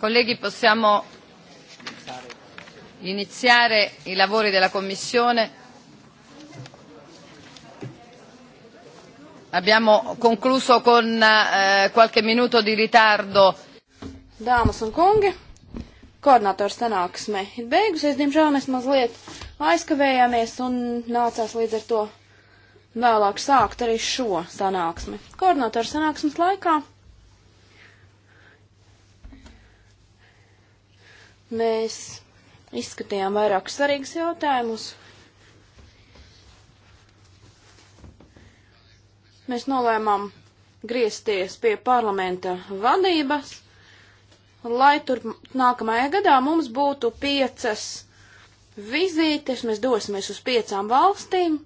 Colleghi, possiamo iniziare i lavori della Commissione. Abbiamo concluso con eh, qualche minuto di ritardo. Dāmas un kungi, koordinators sanāksme ir beigusies, diemžēl mēs mazliet aizkavējāmies un nācās līdz ar to vēlāk sākt arī šo sanāksmi. Koordinators sanāksmes laikā Mēs izskatījām vairākus svarīgus jautājumus. Mēs nolēmām griezties pie parlamenta vadības, lai tur nākamajā gadā mums būtu piecas vizītes, mēs dosimies uz piecām valstīm,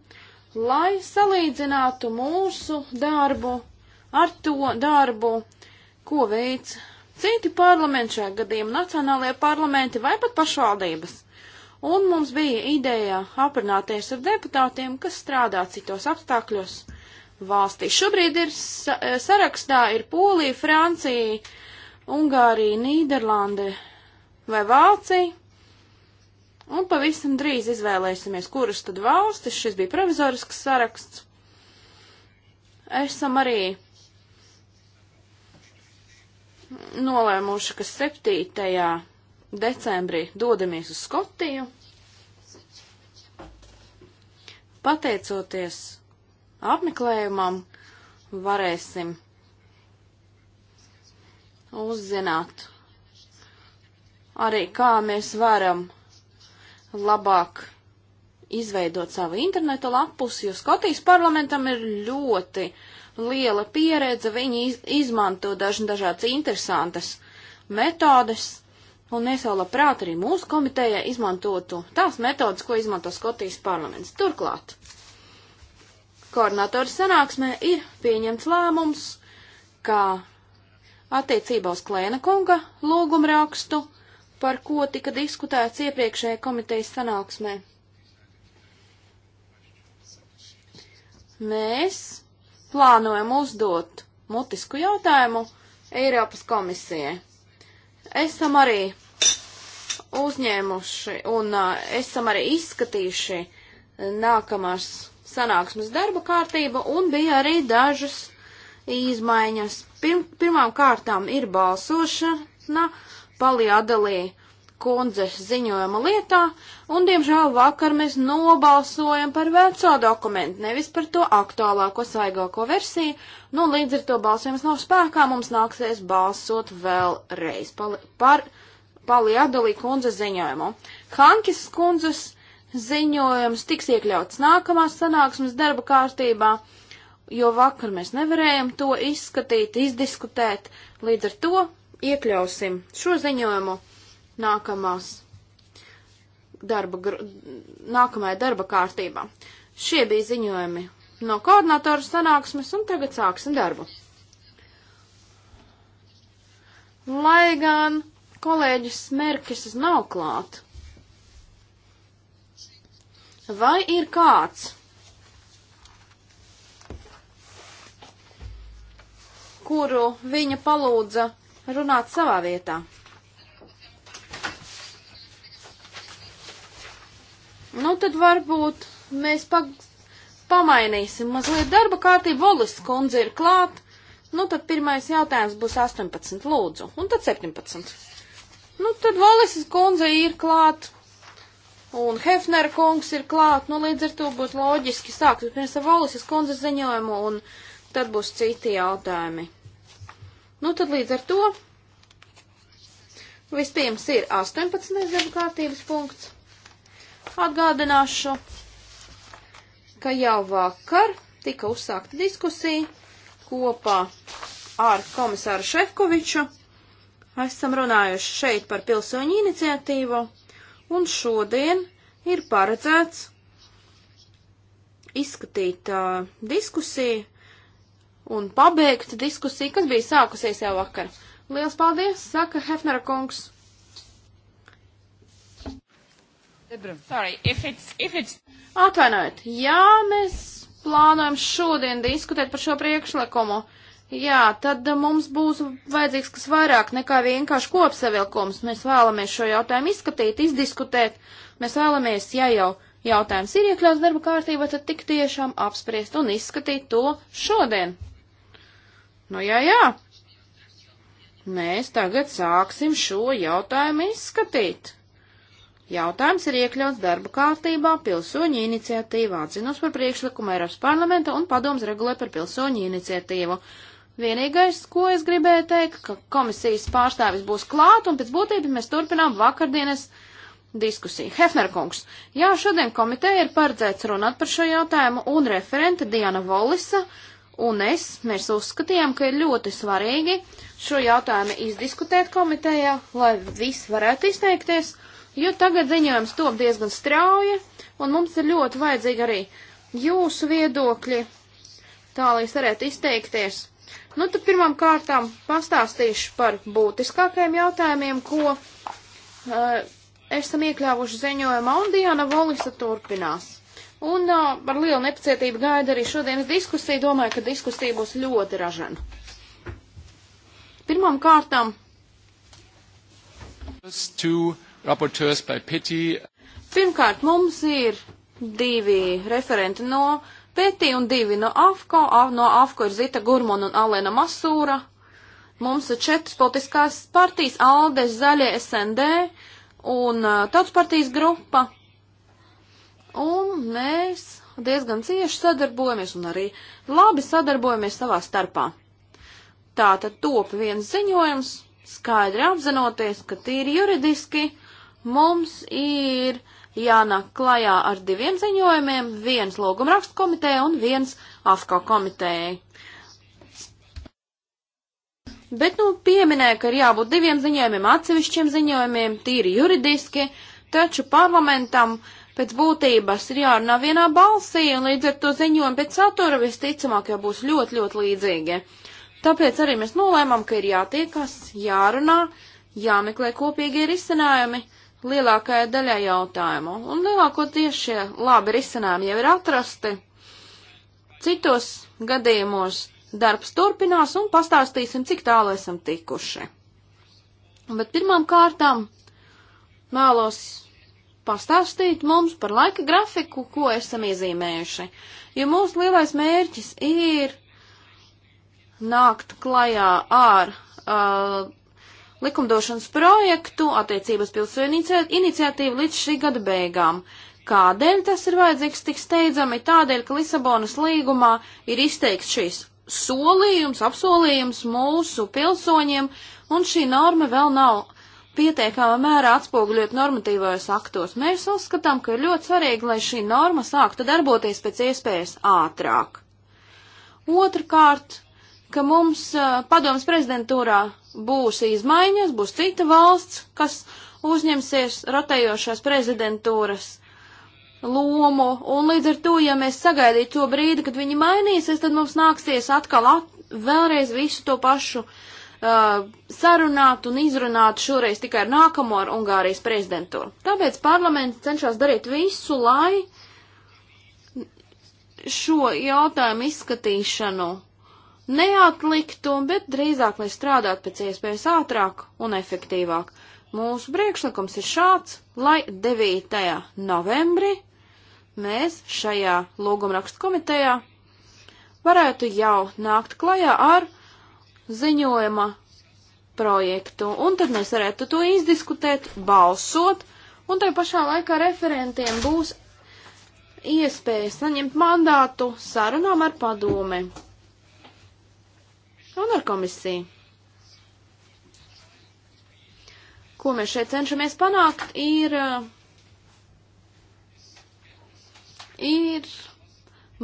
lai salīdzinātu mūsu darbu ar to darbu, ko veids citi parlamenti šajā gadījumā, nacionālajie parlamenti vai pat pašvaldības. Un mums bija ideja aprunāties ar deputātiem, kas strādā citos apstākļos valstī. Šobrīd ir sa e, sarakstā ir Polija, Francija, Ungārija, Nīderlande vai Vācija. Un pavisam drīz izvēlēsimies, kuras tad valstis, šis bija provizorisks saraksts. Esam arī nolēmuši, ka 7. decembrī dodamies uz Skotiju. Pateicoties apmeklējumam, varēsim uzzināt arī, kā mēs varam labāk izveidot savu internetu lapus, jo Skotijas parlamentam ir ļoti uh, liela pieredze, viņi iz, izmanto dažna dažādas interesantas metodes, un es jau labprāt arī mūsu komitejai izmantotu tās metodes, ko izmanto Skotijas parlaments. Turklāt, koordinātoru sanāksmē ir pieņemts lēmums, ka attiecībā uz Klēna kunga lūgumrakstu, par ko tika diskutēts iepriekšējā komitejas sanāksmē. Mēs plānojam uzdot mutisku jautājumu Eiropas komisijai. Esam arī uzņēmuši un uh, esam arī izskatījuši nākamās sanāksmes darba kārtību un bija arī dažas izmaiņas. Pirm, pirmām kārtām ir balsošana, palī atdalīja kundzes ziņojuma lietā, un, diemžēl, vakar mēs nobalsojam par veco dokumentu, nevis par to aktuālāko, svaigāko versiju, nu, līdz ar to balsojums nav spēkā, mums nāksies balsot vēlreiz pali par Paliadolī kundzes ziņojumu. Hankis kundzes ziņojums tiks iekļauts nākamās sanāksmes darba kārtībā, jo vakar mēs nevarējam to izskatīt, izdiskutēt, līdz ar to iekļausim šo ziņojumu nākamās darba, nākamajā darba kārtībā. Šie bija ziņojumi no koordinātoru sanāksmes, un tagad sāksim darbu. Lai gan kolēģis Merkis nav klāt. Vai ir kāds, kuru viņa palūdza runāt savā vietā? Nu, tad varbūt mēs pag pamainīsim mazliet darba kārtību. Volis kundze ir klāt. Nu, tad pirmais jautājums būs 18, lūdzu, un tad 17. Nu, tad Volis kundze ir klāt, un Hefner kungs ir klāt, nu, līdz ar to būs loģiski sākt pirms ar Volis kundze ziņojumu, un tad būs citi jautājumi. Nu, tad līdz ar to vispirms ir 18. darba kārtības punkts. Atgādināšu, ka jau vakar tika uzsākta diskusija kopā ar komisāru Šefkoviču. Esam runājuši šeit par pilsoņu iniciatīvu, un šodien ir paredzēts izskatīt uh, diskusiju un pabeigt diskusiju, kas bija sākusies jau vakar. Liels paldies, saka Hefnera kungs. Sorry, if it's, if it's... Atvainojiet, ja mēs plānojam šodien diskutēt par šo priekšlikumu, jā, tad mums būs vajadzīgs kas vairāk nekā vienkārši kopsavilkums. Mēs vēlamies šo jautājumu izskatīt, izdiskutēt. Mēs vēlamies, ja jau jautājums ir iekļauts darba kārtībā, tad tik tiešām apspriest un izskatīt to šodien. Nu jā, jā. Mēs tagad sāksim šo jautājumu izskatīt. Jautājums ir iekļauts darba kārtībā pilsoņu iniciatīvā atzinos par priekšlikumu Eiropas parlamenta un padoms regulē par pilsoņu iniciatīvu. Vienīgais, ko es gribēju teikt, ka komisijas pārstāvis būs klāt un pēc būtības mēs turpinām vakardienas diskusiju. Hefnerkungs, jā, šodien komiteja ir paredzēts runāt par šo jautājumu un referente Diana Volisa un es, mēs uzskatījām, ka ir ļoti svarīgi šo jautājumu izdiskutēt komitejā, lai viss varētu izteikties jo tagad ziņojums top diezgan strauji, un mums ir ļoti vajadzīgi arī jūsu viedokļi, tā lai es varētu izteikties. Nu, tad pirmām kārtām pastāstīšu par būtiskākajiem jautājumiem, ko uh, esam iekļāvuši ziņojumā, un Diana Volisa turpinās. Un uh, ar lielu nepacietību gaida arī šodienas diskusija, domāju, ka diskusija būs ļoti ražana. Pirmām kārtām. To rapporteurs by PETI. Pirmkārt, mums ir divi referenti no PETI un divi no AFKO. No AFKO ir Zita Gurmona un Alena Masūra. Mums ir četras politiskās partijas - ALDE, Zaļie, SND un uh, Tautas partijas grupa. Un mēs diezgan cieši sadarbojamies un arī labi sadarbojamies savā starpā. Tā tad top viens ziņojums, skaidri apzinoties, ka tīri juridiski Mums ir jānāk klajā ar diviem ziņojumiem, viens logumrakstu komiteja un viens AFKO komitejai. Bet, nu, pieminēja, ka ir jābūt diviem ziņojumiem, atsevišķiem ziņojumiem, tīri juridiski, taču parlamentam pēc būtības ir jārunā vienā balsī, un līdz ar to ziņojumi pēc satura visticamāk jau būs ļoti, ļoti līdzīgi. Tāpēc arī mēs nolēmām, ka ir jātiekas, jārunā, jāmeklē kopīgie risinājumi lielākajai daļai jautājumu. Un lielākoties šie labi risinājumi jau ir atrasti. Citos gadījumos darbs turpinās un pastāstīsim, cik tālu esam tikuši. Bet pirmām kārtām vēlos pastāstīt mums par laika grafiku, ko esam iezīmējuši. Jo mūsu lielais mērķis ir nākt klajā ar uh, likumdošanas projektu attiecības pilsoņu iniciatīvu līdz šī gada beigām. Kādēļ tas ir vajadzīgs tik steidzami? Tādēļ, ka Lisabonas līgumā ir izteikts šīs solījums, apsolījums mūsu pilsoņiem, un šī norma vēl nav pietiekamā mērā atspoguļot normatīvajos aktos. Mēs uzskatām, ka ir ļoti svarīgi, lai šī norma sāktu darboties pēc iespējas ātrāk. Otrakārt, ka mums eh, padomas prezidentūrā būs izmaiņas, būs cita valsts, kas uzņemsies rotējošās prezidentūras lomu, un līdz ar to, ja mēs sagaidītu to brīdi, kad viņi mainīsies, tad mums nāksies atkal at vēlreiz visu to pašu uh, sarunāt un izrunāt šoreiz tikai ar nākamo ar Ungārijas prezidentūru. Tāpēc parlaments cenšas darīt visu, lai šo jautājumu izskatīšanu neatlikt to, bet drīzāk, lai strādātu pēc iespējas ātrāk un efektīvāk. Mūsu priekšlikums ir šāds, lai 9. novembrī mēs šajā lūgumrakstu komitejā varētu jau nākt klajā ar ziņojuma projektu, un tad mēs varētu to izdiskutēt, balsot, un tai pašā laikā referentiem būs iespēja saņemt mandātu sarunām ar padomi un ar komisiju. Ko mēs šeit cenšamies panākt, ir, eh, ir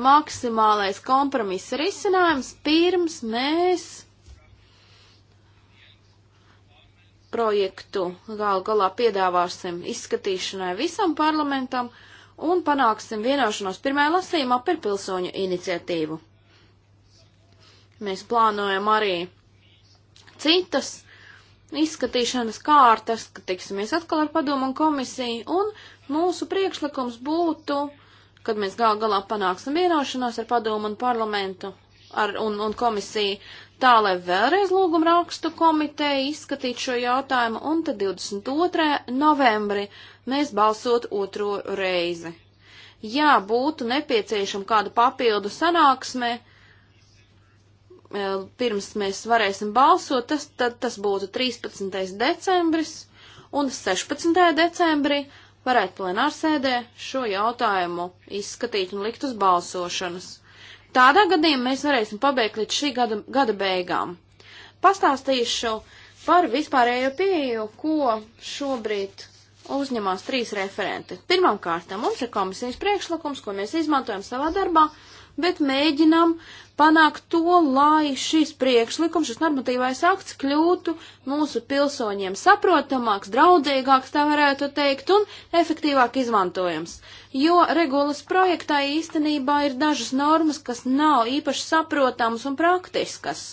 maksimālais kompromiss risinājums, pirms mēs projektu gal galā piedāvāsim izskatīšanai visam parlamentam un panāksim vienošanos pirmajā lasījumā par pilsoņu iniciatīvu. Mēs plānojam arī citas izskatīšanas kārtas, ka tiksimies atkal ar padomu un komisiju, un mūsu priekšlikums būtu, kad mēs gal galā panāksim vienošanos ar padomu un parlamentu ar, un, un komisiju, tā lai vēlreiz lūgumu rakstu komiteja izskatītu šo jautājumu, un tad 22. novembri mēs balsot otro reizi. Jā, būtu nepieciešama kāda papildu sanāksme, uh, Eh, pirms mēs varēsim balsot, tas, tad tas būtu 13. decembris un 16. decembrī varētu plenārsēdē šo jautājumu izskatīt un likt uz balsošanas. Tādā gadījumā mēs varēsim pabeigt līdz šī gada, gada beigām. Pastāstīšu par vispārējo pieeju, ko šobrīd uzņemās trīs referenti. Pirmkārt, mums ir komisijas priekšlikums, ko mēs izmantojam savā darbā. Uh, bet mēģinam panākt to, lai šis priekšlikums, šis normatīvais akts kļūtu mūsu pilsoņiem saprotamāks, draudzīgāks, tā varētu teikt, un efektīvāk izmantojams. Jo regulas projektā īstenībā ir dažas normas, kas nav īpaši saprotamas un praktiskas.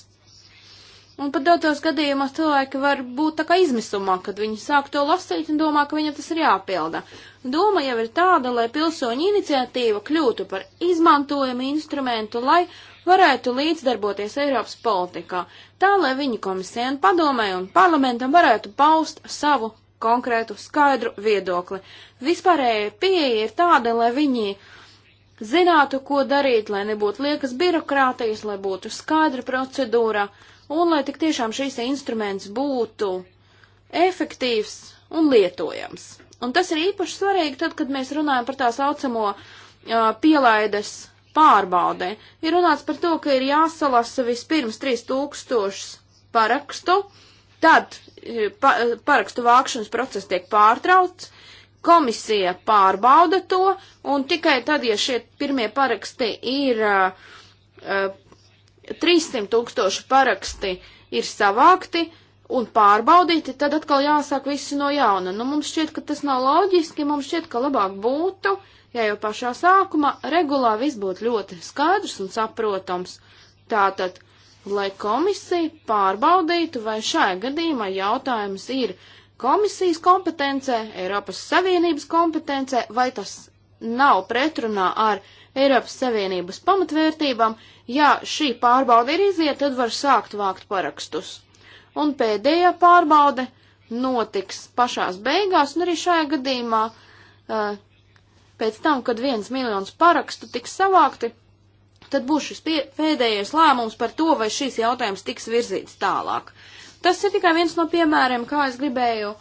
Un pat daudzos gadījumos cilvēki var būt tā kā izmisumā, kad viņi sāk to lasīt un domā, ka viņam tas ir jāpilda. Doma jau ir tāda, lai pilsoņu iniciatīva kļūtu par izmantojumu instrumentu, lai varētu līdzdarboties Eiropas politikā, tā lai viņi komisija un padomē un parlamentam varētu paust savu konkrētu skaidru viedokli. Vispārējai pieeja ir tāda, lai viņi zinātu, ko darīt, lai nebūtu liekas birokrātijas, lai būtu skaidra procedūra. Uh, un lai tik tiešām šīs instruments būtu efektīvs un lietojams. Un tas ir īpaši svarīgi tad, kad mēs runājam par tā saucamo uh, pielaides pārbaudē. Ir runāts par to, ka ir jāsalasa vispirms 3000 parakstu, tad pa, parakstu vākšanas process tiek pārtraukts, komisija pārbauda to, un tikai tad, ja šie pirmie paraksti ir uh, 300 tūkstoši paraksti ir savākti un pārbaudīti, tad atkal jāsāk viss no jauna. Nu, mums šķiet, ka tas nav loģiski, mums šķiet, ka labāk būtu, ja jau pašā sākumā regulā viss būtu ļoti skaidrs un saprotams. Tātad, lai komisija pārbaudītu, vai šajā gadījumā jautājums ir komisijas kompetencē, Eiropas Savienības kompetencē, vai tas nav pretrunā ar Eiropas Savienības pamatvērtībām, ja šī pārbauda ir iziet, tad var sākt vākt parakstus. Un pēdējā pārbaude notiks pašās beigās, un arī šajā gadījumā eh, pēc tam, kad viens miljons parakstu tiks savākti, tad būs šis pēdējais lēmums par to, vai šīs jautājums tiks virzīts tālāk. Tas ir tikai viens no piemēriem, kā es gribēju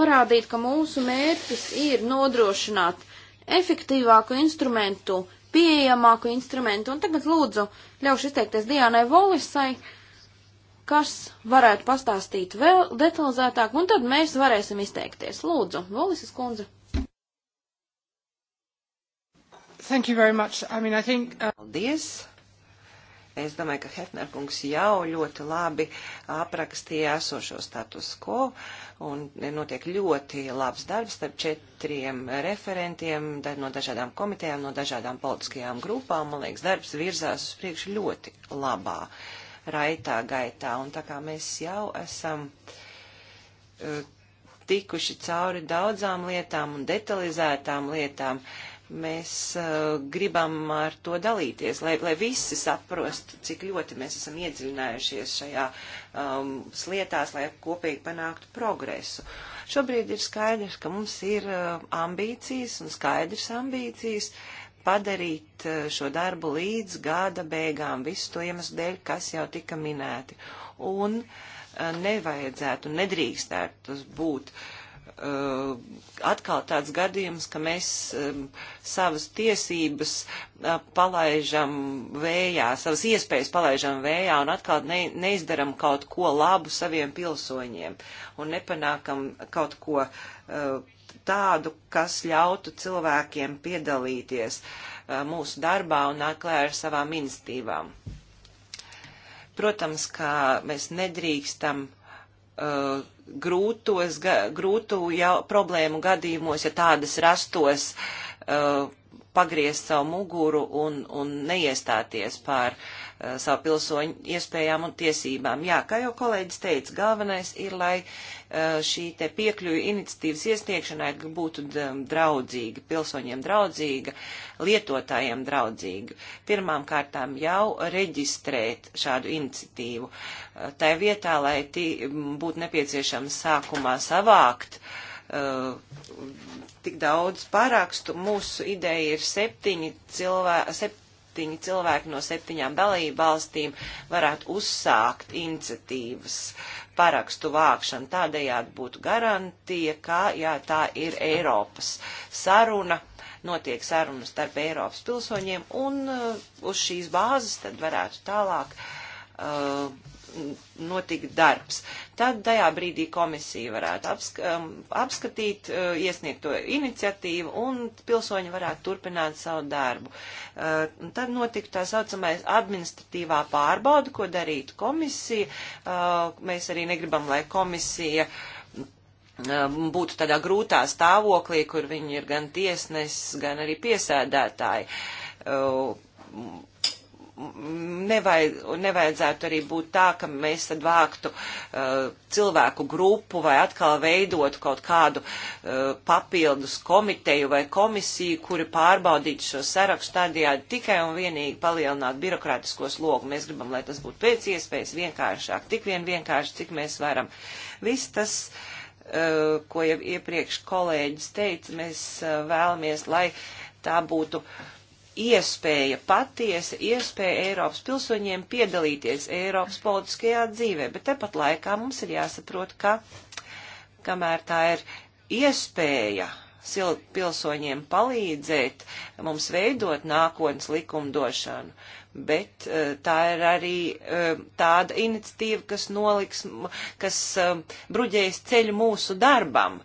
parādīt, ka mūsu mērķis ir nodrošināt efektīvāku instrumentu, pieejamāku instrumentu. Un tagad lūdzu ļaušu izteikties Diānai Volisai, kas varētu pastāstīt vēl detalizētāk, un tad mēs varēsim izteikties. Lūdzu, Volisas kundze. Thank you very much. I mean, I think, uh... Paldies. Es domāju, ka Hefnerkungs jau ļoti labi aprakstīja esošo status quo un notiek ļoti labs darbs starp četriem referentiem no dažādām komitejām, no dažādām politiskajām grupām. Man liekas, darbs virzās uz priekšu ļoti labā raitā gaitā. Un tā kā mēs jau esam eh, tikuši cauri daudzām lietām un detalizētām lietām, uh, mēs uh, gribam ar to dalīties, lai, lai visi saprostu, cik ļoti mēs esam iedziļinājušies šajā um, slietās, lai kopīgi panāktu progresu. Šobrīd ir skaidrs, ka mums ir uh, ambīcijas un skaidrs ambīcijas padarīt uh, šo darbu līdz gada beigām, visu to iemeslu dēļ, kas jau tika minēti. Un uh, nevajadzētu, nedrīkstētu tas būt. Uh, Uh, atkal tāds gadījums, ka mēs um, savas tiesības uh, palaižam vējā, savas iespējas palaižam vējā un atkal ne, neizdaram kaut ko labu saviem pilsoņiem un nepanākam kaut ko uh, tādu, kas ļautu cilvēkiem piedalīties mūsu darbā un nāk klāj ar savām institīvām. Protams, ka mēs nedrīkstam uh, grūtos, ga, grūtu jau, problēmu gadījumos, ja tādas rastos, uh, pagriezt savu muguru un, un neiestāties pār uh, savu pilsoņu iespējām un tiesībām. Jā, kā jau kolēģis teica, galvenais ir, lai Eh, šī te piekļuju iniciatīvas iesniegšanai būtu draudzīga, pilsoņiem draudzīga, lietotājiem draudzīga. Pirmām kārtām jau reģistrēt šādu iniciatīvu. Eh, Tā vietā, lai būtu nepieciešams sākumā savākt, eh, tik daudz pārākstu, mūsu ideja ir septiņi cilvēki, sept, septiņi cilvēki no septiņām dalību valstīm varētu uzsākt iniciatīvas parakstu vākšanu. Tādējādi būtu garantija, ka jā, tā ir Eiropas saruna, notiek saruna starp Eiropas pilsoņiem un uh, uz šīs bāzes tad varētu tālāk uh, notikt darbs. Tad tajā brīdī komisija varētu apska, um, apskatīt uh, iesniegto iniciatīvu un pilsoņi varētu turpināt savu darbu. Uh, un tad notiktu tā saucamais administratīvā pārbauda, ko darītu komisija. Uh, mēs arī negribam, lai komisija um, būtu tādā grūtā stāvoklī, kur viņi ir gan tiesnes, gan arī piesēdētāji nevajad, nevajadzētu arī būt tā, ka mēs tad vāktu uh, cilvēku grupu vai atkal veidotu kaut kādu uh, papildus komiteju vai komisiju, kuri pārbaudītu šo sarakstu tādējādi tikai un vienīgi palielināt birokrātisko slogu. Mēs gribam, lai tas būtu pēc iespējas vienkāršāk, tik vien vienkārši, cik mēs varam. Viss tas uh, ko jau iepriekš kolēģis teica, mēs uh, vēlamies, lai tā būtu uh, iespēja, patiesa iespēja Eiropas pilsoņiem piedalīties Eiropas politiskajā dzīvē, bet tepat laikā mums ir jāsaprot, ka kamēr tā ir iespēja pilsoņiem palīdzēt mums veidot nākotnes likumdošanu, bet eh, tā ir arī eh, tāda iniciatīva, kas noliks, kas eh, bruģējas ceļu mūsu darbam.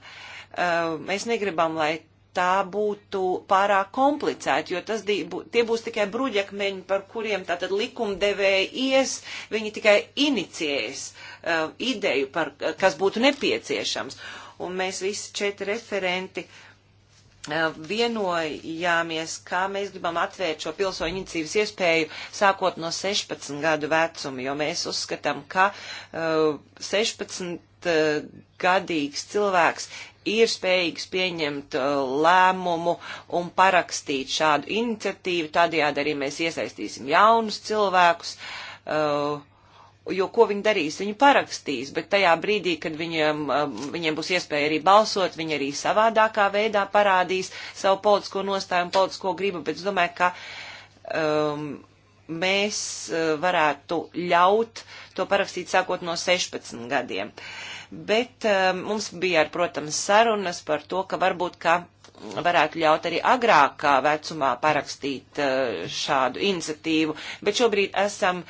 Mēs negribam, lai tā būtu pārāk komplicēta, jo tas dību, tie būs tikai bruģakmeņi, par kuriem tātad likumdevēji ies, viņi tikai inicijēs uh, ideju, par, kas būtu nepieciešams. Un mēs visi četri referenti uh, vienojāmies, kā mēs gribam atvērt šo pilsoņu inicīvas iespēju sākot no 16 gadu vecuma, jo mēs uzskatām, ka uh, 16 uh, gadīgs cilvēks ir spējīgs pieņemt uh, lēmumu un parakstīt šādu iniciatīvu, tādējādi arī mēs iesaistīsim jaunus cilvēkus, uh, jo ko viņi darīs? Viņi parakstīs, bet tajā brīdī, kad viņiem, um, viņiem būs iespēja arī balsot, viņi arī savādākā veidā parādīs savu politisko nostāju un politisko gribu, bet es domāju, ka um, mēs eh, varētu ļaut to parakstīt sākot no 16 gadiem. Bet eh, mums bija, protams, sarunas par to, ka varbūt, ka varētu ļaut arī agrākā vecumā parakstīt eh, šādu iniciatīvu, bet šobrīd esam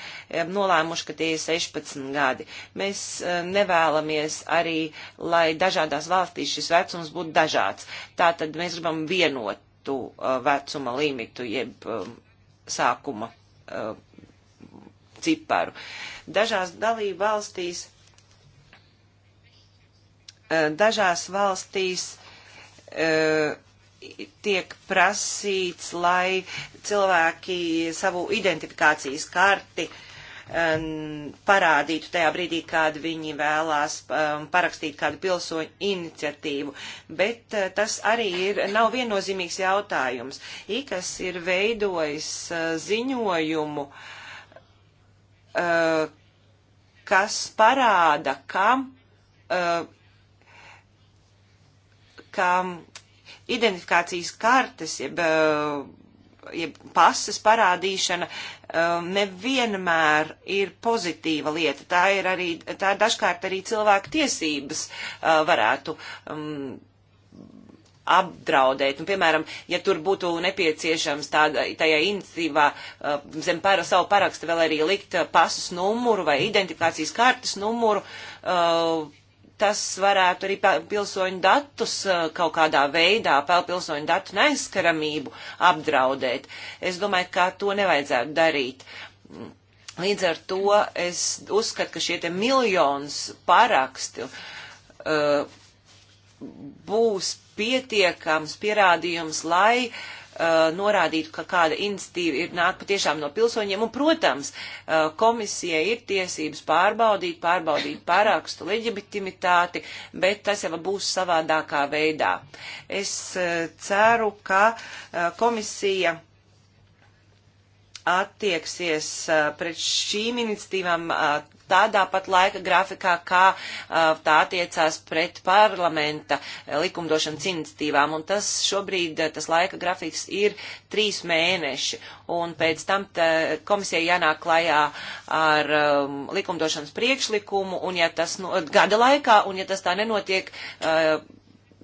nolēmuši, ka tie ir 16 gadi. Mēs nevēlamies arī, lai dažādās valstīs šis vecums būtu dažāds. Tātad mēs gribam vienotu vecuma limitu, jeb sākuma uh, ciparu. Dažās dalība valstīs, uh, dažās valstīs uh, tiek prasīts, lai cilvēki savu identifikācijas karti uh, Um, parādītu tajā brīdī, kad viņi vēlās um, parakstīt kādu pilsoņu iniciatīvu. Bet uh, tas arī ir, nav viennozīmīgs jautājums. IKAS ir veidojis uh, ziņojumu, uh, kas parāda, kam, kam identifikācijas kartes, jeb jeb pasas parādīšana um, nevienmēr ir pozitīva lieta. Tā ir arī, tā ir dažkārt arī cilvēku tiesības uh, varētu um, apdraudēt. Un, piemēram, ja tur būtu nepieciešams tādā, tajā iniciatīvā uh, zem para, savu parakstu vēl arī likt uh, pasas numuru vai identifikācijas kartas numuru, uh, tas varētu arī pilsoņu datus uh, kaut kādā veidā, pilsoņu datu neaizskaramību apdraudēt. Es domāju, ka to nevajadzētu darīt. Līdz ar to es uzskatu, ka šie te miljons parakstu uh, būs pietiekams pierādījums, lai uh, Uh, norādītu, ka kāda iniciatīva ir nāk patiešām no pilsoņiem. Un, protams, uh, komisijai ir tiesības pārbaudīt, pārbaudīt pārākstu leģitimitāti, bet tas jau būs savādākā veidā. Es uh, ceru, ka komisija attieksies pret šīm iniciatīvām tādā pat laika grafikā, kā uh, tā attiecās pret parlamenta likumdošanas iniciatīvām. Un tas šobrīd, tas laika grafiks ir trīs mēneši. Un pēc tam komisija jānāk klajā ar um, likumdošanas priekšlikumu, un ja tas no, gada laikā, un ja tas tā nenotiek, uh,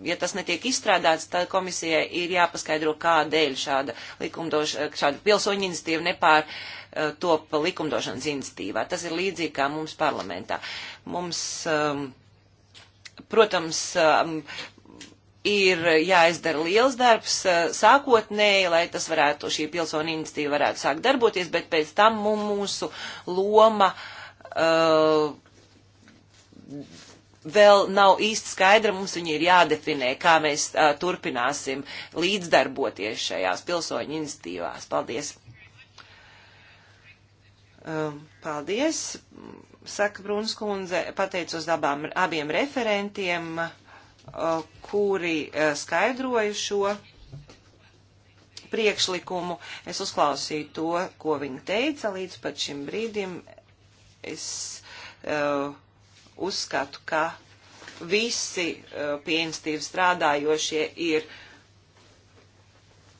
ja tas netiek izstrādāts, tad komisijai ir jāpaskaidro, kādēļ šāda likumdošana, šāda pilsoņa iniciatīva nepār uh, top likumdošanas iniciatīvā. Tas ir līdzīgi kā mums parlamentā. Mums, um, protams, um, ir jāizdara liels darbs eh, sākotnēji, lai tas varētu, šī pilsona iniciatīva varētu sākt darboties, bet pēc tam mūsu loma uh, vēl nav īsti skaidra, mums viņi ir jādefinē, kā mēs uh, turpināsim līdzdarboties šajās pilsoņu iniciatīvās. Paldies! Um, paldies, saka Bruns kundze, pateicos abām, abiem referentiem, uh, kuri uh, skaidroju šo priekšlikumu. Es uzklausīju to, ko viņi teica līdz pat šim brīdim. Es, uh, uzskatu, ka visi uh, pie institīvi strādājošie ir,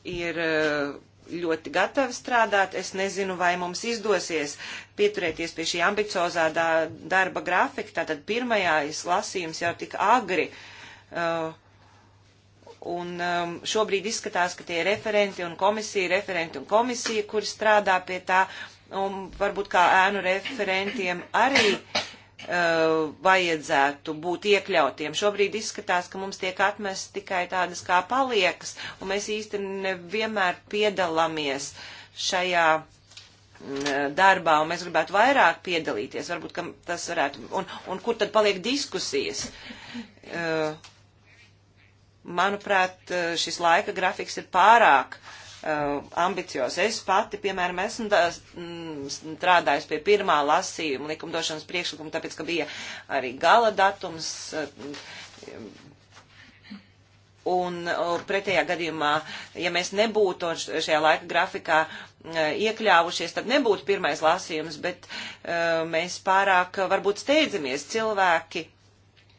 ir uh, ļoti gatavi strādāt. Es nezinu, vai mums izdosies pieturēties pie šī ambiciozā dā, darba grafika. Tātad pirmajais lasījums jau tik agri. Uh, un um, šobrīd izskatās, ka tie ir referenti un komisija, referenti un komisija, kuri strādā pie tā. Un varbūt kā ēnu referentiem arī uh, Eh, vajadzētu būt iekļautiem. Šobrīd izskatās, ka mums tiek atmest tikai tādas kā paliekas, un mēs īsti nevienmēr piedalāmies šajā mm, eh, darbā, un mēs gribētu vairāk piedalīties, varbūt, ka tas varētu, un, un kur tad paliek diskusijas. Eh, manuprāt, šis laika grafiks ir pārāk uh, Eh, ambiciozi. Es pati, piemēram, esmu mm, strādājis pie pirmā lasījuma likumdošanas priekšlikuma, tāpēc, ka bija arī gala datums. Eh, un pretējā gadījumā, ja mēs nebūtu šajā laika grafikā eh, iekļāvušies, tad nebūtu pirmais lasījums, bet mēs pārāk varbūt steidzamies cilvēki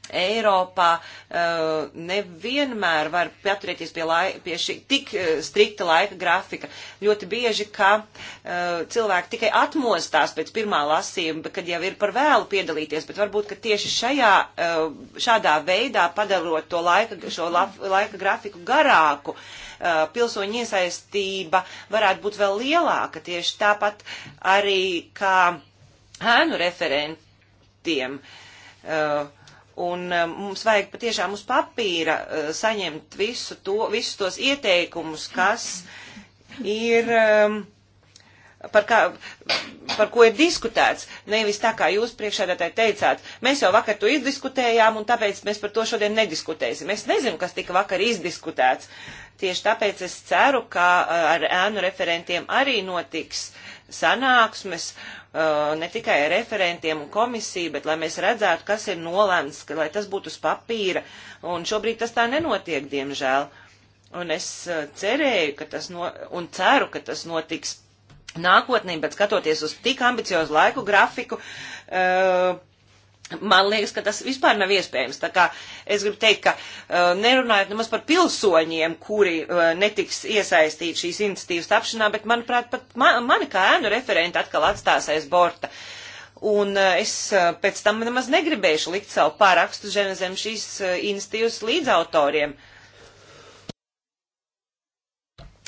Eiropā uh, nevienmēr var paturēties pie, lai, pie šī tik uh, strikta laika grafika. Ļoti bieži, ka uh, cilvēki tikai atmostās pēc pirmā lasījuma, kad jau ir par vēlu piedalīties, bet varbūt, ka tieši šajā, šādā veidā padarot to laika, šo la, laika grafiku garāku, pilsoņu iesaistība varētu būt vēl lielāka. Tieši tāpat arī kā ēnu referentiem. Uh, Un eh, mums vajag patiešām uz papīra eh, saņemt visu to, visus tos ieteikumus, kas ir, ehm, par, kā, par ko ir diskutēts. Nevis tā, kā jūs priekšādātāji teicāt, mēs jau vakar to izdiskutējām un tāpēc mēs par to šodien nediskutēsim. Es nezinu, kas tika vakar izdiskutēts. Tieši tāpēc es ceru, ka eh, ar ēnu referentiem arī notiks sanāksmes Uh, ne tikai referentiem un komisiju, bet lai mēs redzētu, kas ir nolēmts, ka, lai tas būtu uz papīra. Un šobrīd tas tā nenotiek, diemžēl. Un es uh, cerēju, ka tas no, un ceru, ka tas notiks nākotnē, bet skatoties uz tik ambiciozu laiku grafiku, uh, Man liekas, ka tas vispār nav iespējams. Tā kā es gribu teikt, ka uh, nerunājot nemaz par pilsoņiem, kuri uh, netiks iesaistīti šīs iniciatīvas tapšanā, bet, manuprāt, pat ma mani kā ēnu referenti atkal atstās aiz borta. Un uh, es uh, pēc tam nemaz negribēšu likt savu pārakstu zem šīs uh, iniciatīvas līdzautoriem.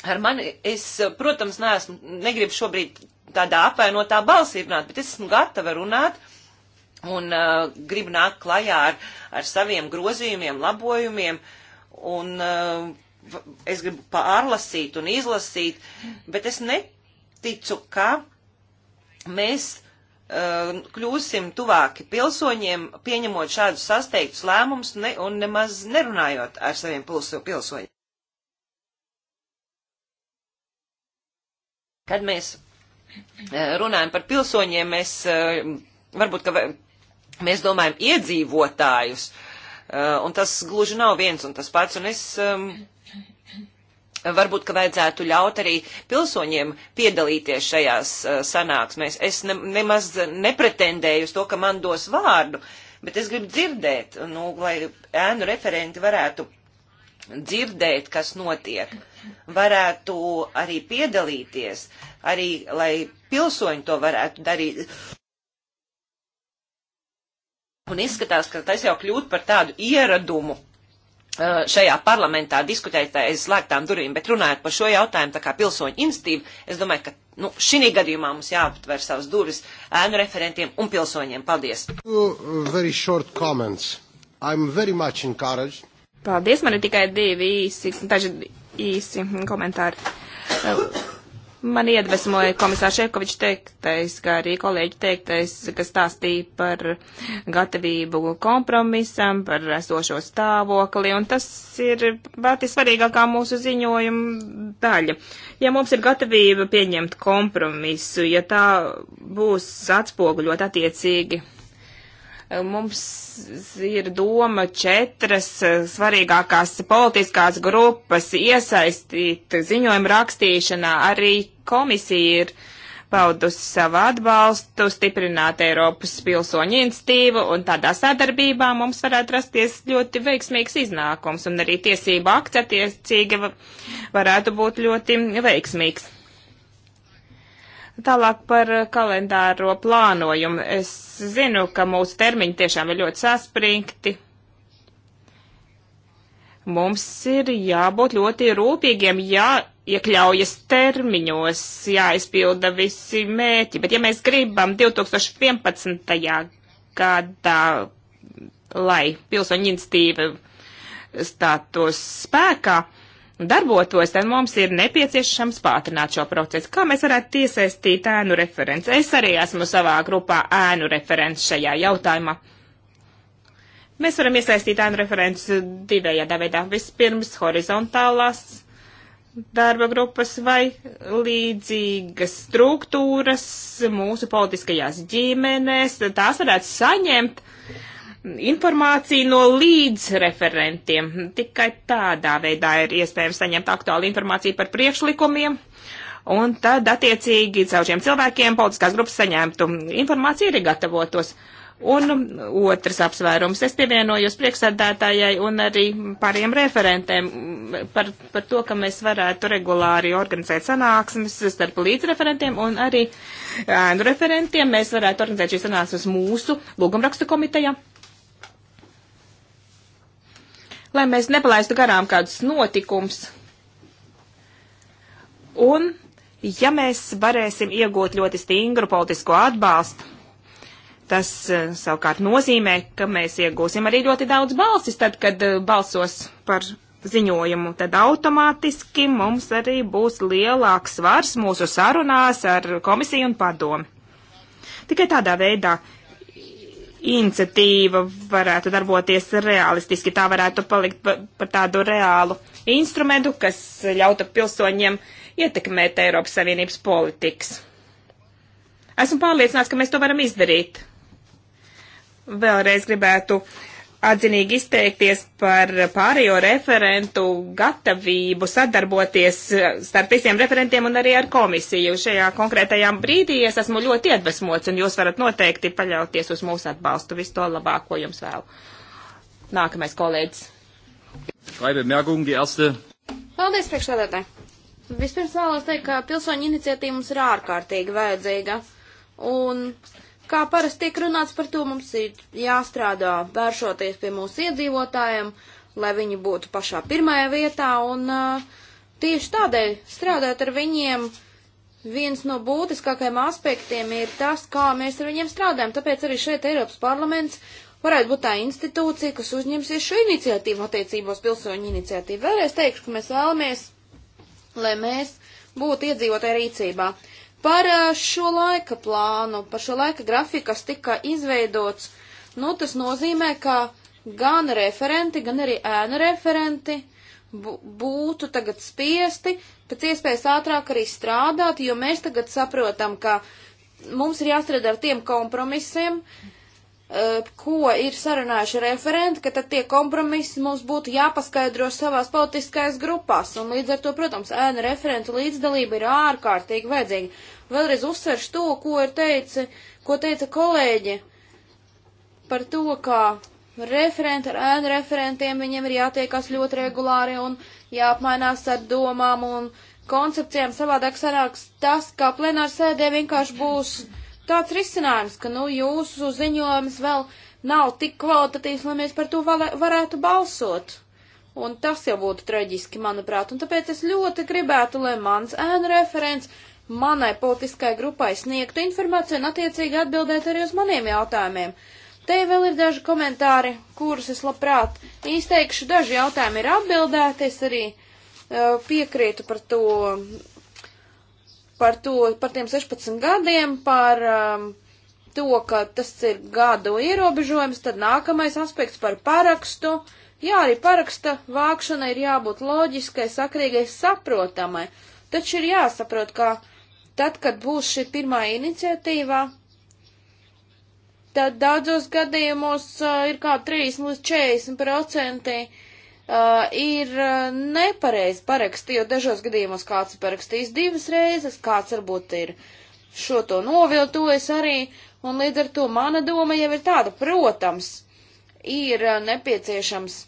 Ar mani, es, uh, protams, neesmu, negribu šobrīd tādā apvainotā balsī runāt, bet es esmu gatava runāt. Uh, un uh, grib nākt klajā ar, ar saviem grozījumiem, labojumiem, un uh, es gribu pārlasīt un izlasīt, bet es neticu, ka mēs uh, kļūsim tuvāki pilsoņiem, pieņemot šādus sasteigtus lēmumus ne, un nemaz nerunājot ar saviem pilsoņiem. Kad mēs uh, runājam par pilsoņiem, mēs uh, varbūt, ka mēs domājam iedzīvotājus, eh, un tas gluži nav viens un tas pats, un es ehm, varbūt, ka vajadzētu ļaut arī pilsoņiem piedalīties šajās eh, sanāksmēs. Es ne, nemaz nepretendēju uz to, ka man dos vārdu, bet es gribu dzirdēt, nu, lai ēnu referenti varētu dzirdēt, kas notiek, varētu arī piedalīties, arī lai pilsoņi to varētu darīt Un izskatās, ka tas jau kļūt par tādu ieradumu uh, šajā parlamentā diskutēt aiz slēgtām durvīm, bet runājot par šo jautājumu tā kā pilsoņu institīvu, es domāju, ka nu, šī gadījumā mums jāaptver savas durvis ēnu referentiem un pilsoņiem. Paldies! Paldies, man ir tikai divi īsi, daži īsi komentāri. Uh, Man iedvesmoja komisārs Šefkovičs teiktais, kā arī kolēģi teiktais, kas stāstīja par gatavību kompromisam, par esošo stāvokli, un tas ir pati svarīgākā mūsu ziņojuma daļa. Ja mums ir gatavība pieņemt kompromisu, ja tā būs atspoguļot attiecīgi mums ir doma četras svarīgākās politiskās grupas iesaistīt ziņojuma rakstīšanā arī komisija ir paudusi savu atbalstu, stiprināt Eiropas pilsoņu institīvu, un tādā sadarbībā mums varētu rasties ļoti veiksmīgs iznākums, un arī tiesība akts attiecīgi varētu būt ļoti veiksmīgs. Tālāk par kalendāro plānojumu. Es zinu, ka mūsu termiņi tiešām ir ļoti saspringti. Mums ir jābūt ļoti rūpīgiem, jā, iekļaujas termiņos, jāizpilda visi mērķi. Bet ja mēs gribam 2011. gadā, lai pilsoņu institīva stātos spēkā, darbotos, tad mums ir nepieciešams pātrināt šo procesu. Kā mēs varētu iesaistīt ēnu referents? Es arī esmu savā grupā ēnu referents šajā jautājumā. Mēs varam iesaistīt ēnu referents divējādā veidā. Vispirms horizontālās darba grupas vai līdzīgas struktūras mūsu politiskajās ģimenēs, tās varētu saņemt informāciju no līdzreferentiem. Tikai tādā veidā ir iespējams saņemt aktuālu informāciju par priekšlikumiem. Un tad, attiecīgi, caur šiem cilvēkiem politiskās grupas saņemtu informāciju arī gatavotos. Uh, Un um, otrs apsvērums. Es pievienojos priekšsēdētājai un arī pāriem referentiem mm, par, par to, ka mēs varētu regulāri organizēt sanāksmes starp līdzreferentiem un arī ēnu referentiem. Mēs varētu organizēt šīs sanāksmes mūsu lūgumrakstu komitejā. Lai mēs nepalaistu garām kādus notikums. Un, ja mēs varēsim iegūt ļoti stingru politisko atbalstu, Tas eh, savukārt nozīmē, ka mēs iegūsim arī ļoti daudz balsis, tad, kad eh, balsos par ziņojumu, tad automātiski mums arī būs lielāks svars mūsu sarunās ar komisiju un padomu. Tikai tādā veidā iniciatīva varētu darboties realistiski, tā varētu palikt par tādu reālu instrumentu, kas ļautu pilsoņiem ietekmēt Eiropas Savienības politikas. Esmu pārliecināts, ka mēs to varam izdarīt Vēlreiz gribētu atzinīgi izteikties par pārējo referentu gatavību sadarboties starp visiem referentiem un arī ar komisiju. Šajā konkrētajā brīdī es esmu ļoti iedvesmots un jūs varat noteikti paļauties uz mūsu atbalstu. Visu to labāko jums vēl. Nākamais kolēģis. Paldies, priekšsēdētāji! Vispirms vēlos teikt, ka pilsoņu iniciatīva mums ir ārkārtīgi vajadzīga. Un Kā parasti tiek runāts par to, mums ir jāstrādā vēršoties pie mūsu iedzīvotājiem, lai viņi būtu pašā pirmajā vietā, un uh, tieši tādēļ strādāt ar viņiem viens no būtiskākajiem aspektiem ir tas, kā mēs ar viņiem strādājam. Tāpēc arī šeit Eiropas parlaments varētu būt tā institūcija, kas uzņemsies šo iniciatīvu attiecībos pilsoņu iniciatīvu. Vēlreiz teikšu, ka mēs vēlamies, lai mēs būtu iedzīvotāji rīcībā. Uh, Par eh, šo laika plānu, par šo laika grafiku, kas tika izveidots, nu tas nozīmē, ka gan referenti, gan arī ēnu referenti būtu tagad spiesti pēc iespējas ātrāk arī strādāt, jo mēs tagad saprotam, ka mums ir jāstrādā ar tiem kompromisiem, Eh, ko ir sarunājuši referenti, ka tad tie kompromisi mums būtu jāpaskaidro savās politiskajās grupās, un līdz ar to, protams, ēna referentu līdzdalība ir ārkārtīgi vajadzīga. Vēlreiz uzsveršu to, ko ir teica, ko teica kolēģi par to, kā referenti ar ēnu referentiem, viņiem ir jātiekās ļoti regulāri un jāapmainās ar domām un koncepcijām, savādāk sanāks tas, kā plenārsēdē vienkārši būs. Mm tāds risinājums, ka, nu, jūsu ziņojums vēl nav tik kvalitatīvs, lai mēs par to varētu balsot. Un tas jau būtu traģiski, manuprāt, un tāpēc es ļoti gribētu, lai mans ēnu referents manai politiskai grupai sniegtu informāciju un attiecīgi atbildētu arī uz maniem jautājumiem. Te vēl ir daži komentāri, kurus es labprāt izteikšu. Daži jautājumi ir atbildēti, es arī uh, piekrītu par to par, to, par tiem 16 gadiem, par um, to, ka tas ir gadu ierobežojums, tad nākamais aspekts par parakstu. Jā, arī paraksta vākšana ir jābūt loģiskai, sakrīgai, saprotamai. Taču ir jāsaprot, ka tad, kad būs šī pirmā iniciatīva, tad daudzos gadījumos uh, ir kā 30 līdz 40 procenti uh, ir uh, nepareizi parakstījis, jo dažos gadījumos kāds ir parakstījis divas reizes, kāds varbūt ir šo to noviltojis arī, un līdz ar to mana doma jau ir tāda, protams, ir uh, nepieciešams.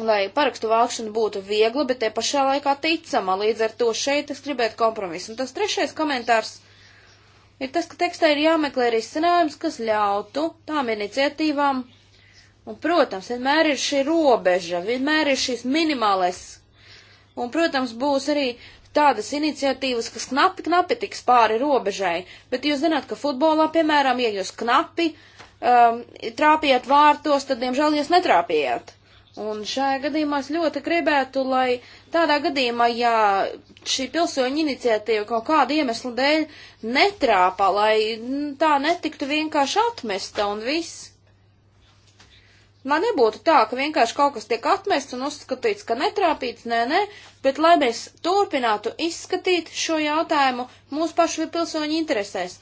Lai parakstu vākšana būtu viegla, bet te pašā laikā ticama, līdz ar to šeit es gribētu kompromisu. Un tas trešais komentārs ir tas, ka tekstā ir jāmeklē risinājums, kas ļautu tām iniciatīvām, Un, protams, vienmēr ir šī robeža, vienmēr ir šis minimālais. Un, protams, būs arī tādas iniciatīvas, kas knapi, knapi tiks pāri robežai. Bet jūs zināt, ka futbolā, piemēram, ja jūs knapi um, trāpījāt vārtos, tad, diemžēl, jūs netrāpījāt. Un šajā gadījumā es ļoti gribētu, lai tādā gadījumā, ja šī pilsoņa iniciatīva kaut kādu iemeslu dēļ netrāpā, lai tā netiktu vienkārši atmesta un viss. Man nebūtu tā, ka vienkārši kaut kas tiek atmests un uzskatīts, ka netrāpīts, nē, nē, bet lai mēs turpinātu izskatīt šo jautājumu mūsu pašu pilsoņu interesēs.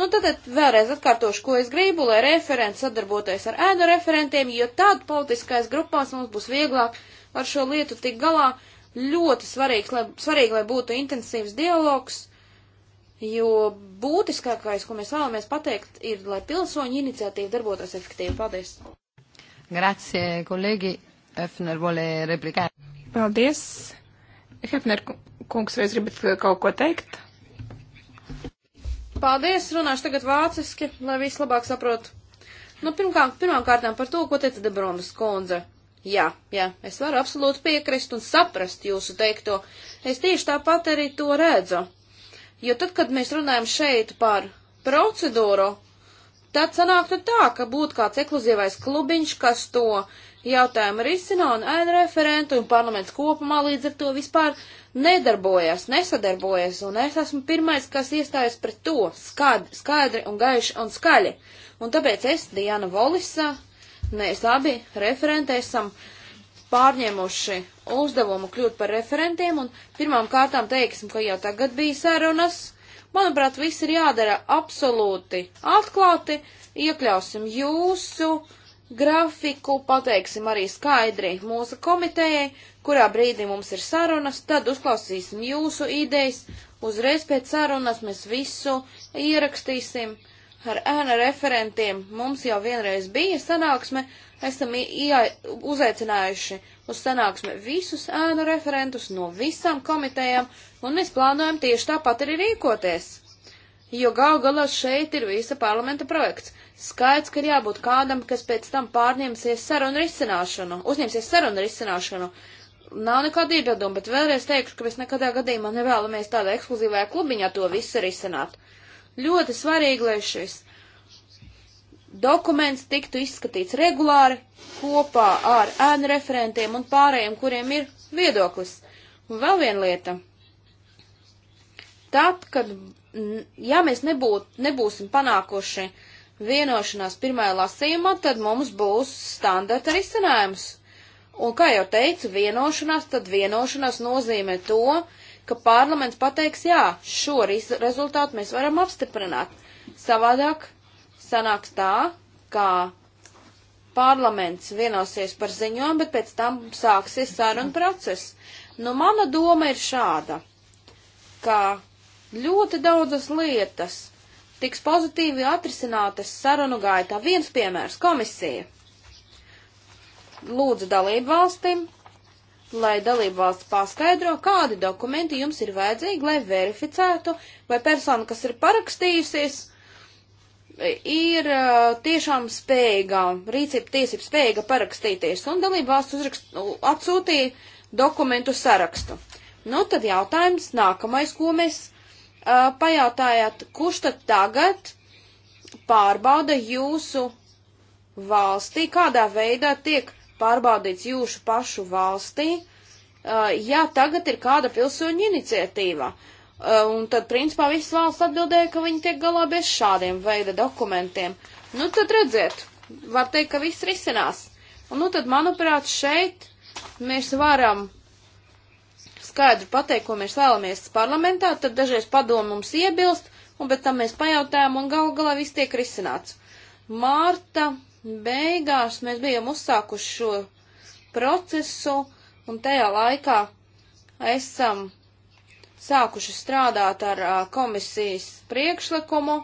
Nu, tad, tad vēlreiz atkārtošu, ko es gribu, lai referents sadarbotos ar ēnu referentiem, jo tad politiskais grupās mums būs vieglāk ar šo lietu tik galā. Ļoti svarīgs, lai, svarīgi, lai būtu intensīvs dialogs, jo būtiskākais, ko mēs vēlamies pateikt, ir, lai pilsoņu iniciatīva darbotos efektīvi. Paldies! Grazie, kolēģi. Hefner volē replikēt. Paldies. Hefner kungs, vai jūs gribat kaut ko teikt? Paldies, runāšu tagad vāciski, lai viss labāk saprotu. Nu, pirmkārt, pirmām kārtām par to, ko teica Debronas kundze. Jā, jā, es varu absolūti piekrist un saprast jūsu teikto. Es tieši tāpat arī to redzu. Jo tad, kad mēs runājam šeit par procedūru, tad sanāktu tā, ka būtu kāds ekluzīvais klubiņš, kas to jautājumu risina un ēna referentu un parlaments kopumā līdz ar to vispār nedarbojas, nesadarbojas, un es esmu pirmais, kas iestājas pret to skaidri, skaidri un gaiši un skaļi. Un tāpēc es, Diana Volisa, mēs abi referenti esam pārņēmuši uzdevumu kļūt par referentiem, un pirmām kārtām teiksim, ka jau tagad bija sarunas Manuprāt, viss ir jādara absolūti atklāti, iekļausim jūsu grafiku, pateiksim arī skaidri mūsu komitejai, kurā brīdī mums ir sarunas, tad uzklausīsim jūsu idejas, uzreiz pēc sarunas mēs visu ierakstīsim ar ēna referentiem. Mums jau vienreiz bija sanāksme, esam uzaicinājuši uz sanāksme visus ēnu referentus no visām komitejām, un mēs plānojam tieši tāpat arī rīkoties. Jo gal galā šeit ir visa parlamenta projekts. Skaidrs, ka ir jābūt kādam, kas pēc tam pārņemsies sarunu risināšanu, uzņemsies sarunu risināšanu. Nav nekāda iebilduma, bet vēlreiz teikšu, ka mēs nekadā gadījumā nevēlamies tādā ekskluzīvajā klubiņā to visu risināt. Ļoti svarīgi, lai šis dokuments tiktu izskatīts regulāri kopā ar ēnu referentiem un pārējiem, kuriem ir viedoklis. Un vēl viena lieta Tad, kad, ja mēs nebūt, nebūsim panākuši vienošanās pirmajā lasījumā, tad mums būs standarta risinājums. Un, kā jau teicu, vienošanās, tad vienošanās nozīmē to, ka parlaments pateiks, jā, šo rezultātu mēs varam apstiprināt. Savādāk sanāks tā, ka parlaments vienosies par ziņojumu, bet pēc tam sāksies saruna process. Nu, mana doma ir šāda, ka Ļoti daudzas lietas tiks pozitīvi atrisinātas sarunu gaitā. Viens piemērs - komisija. Lūdzu dalību valstīm, lai dalību valsts paskaidro, kādi dokumenti jums ir vajadzīgi, lai verificētu, vai persona, kas ir parakstījusies, ir uh, tiešām spējīga, rīcība tiesība spējīga parakstīties, un dalību valsts uzrakst, atsūtīja dokumentu sarakstu. Nu, tad jautājums nākamais, ko mēs uh, pajautājāt, kurš tad tagad pārbauda jūsu valstī, kādā veidā tiek pārbaudīts jūsu pašu valstī, uh, ja tagad ir kāda pilsoņa iniciatīva. Uh, un tad, principā, visas valsts atbildēja, ka viņi tiek galā bez šādiem veida dokumentiem. Nu, tad redziet, var teikt, ka viss risinās. Un, nu, tad, manuprāt, šeit mēs varam skaidru pateikt, ko mēs vēlamies parlamentā, tad dažreiz padomu mums iebilst, un pēc tam mēs pajautājam, un gal galā viss tiek risināts. Mārta beigās mēs bijām uzsākuši šo procesu, un tajā laikā esam sākuši strādāt ar a, komisijas priekšlikumu,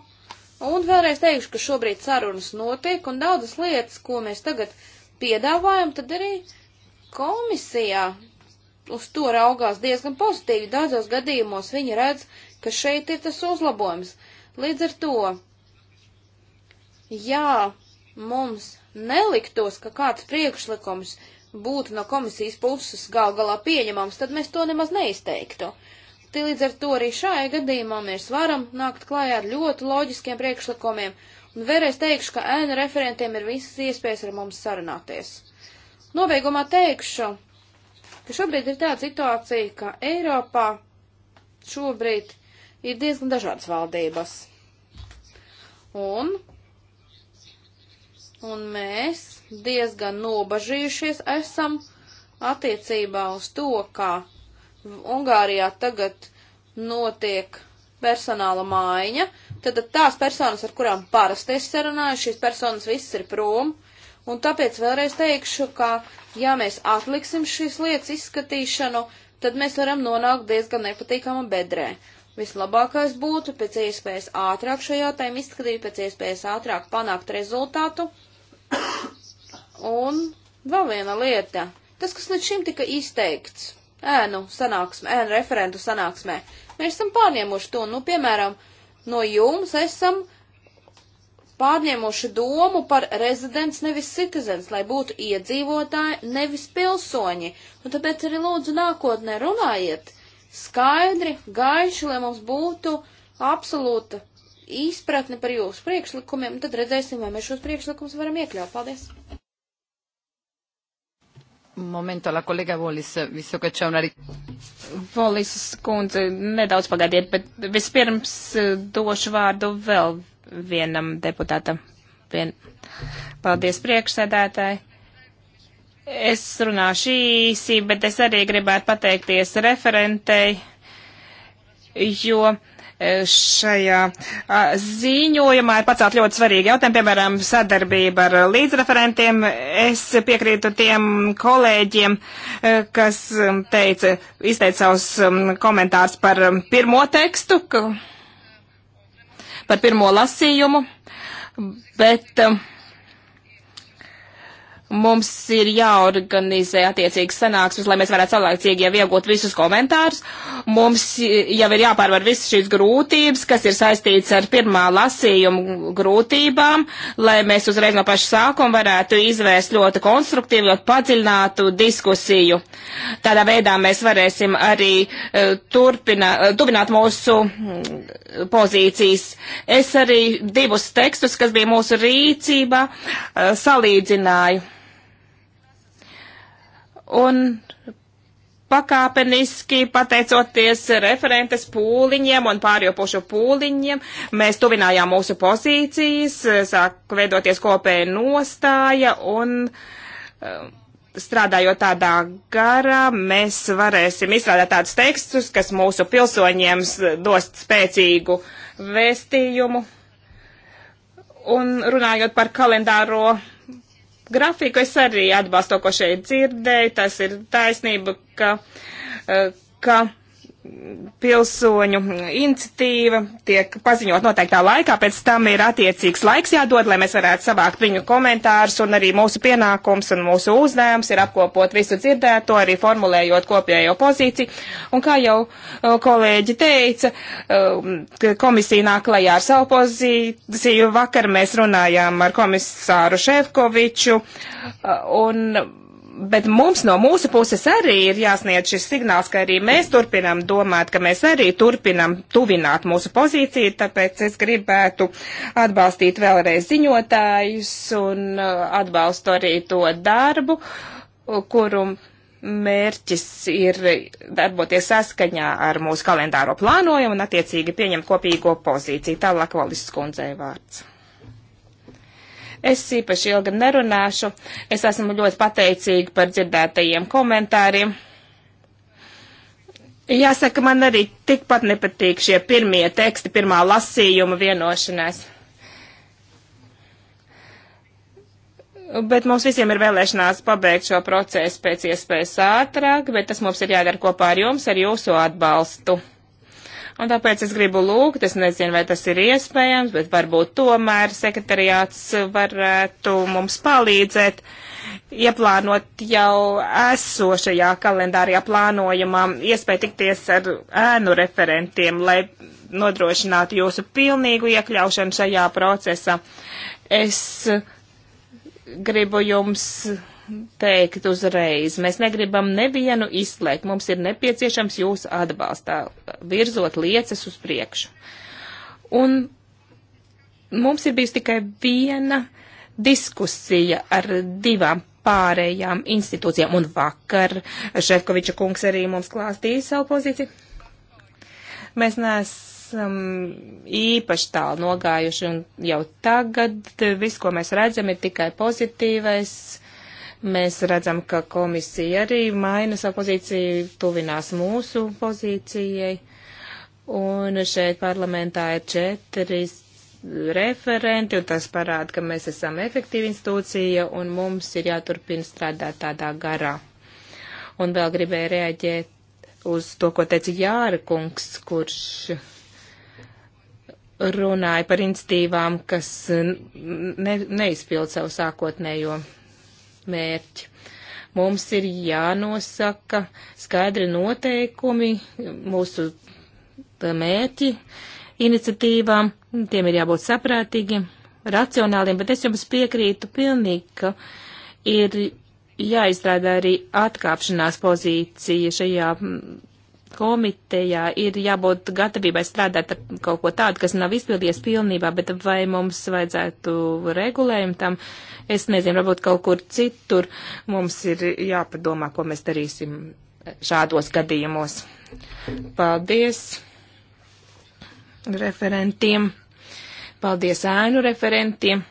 un vēlreiz teikšu, ka šobrīd sarunas notiek, un daudzas lietas, ko mēs tagad piedāvājam, tad arī komisijā uz to raugās diezgan pozitīvi. Daudzos gadījumos viņi redz, ka šeit ir tas uzlabojums. Līdz ar to, ja mums neliktos, ka kāds priekšlikums būtu no komisijas puses gal galā pieņemams, tad mēs to nemaz neizteiktu. Tī līdz ar to arī šajā gadījumā mēs varam nākt klājā ar ļoti loģiskiem priekšlikumiem, un vēlreiz teikšu, ka ēna referentiem ir visas iespējas ar mums sarunāties. Nobeigumā teikšu, ka šobrīd ir tāda situācija, ka Eiropā šobrīd ir diezgan dažādas valdības. Un, un mēs diezgan nobažījušies esam attiecībā uz to, kā Ungārijā tagad notiek personāla maiņa, tad tās personas, ar kurām parasti es sarunāju, šīs personas visas ir prom, Un tāpēc vēlreiz teikšu, ka ja mēs atliksim šīs lietas izskatīšanu, tad mēs varam nonākt diezgan nepatīkama bedrē. Vislabākais būtu pēc iespējas ātrāk šo jautājumu izskatīt, pēc iespējas ātrāk panākt rezultātu. Un vēl viena lieta. Tas, kas līdz šim tika izteikts ēnu sanāksmē, ēnu referentu sanāksmē, mēs esam pārņēmuši to, nu, piemēram, no jums esam pārņēmuši domu par rezidents nevis citizens, lai būtu iedzīvotāji nevis pilsoņi. Un tāpēc arī lūdzu nākotnē runājiet skaidri, gaiši, lai mums būtu absolūta izpratne par jūsu priekšlikumiem, tad redzēsim, vai mēs šos priekšlikumus varam iekļaut. Paldies! Momento, la kolega Volis, visu, ka čau arī. Volis kundze, nedaudz pagaidiet, bet vispirms eh, došu vārdu vēl vienam deputātam. Vien. Paldies priekšsēdētāji. Es runāšu īsi, bet es arī gribētu pateikties referentei, jo e, šajā ziņojumā ir pacelt ļoti svarīgi jautājumi, piemēram, sadarbība ar līdzreferentiem. Es piekrītu tiem kolēģiem, e, kas teica, izteica savus komentārus par pirmo tekstu, ka par pirmo lasījumu, bet uh, mums ir jāorganizē attiecīgas sanāksmes, lai mēs varētu saulēcīgi jau iegūt visus komentārus. Mums jau ir jāpārvar visas šīs grūtības, kas ir saistīts ar pirmā lasījuma grūtībām, lai mēs uzreiz no paša sākuma varētu izvērst ļoti konstruktīvu, ļoti padziļinātu diskusiju. Tādā veidā mēs varēsim arī turpināt, e, turpināt e, mūsu mm, pozīcijas. Es arī divus tekstus, kas bija mūsu rīcībā, e, salīdzināju Un pakāpeniski, pateicoties referentes pūliņiem un pārjopošo pūliņiem, mēs tuvinājām mūsu pozīcijas, sāk veidoties kopēja nostāja un eh, strādājot tādā garā, mēs varēsim izstrādāt tādus tekstus, kas mūsu pilsoņiem dos spēcīgu vēstījumu. Un runājot par kalendāro grafiku es arī atbalstu to, ko šeit dzirdēju. Tas ir taisnība, ka, eh, ka pilsoņu iniciatīva tiek paziņot noteiktā laikā, pēc tam ir attiecīgs laiks jādod, lai mēs varētu savākt viņu komentārus, un arī mūsu pienākums un mūsu uzdevums ir apkopot visu dzirdēto, arī formulējot kopējo pozīciju. Un kā jau kolēģi teica, komisija nāk klajā ar savu pozīciju. Vakar mēs runājām ar komisāru Šefkoviču, un bet mums no mūsu puses arī ir jāsniedz šis signāls, ka arī mēs turpinam domāt, ka mēs arī turpinam tuvināt mūsu pozīciju, tāpēc es gribētu atbalstīt vēlreiz ziņotājus un uh, atbalstu arī to darbu, kuru mērķis ir darboties saskaņā ar mūsu kalendāro plānojumu un attiecīgi pieņemt kopīgo pozīciju. Tālāk valis skundzei vārds. Es īpaši ilgi nerunāšu. Es esmu ļoti pateicīga par dzirdētajiem komentāriem. Jāsaka, man arī tikpat nepatīk šie pirmie teksti, pirmā lasījuma vienošanās. Bet mums visiem ir vēlēšanās pabeigt šo procesu pēc iespējas ātrāk, bet tas mums ir jādara kopā ar jums, ar jūsu atbalstu. Un tāpēc es gribu lūgt, es nezinu, vai tas ir iespējams, bet varbūt tomēr sekretariāts varētu mums palīdzēt ieplānot jau esošajā kalendārajā plānojumā iespēju tikties ar ēnu referentiem, lai nodrošinātu jūsu pilnīgu iekļaušanu šajā procesā. Es gribu jums teikt uzreiz. Mēs negribam nevienu izslēgt. Mums ir nepieciešams jūsu atbalstā, virzot lietas uz priekšu. Un mums ir bijusi tikai viena diskusija ar divām pārējām institūcijām, un vakar Šefkoviča kungs arī mums klāstīja savu pozīciju. Mēs neesam īpaši tālu nogājuši, un jau tagad viss, ko mēs redzam, ir tikai pozitīvais Mēs redzam, ka komisija arī maina savu pozīciju, tuvinās mūsu pozīcijai. Un šeit parlamentā ir četri referenti, un tas parāda, ka mēs esam efektīva institūcija, un mums ir jāturpina strādāt tādā garā. Un vēl gribēju reaģēt uz to, ko teica Jāra kungs, kurš runāja par institīvām, kas ne, neizpild savu sākotnējo mērķi. Mums ir jānosaka skaidri noteikumi mūsu mērķi iniciatīvām, tiem ir jābūt saprātīgiem, racionāliem, bet es jums piekrītu pilnīgi, ka ir jāizstrādā arī atkāpšanās pozīcija šajā komitejā ir jābūt gatavībai strādāt ar kaut ko tādu, kas nav izpildījies pilnībā, bet vai mums vajadzētu regulējumu tam, es nezinu, varbūt kaut kur citur mums ir jāpadomā, ko mēs darīsim šādos gadījumos. Paldies referentiem, paldies ēnu referentiem.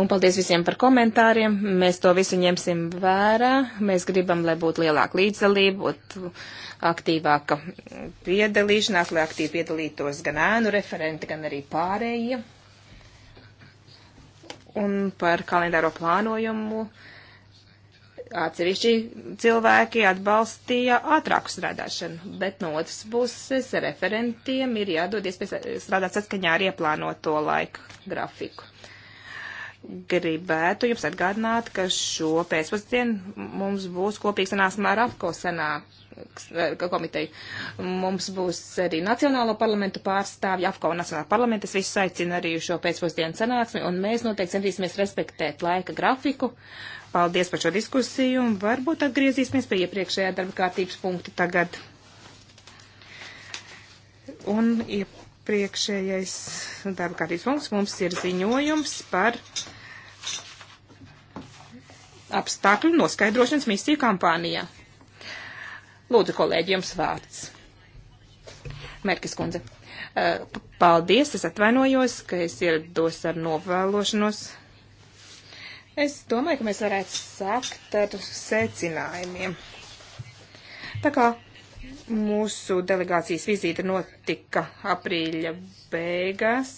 Un paldies visiem par komentāriem. Mēs to visu ņemsim vērā. Mēs gribam, lai būtu lielāka līdzdalība, būtu aktīvāka piedalīšanās, lai aktīvi piedalītos gan ēnu referenti, gan arī pārējie. Un par kalendāro plānojumu atsevišķi cilvēki atbalstīja ātrāku strādāšanu, bet no otras puses referentiem ir jādod iespēja strādāt saskaņā ar ieplānoto laiku grafiku gribētu jums atgādināt, ka šo pēcpusdienu mums būs kopīgs sanāksmē ar AFCO eh, komiteju. Mums būs arī Nacionālo parlamentu pārstāvji, AFCO un Nacionālo parlamentu. Es visus aicinu arī šo pēcpusdienu sanāksmi, un mēs noteikti centīsimies respektēt laika grafiku. Paldies par šo diskusiju, un varbūt atgriezīsimies pie iepriekšējā darba kārtības punkta tagad. Un, ja priekšējais darba kārtības punkts mums ir ziņojums par apstākļu noskaidrošanas misiju kampānijā. Lūdzu, kolēģi, jums vārds. Merkis kundze. Eh, paldies, es atvainojos, ka es ierados ar novēlošanos. Es domāju, ka mēs varētu sākt ar secinājumiem. Tā kā Mūsu delegācijas vizīte notika aprīļa beigās.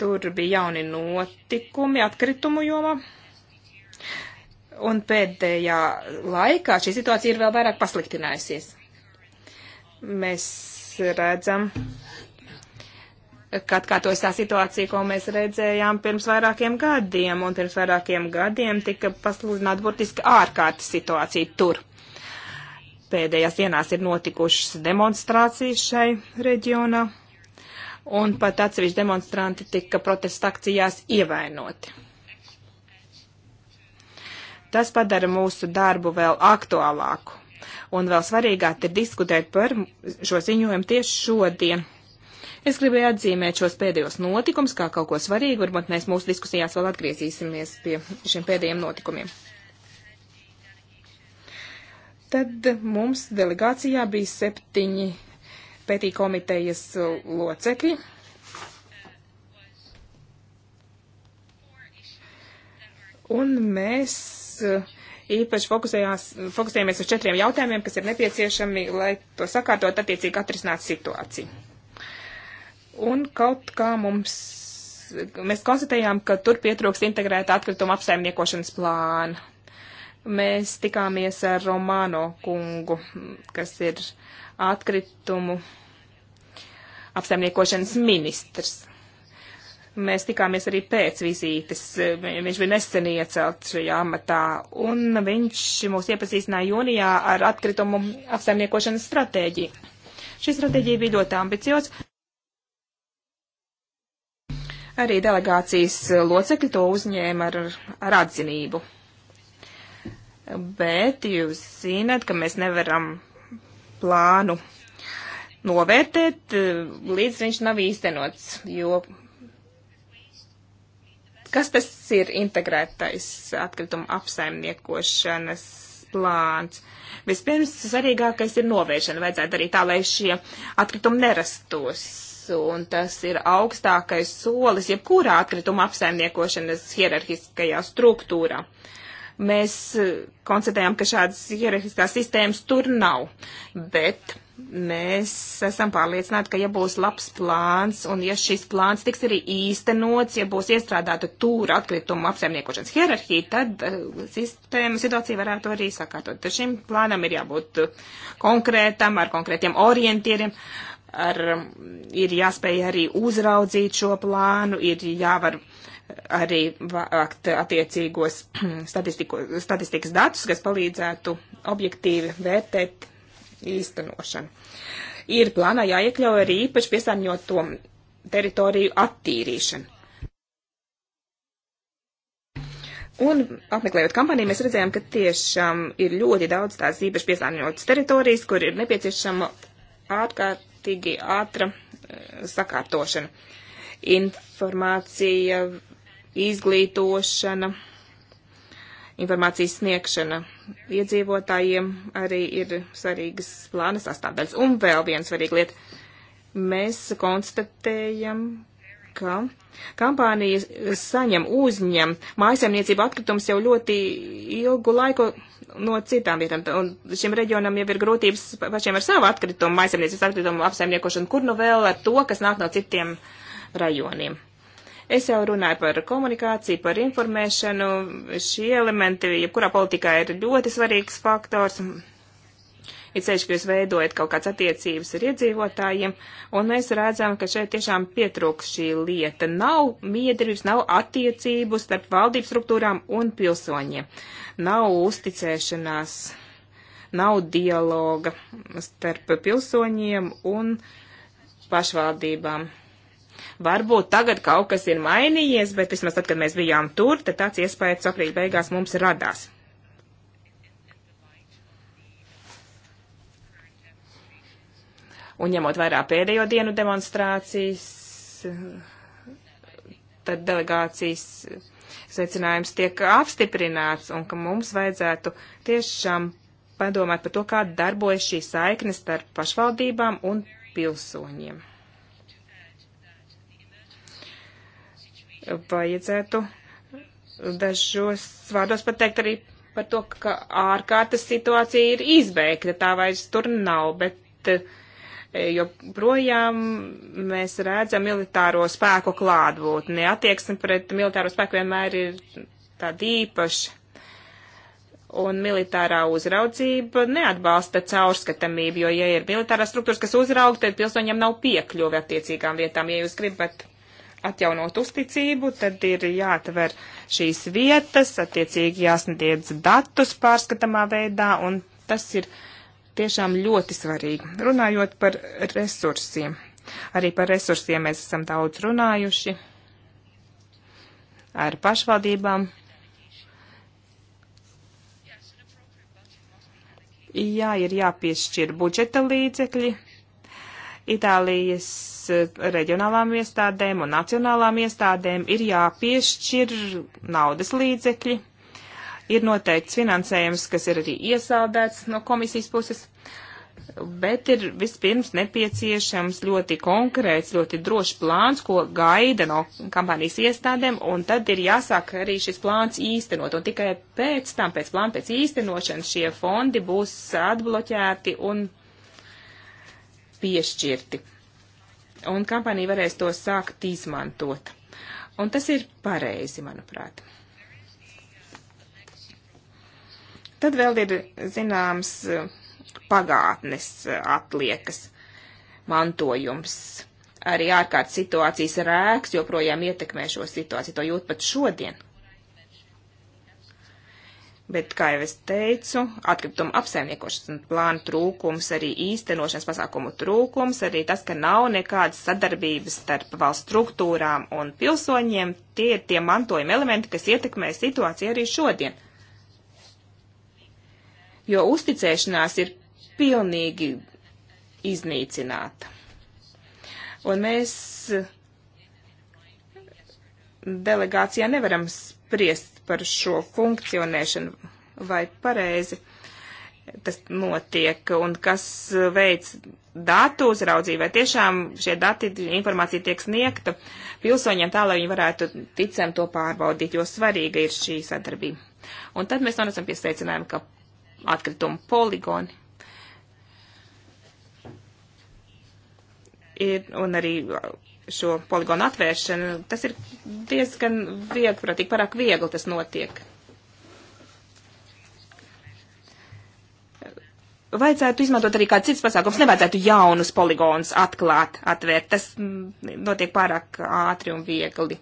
Tur bija jauni notikumi atkritumu jomā. Un pēdējā laikā šī situācija ir vēl vairāk pasliktinājusies. Mēs redzam, atkārtoja tā situācija, ko mēs redzējām pirms vairākiem gadiem, un pirms vairākiem gadiem tika pasludināta burtiski ārkārtas situācija tur. Pēdējās dienās ir notikušas demonstrācijas šai reģionā, un pat atsevišķi demonstranti tika protesta akcijās ievainoti. Tas padara mūsu darbu vēl aktuālāku, un vēl svarīgāk ir diskutēt par šo ziņojumu tieši šodien Es gribēju atzīmēt šos pēdējos notikums kā kaut ko svarīgu, varbūt mēs mūsu diskusijās vēl atgriezīsimies pie šiem pēdējiem notikumiem. Tad mums delegācijā bija septiņi pētī komitejas locekļi. Un mēs uh, īpaši fokusējāmies uz četriem jautājumiem, kas ir nepieciešami, lai to sakārtot attiecīgi atrisināt situāciju un kaut kā mums, mēs konstatējām, ka tur pietrūkst integrēta atkrituma apsaimniekošanas plāna. Mēs tikāmies ar Romano kungu, kas ir atkritumu apsaimniekošanas ministrs. Mēs tikāmies arī pēc vizītes. Viņš bija nesen iecelts šajā amatā, un viņš mūs iepazīstināja jūnijā ar atkritumu apsaimniekošanas stratēģiju. Šī stratēģija bija ļoti ambicioza. Arī delegācijas locekļi to uzņēma ar, ar atzinību. Bet jūs zināt, ka mēs nevaram plānu novērtēt, eh, līdz viņš nav īstenots, jo kas tas ir integrētais atkrituma apsaimniekošanas plāns? Vispirms svarīgākais ir novēršana. Vajadzētu arī tā, lai šie atkritumi nerastos un tas ir augstākais solis jebkurā atkrituma apsaimniekošanas hierarhiskajā struktūrā. Mēs eh, konstatējam, ka šādas hierarhiskās sistēmas tur nav, bet mēs esam pārliecināti, ka ja būs labs plāns un ja šis plāns tiks arī īstenots, ja būs iestrādāta tūra atkrituma apsaimniekošanas hierarhija, tad uh, sistēma situācija varētu arī sakārtot. Tad šim plānam ir jābūt eh, konkrētam, ar konkrētiem orientieriem. Uh, ar, um, ir jāspēj arī uzraudzīt šo plānu, ir jāvar uh, arī vākt attiecīgos statistikas datus, kas palīdzētu objektīvi vērtēt īstenošanu. Ir plānā jāiekļauj arī īpaši piesārņoto teritoriju attīrīšanu. Un apmeklējot kampaniju, mēs redzējām, ka tiešām ir ļoti daudz tās īpaši piesārņotas teritorijas, kur ir nepieciešama ārkārt ārkārtīgi ātra eh, sakārtošana. Informācija, izglītošana, informācijas sniegšana iedzīvotājiem arī ir svarīgas plāna sastāvdaļas. Un vēl viena svarīga lieta. Mēs konstatējam, ka kampānija saņem, uzņem mājasemniecību atkritumus jau ļoti ilgu laiku no citām vietām. Un šim reģionam jau ir grūtības pašiem ar savu atkritumu, mājasemniecības atkritumu apsaimniekošanu, kur nu vēl ar to, kas nāk no citiem rajoniem. Es jau runāju par komunikāciju, par informēšanu. Šie elementi, jebkurā politikā, ir ļoti svarīgs faktors ir ceļš, ka jūs veidojat kaut kāds attiecības ar iedzīvotājiem, un mēs redzam, ka šeit tiešām pietrūks šī lieta. Nav miedarbības, nav attiecību starp valdības struktūrām un pilsoņiem. Nav uzticēšanās, nav dialoga starp pilsoņiem un pašvaldībām. Varbūt tagad kaut kas ir mainījies, bet vismaz tad, kad mēs bijām tur, tad tāds iespējas aprīļa beigās mums radās. Un ņemot vairāk pēdējo dienu demonstrācijas, tad delegācijas secinājums tiek apstiprināts un ka mums vajadzētu tiešām padomāt par to, kā darbojas šī saikne starp pašvaldībām un pilsoņiem. Vajadzētu dažos vārdos pateikt arī par to, ka ārkārtas situācija ir izbeigta, tā vairs tur nav, bet uh, E, jo projām mēs redzam militāro spēku klātbūtni. Attieksme pret militāro spēku vienmēr ir tāda īpaša. Un militārā uzraudzība neatbalsta caurskatamību, jo, ja ir militārās struktūras, kas uzraug, tad pilsoņiem nav piekļuvi attiecīgām vietām. Ja jūs gribat atjaunot uzticību, tad ir jāatver šīs vietas, attiecīgi jāsniedz datus pārskatamā veidā, un tas ir uh, tiešām ļoti svarīga. Runājot par resursiem, arī par resursiem mēs esam daudz runājuši ar pašvaldībām. Jā, ir jāpiešķir budžeta līdzekļi Itālijas eh, reģionālām iestādēm un nacionālām iestādēm ir jāpiešķir naudas līdzekļi Ir noteikts finansējums, kas ir arī iesaldēts no komisijas puses, bet ir vispirms nepieciešams ļoti konkrēts, ļoti drošs plāns, ko gaida no kampānijas iestādēm, un tad ir jāsāk arī šis plāns īstenot, un tikai pēc tam, pēc plāna, pēc īstenošanas šie fondi būs atbloķēti un piešķirti un kampaņija varēs to sākt izmantot. Un tas ir pareizi, manuprāt. Tad vēl ir zināms eh, pagātnes eh, atliekas mantojums. Arī ārkārtas situācijas rēks joprojām ietekmē šo situāciju, to jūt pat šodien. Bet, kā jau es teicu, atkrituma apsaimniekošanas plāna trūkums, arī īstenošanas pasākumu trūkums, arī tas, ka nav nekādas sadarbības starp valsts struktūrām un pilsoņiem, tie ir tie mantojuma elementi, kas ietekmē situāciju arī šodien jo uzticēšanās ir pilnīgi iznīcināta. Un mēs eh, delegācijā nevaram spriest par šo funkcionēšanu vai pareizi tas notiek un kas eh, veids datu uzraudzību, vai tiešām šie dati, informācija tiek sniegta pilsoņiem tā, lai viņi varētu ticam to pārbaudīt, jo svarīga ir šī sadarbība. Un tad mēs nonācam pie secinājuma, ka atkritumu poligoni. Ir, un arī šo poligonu atvēršana, tas ir diezgan viegli, protīgi, pārāk viegli tas notiek. vajadzētu izmantot arī kāds cits pasākums. Nevajadzētu jaunus poligonus atklāt, atvērt. Tas mm, notiek pārāk ātri un viegli.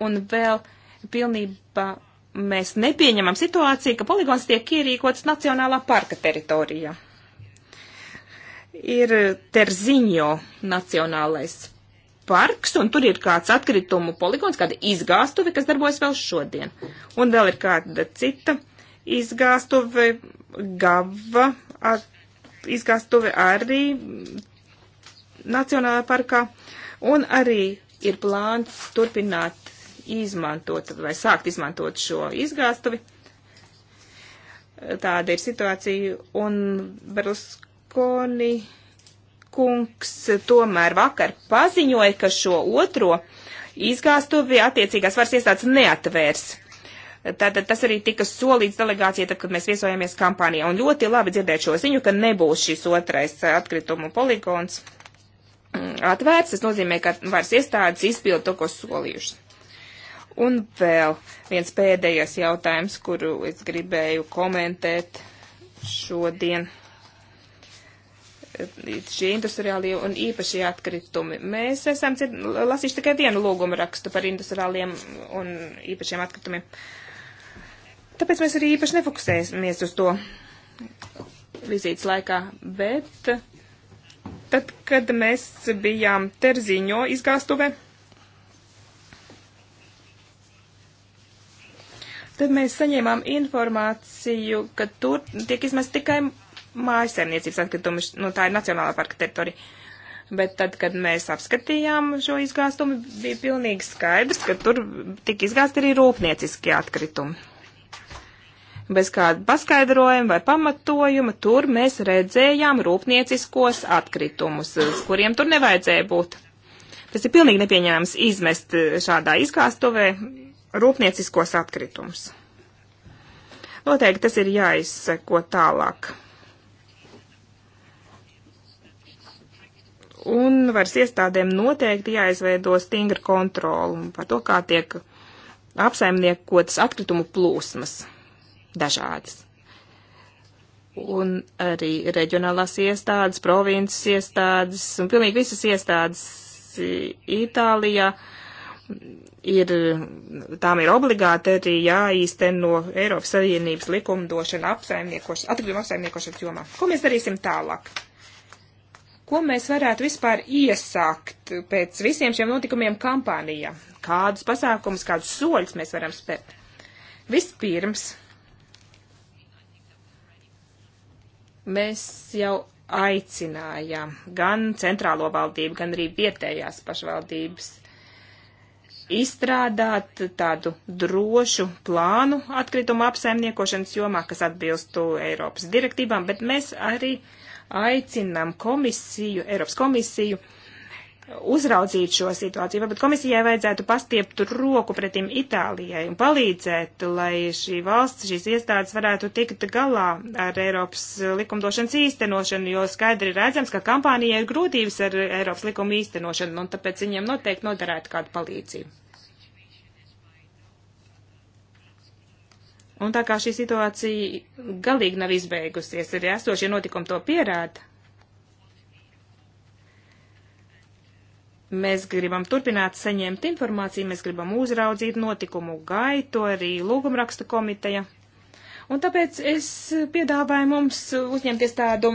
Un vēl pilnībā mēs nepieņemam situāciju, ka poligons tiek ierīkots Nacionālā parka teritorijā. Ir Terziņo Nacionālais parks, un tur ir kāds atkritumu poligons, kāda izgāstuve, kas darbojas vēl šodien. Un vēl ir kāda cita izgāstuve, gava at, izgāstuve arī Nacionālajā parkā, un arī ir plāns turpināt izmantot vai sākt izmantot šo izgāstuvi. Tāda ir situācija, un Berluskoni kungs tomēr vakar paziņoja, ka šo otro izgāstuvi attiecīgās varas iestādes neatvērs. Tātad tas arī tika solīts delegācijai, tad, kad mēs viesojāmies kampānijā. Un ļoti labi dzirdēt šo ziņu, ka nebūs šis otrais atkritumu poligons mm, atvērts. Tas nozīmē, ka varas iestādes izpilda to, ko solījušas. Un vēl viens pēdējais jautājums, kuru es gribēju komentēt šodien. Šī industriālie un īpašie atkritumi. Mēs esam lasījuši tikai vienu lūgumu rakstu par industriāliem un īpašiem atkritumiem. Tāpēc mēs arī īpaši nefokusēsimies uz to vizītes laikā, bet tad, kad mēs bijām Terziņo izgāstuvē, Tad mēs saņēmām informāciju, ka tur tiek izmest tikai mājasēmniecības atkritumi, nu tā ir Nacionālā parka teritorija. Bet tad, kad mēs apskatījām šo izgāstumu, bija pilnīgi skaidrs, ka tur tika izgāsti arī rūpnieciskie atkritumi. Bez kāda paskaidrojuma vai pamatojuma tur mēs redzējām rūpnieciskos atkritumus, kuriem tur nevajadzēja būt. Tas ir pilnīgi nepieņēmams izmest šādā izgāstuvē rūpnieciskos atkritumus. Noteikti tas ir jāizseko tālāk. Un varas iestādēm noteikti jāizveido stingra kontrola par to, kā tiek apsaimniekotas atkritumu plūsmas dažādas. Un arī reģionālās iestādes, provinces iestādes un pilnīgi visas iestādes Itālijā uh, ir, tām ir obligāti arī jāīsteno Eiropas Savienības likumdošana apsaimniekošana, atkrituma apsaimniekošanas jomā. Ko mēs darīsim tālāk? Ko mēs varētu vispār iesākt pēc visiem šiem notikumiem kampānijā? Kādus pasākumus, kādus soļus mēs varam spērt? Vispirms, mēs jau aicinājām gan centrālo valdību, gan arī vietējās pašvaldības izstrādāt tādu drošu plānu atkrituma apsaimniekošanas jomā, kas atbilstu Eiropas direktībām, bet mēs arī aicinām komisiju, Eiropas komisiju, uzraudzīt šo situāciju. Varbūt komisijai vajadzētu pastiept roku pretim Itālijai un palīdzēt, lai šī valsts, šīs iestādes varētu tikt galā ar Eiropas likumdošanas īstenošanu, jo skaidri redzams, ka kampānija ir grūtības ar Eiropas likumu īstenošanu, un tāpēc viņiem noteikti noderētu kādu palīdzību. Un tā kā šī situācija galīgi nav izbeigusies, arī esošie notikumi to pierāda, mēs gribam turpināt saņemt informāciju, mēs gribam uzraudzīt notikumu gaitu, arī lūgumraksta komiteja. Un tāpēc es piedāvāju mums uzņemties tādu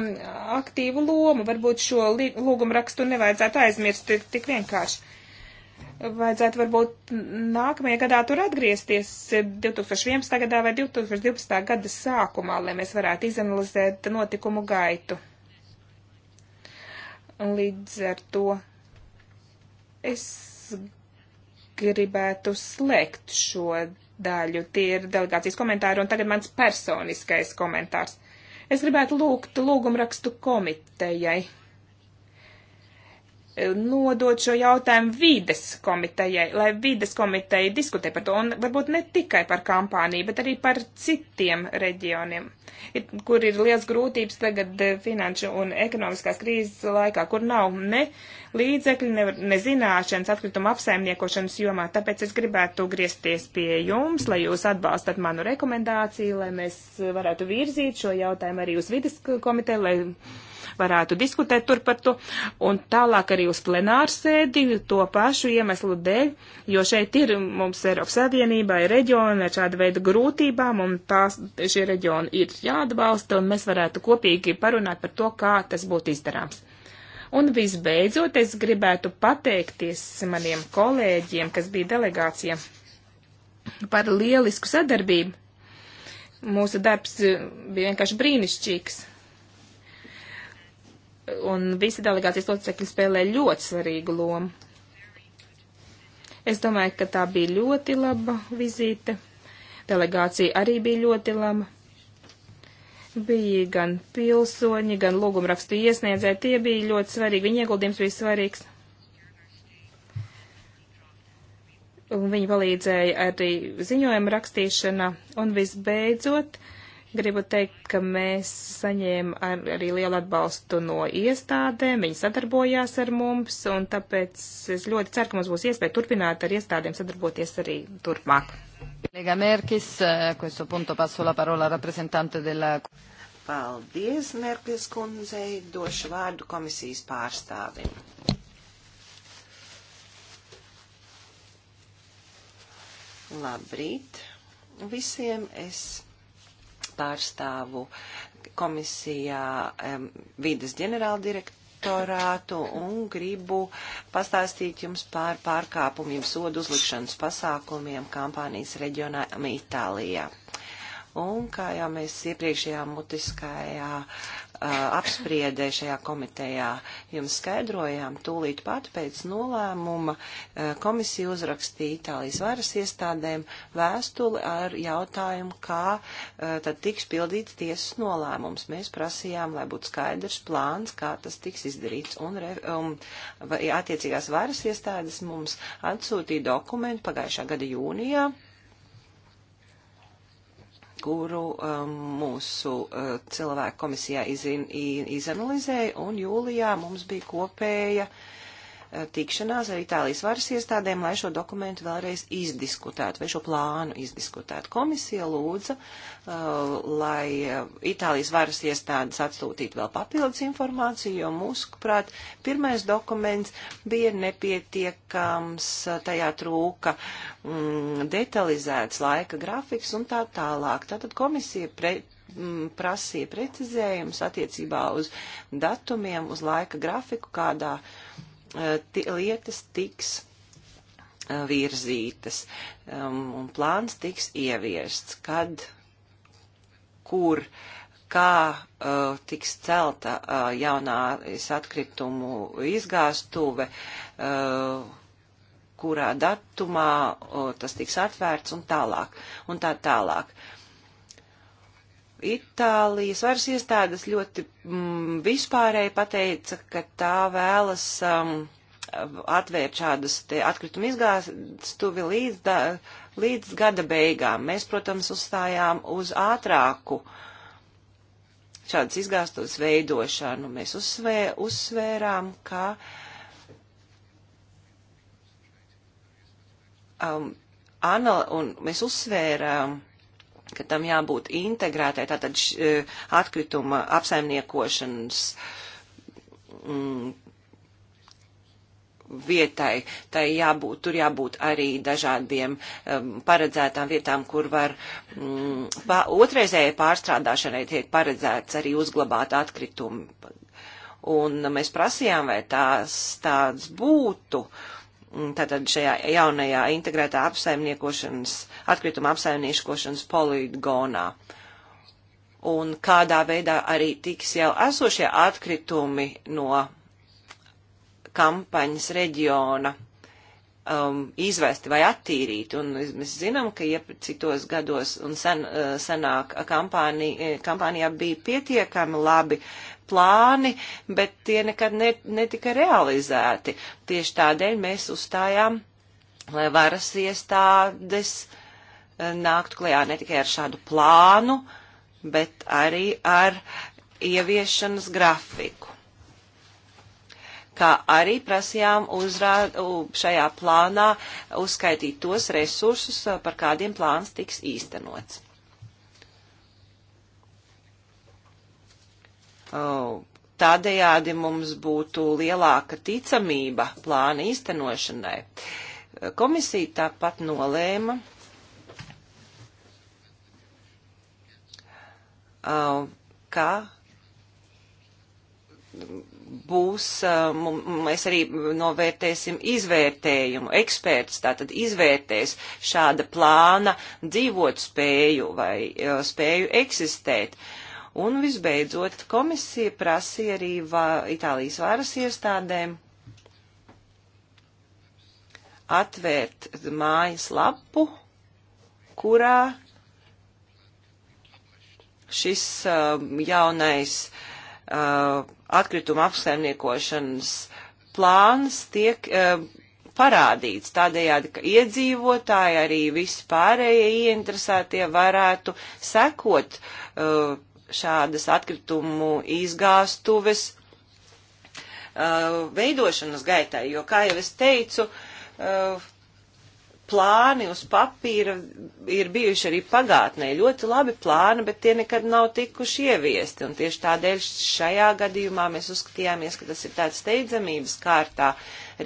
aktīvu lomu, varbūt šo lūgumrakstu nevajadzētu aizmirst tik vienkārši vajadzētu varbūt nākamajā gadā tur atgriezties 2011. gadā vai 2012. gada sākumā, lai mēs varētu izanalizēt notikumu gaitu. Un līdz ar to es gribētu slēgt šo daļu. Tie ir delegācijas komentāri un tagad mans personiskais komentārs. Es gribētu lūgt lūgumrakstu komitejai Eh, nodot šo jautājumu vides komitejai, lai vides komiteja diskutē par to, un varbūt ne tikai par kampāniju, bet arī par citiem reģioniem, kur ir liels grūtības tagad eh, finanšu un ekonomiskās krīzes laikā, kur nav ne līdzekļi, ne, ne zināšanas atkrituma apsaimniekošanas jomā. Tāpēc es gribētu griezties pie jums, lai jūs atbalstat manu rekomendāciju, lai mēs eh, varētu virzīt šo jautājumu arī uz vides komiteju, lai varētu diskutēt tur par to, un tālāk arī uz plenārsēdi to pašu iemeslu dēļ, jo šeit ir mums Eiropas Savienībā ir reģioni ar šādu veidu grūtībām, un tās, šie reģioni ir jāatbalsta, un mēs varētu kopīgi parunāt par to, kā tas būtu izdarāms. Un visbeidzot, es gribētu pateikties maniem kolēģiem, kas bija delegācija, par lielisku sadarbību. Mūsu darbs eh, bija vienkārši brīnišķīgs un visi delegācijas locekļi spēlē ļoti svarīgu lomu. Es domāju, ka tā bija ļoti laba vizīte. Delegācija arī bija ļoti laba. Bija gan pilsoņi, gan lūgumrakstu iesniedzēji. Tie bija ļoti svarīgi. Viņa ieguldījums bija svarīgs. Un viņi palīdzēja arī ziņojuma rakstīšana. Un visbeidzot, uh, Gribu teikt, ka mēs saņēmām ar, arī lielu atbalstu no iestādēm, viņi sadarbojās ar mums, un tāpēc es ļoti ceru, ka mums būs iespēja turpināt ar iestādēm sadarboties arī turpmāk. Lega Merkis, eh, questo punto passo la parola rappresentante della... Paldies, Merkis kundzei, došu vārdu komisijas pārstāvim. Labrīt visiem! Es pārstāvu komisijā um, vides ģenerāldirektoru direktorātu un gribu pastāstīt jums par pārkāpumiem sodu uzlikšanas pasākumiem kampānijas reģionā Itālijā. Un kā jau mēs iepriekšējā mutiskajā apspriedē šajā komitejā. Jums skaidrojām tūlīt pat pēc nolēmuma komisija uzrakstīja Itālijas varas iestādēm vēstuli ar jautājumu, kā tad tiks pildīts tiesas nolēmums. Mēs prasījām, lai būtu skaidrs plāns, kā tas tiks izdarīts. Un, re, um, attiecīgās varas iestādes mums atsūtīja dokumentu pagājušā gada jūnijā kuru um, mūsu uh, cilvēku komisijā izin, izanalizēja, un jūlijā mums bija kopēja uh, Eh, tikšanās ar Itālijas varas iestādēm, lai šo dokumentu vēlreiz izdiskutētu, vai šo plānu izdiskutētu. Komisija lūdza, uh, lai eh, Itālijas varas iestādes atsūtītu vēl papildus informāciju, jo mūsuprāt, pirmais dokuments bija nepietiekams, tajā trūka mm, detalizēts laika grafiks un tā tālāk. Tātad komisija pre, mm, prasīja precizējumus attiecībā uz datumiem, uz laika grafiku, kādā uh, Eh, lietas tiks eh, virzītas um, un plāns tiks ieviests, kad, kur, kā uh, tiks celta uh, jaunās atkritumu izgāstuve, uh, kurā datumā uh, tas tiks atvērts un tālāk, un tā tālāk. Uh, Itālijas varas iestādes ļoti mm, vispārēji pateica, ka tā vēlas um, atvērt šādas atkrituma izgāstuvi līdz, da, līdz gada beigām. Mēs, protams, uzstājām uz ātrāku šādas izgāstuves veidošanu. Mēs uzsvē, uzsvērām, ka um, anal, un mēs uzsvērām, um, ka tam jābūt integrētai tātad š, e, atkrituma apsaimniekošanas mm, vietai, tai jābūt, tur jābūt arī dažādiem um, paredzētām vietām, kur var um, mm, pā, otrreizējai pārstrādāšanai tiek paredzēts arī uzglabāt atkritumi. Un mēs prasījām, vai tās tāds būtu. Uh, tātad šajā jaunajā integrētā apsaimniekošanas, atkrituma apsaimniekošanas poligonā. Un kādā veidā arī tiks jau esošie atkritumi no kampaņas reģiona um, izvesti vai attīrīt. Un mēs zinām, ka citos gados un sen, uh, senāk kampāni, eh, kampānijā bija pietiekami labi plāni, bet tie nekad net, netika realizēti. Tieši tādēļ mēs uzstājām, lai varas iestādes eh, nāktu klajā ne tikai ar šādu plānu, bet arī ar ieviešanas grafiku kā arī prasījām uzrā, šajā plānā uzskaitīt tos resursus, par kādiem plāns tiks īstenots. Tādējādi mums būtu lielāka ticamība plāna īstenošanai. Komisija tāpat nolēma ka būs, mēs arī novērtēsim izvērtējumu. Eksperts tātad izvērtēs šāda plāna dzīvot spēju vai spēju eksistēt. Un visbeidzot, komisija prasīja arī va, Itālijas varas iestādēm atvērt mājas lapu, kurā šis uh, jaunais uh, Uh, atkrituma apsaimniekošanas plāns tiek uh, parādīts. Tādējādi, ka iedzīvotāji arī visi pārējie ieinteresētie varētu sekot uh, šādas atkritumu izgāstuves veidošanas gaitai, jo, kā jau es teicu, plāni uz papīra ir bijuši arī pagātnē. Ļoti labi plāni, bet tie nekad nav tikuši ieviesti. Un tieši tādēļ šajā gadījumā mēs uzskatījāmies, ka tas ir tāds steidzamības kārtā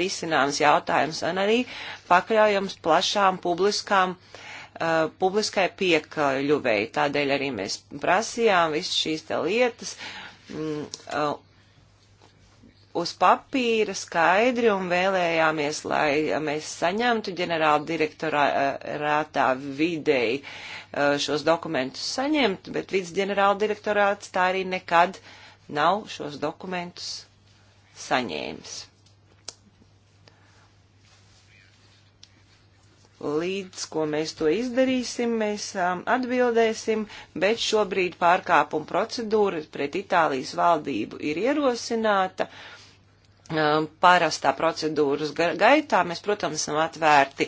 risināms jautājums un arī pakļaujams plašām publiskām uh, publiskai piekļuvēji. Tādēļ arī mēs prasījām visas šīs te lietas mm, uh, uz papīra skaidri un vēlējāmies, lai mēs saņemtu ģenerāla direktorātā videi eh, šos dokumentus saņemt, bet vidas ģenerāla direktorāts tā arī nekad nav šos dokumentus saņēmis. Līdz ko mēs to izdarīsim, mēs um, atbildēsim, bet šobrīd pārkāpuma procedūra pret Itālijas valdību ir ierosināta. Uh, Um, parastā procedūras gaitā. Mēs, protams, esam atvērti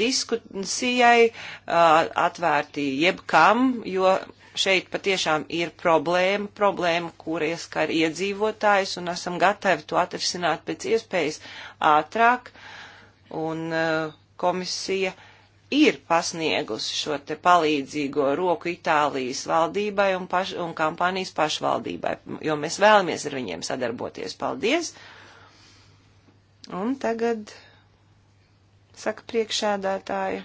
diskusijai, uh, atvērti jebkam, jo šeit patiešām ir problēma, problēma, kura ieskar iedzīvotājs, un esam gatavi to atrisināt pēc iespējas ātrāk. Un uh, komisija ir pasniegusi šo te palīdzīgo roku Itālijas valdībai un, paš, un kampanijas pašvaldībai, jo mēs vēlamies ar viņiem sadarboties. Paldies! Un tagad saka priekšēdētāja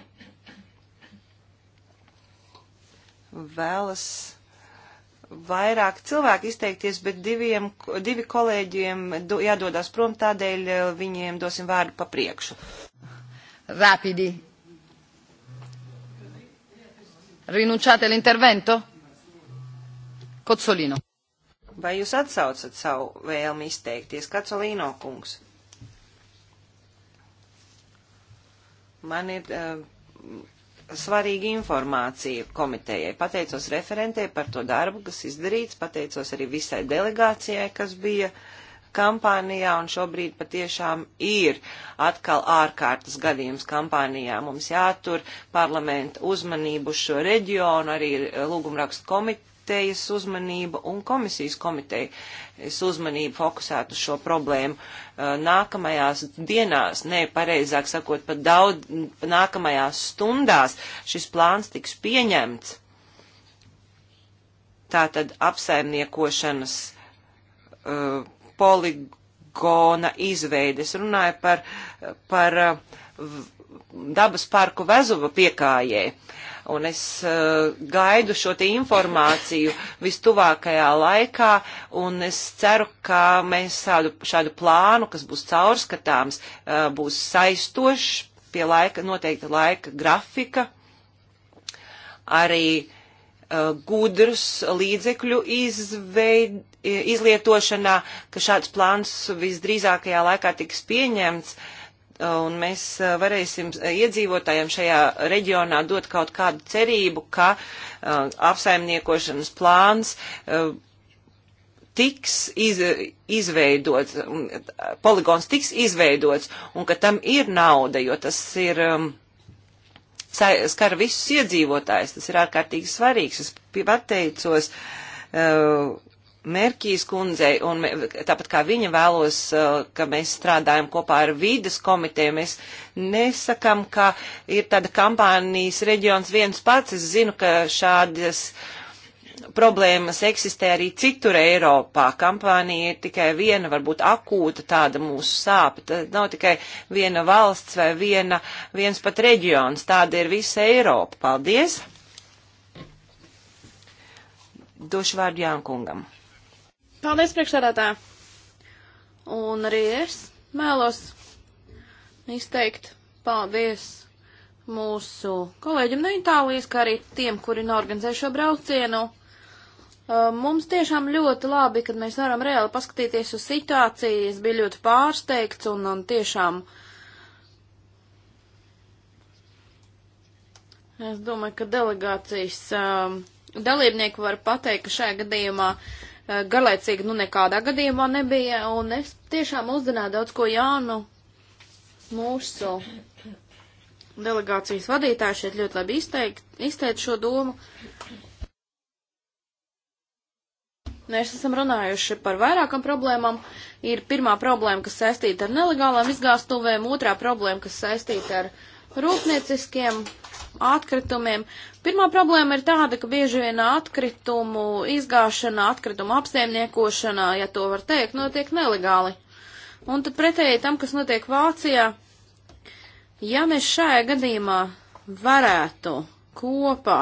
vēlas vairāk cilvēku izteikties, bet diviem, divi kolēģiem do, jādodas prom, tādēļ eh, viņiem dosim vārdu pa priekšu. Rapidi. Rinunciate l'intervento? Kocolino. Vai jūs atsaucat savu vēlmi izteikties, Kacolino kungs? Man ir eh, svarīga informācija komitejai. Pateicos referentē par to darbu, kas izdarīts, pateicos arī visai delegācijai, kas bija kampānijā, un šobrīd patiešām ir atkal ārkārtas gadījums kampānijā. Mums jātur parlamenta uzmanību šo reģionu, arī lūgumrakstu komiteju komitejas uzmanība un komisijas komitejas uzmanība fokusētu uz šo problēmu. Uh, nākamajās dienās, ne pareizāk sakot, pat daudz, nākamajās stundās šis plāns tiks pieņemts. Tātad apsaimniekošanas uh, poligona izveides, runāja par, par uh, dabas parku Vezuva piekājē. Uh, un es uh, gaidu šo te informāciju vistuvākajā laikā, un es ceru, ka mēs šādu, šādu plānu, kas būs caurskatāms, uh, būs saistošs pie laika, noteikta laika grafika, arī uh, gudrus līdzekļu izveid, izlietošanā, ka šāds plāns visdrīzākajā laikā tiks pieņemts. Uh, un mēs varēsim iedzīvotājiem šajā reģionā dot kaut kādu cerību, ka uh, apsaimniekošanas plāns uh, tiks iz, izveidots, poligons tiks izveidots un ka tam ir nauda, jo tas ir. Um, skar visus iedzīvotājus, tas ir ārkārtīgi svarīgs. Es pateicos uh, Merkīs kundzei, un tāpat kā viņa vēlos, uh, ka mēs strādājam kopā ar vīdes komiteju, mēs nesakam, ka ir tāda kampānijas reģions viens pats. Es zinu, ka šādas problēmas eksistē arī citur Eiropā. Kampānija ir tikai viena, varbūt akūta tāda mūsu sāpe. Tad nav tikai viena valsts vai viena, viens pat reģions. Tāda ir visa Eiropa. Paldies! Došu vārdu Jānkungam. Paldies, priekšsēdētā! Un arī es mēlos izteikt paldies mūsu kolēģim no Itālijas, kā arī tiem, kuri norganizē šo braucienu. Uh, mums tiešām ļoti labi, kad mēs varam reāli paskatīties uz situāciju. Es biju ļoti pārsteigts un, un tiešām. Es domāju, ka delegācijas um, dalībnieki var pateikt, ka šajā gadījumā uh, Eh, garlaicīga nu nekādā gadījumā nebija, un es tiešām uzzināju daudz ko jaunu. Mūsu delegācijas vadītāji šeit ļoti labi izteikt, izteikt šo domu. Mēs esam runājuši par vairākam problēmām. Ir pirmā problēma, kas saistīta ar nelegālām izgāstuvēm, otrā problēma, kas saistīta ar rūpnieciskiem atkritumiem. Pirmā problēma ir tāda, ka bieži vien atkritumu izgāšana, atkritumu apsaimniekošana, ja to var teikt, notiek nelegāli. Un tad pretēji tam, kas notiek Vācijā, ja mēs šajā gadījumā varētu kopā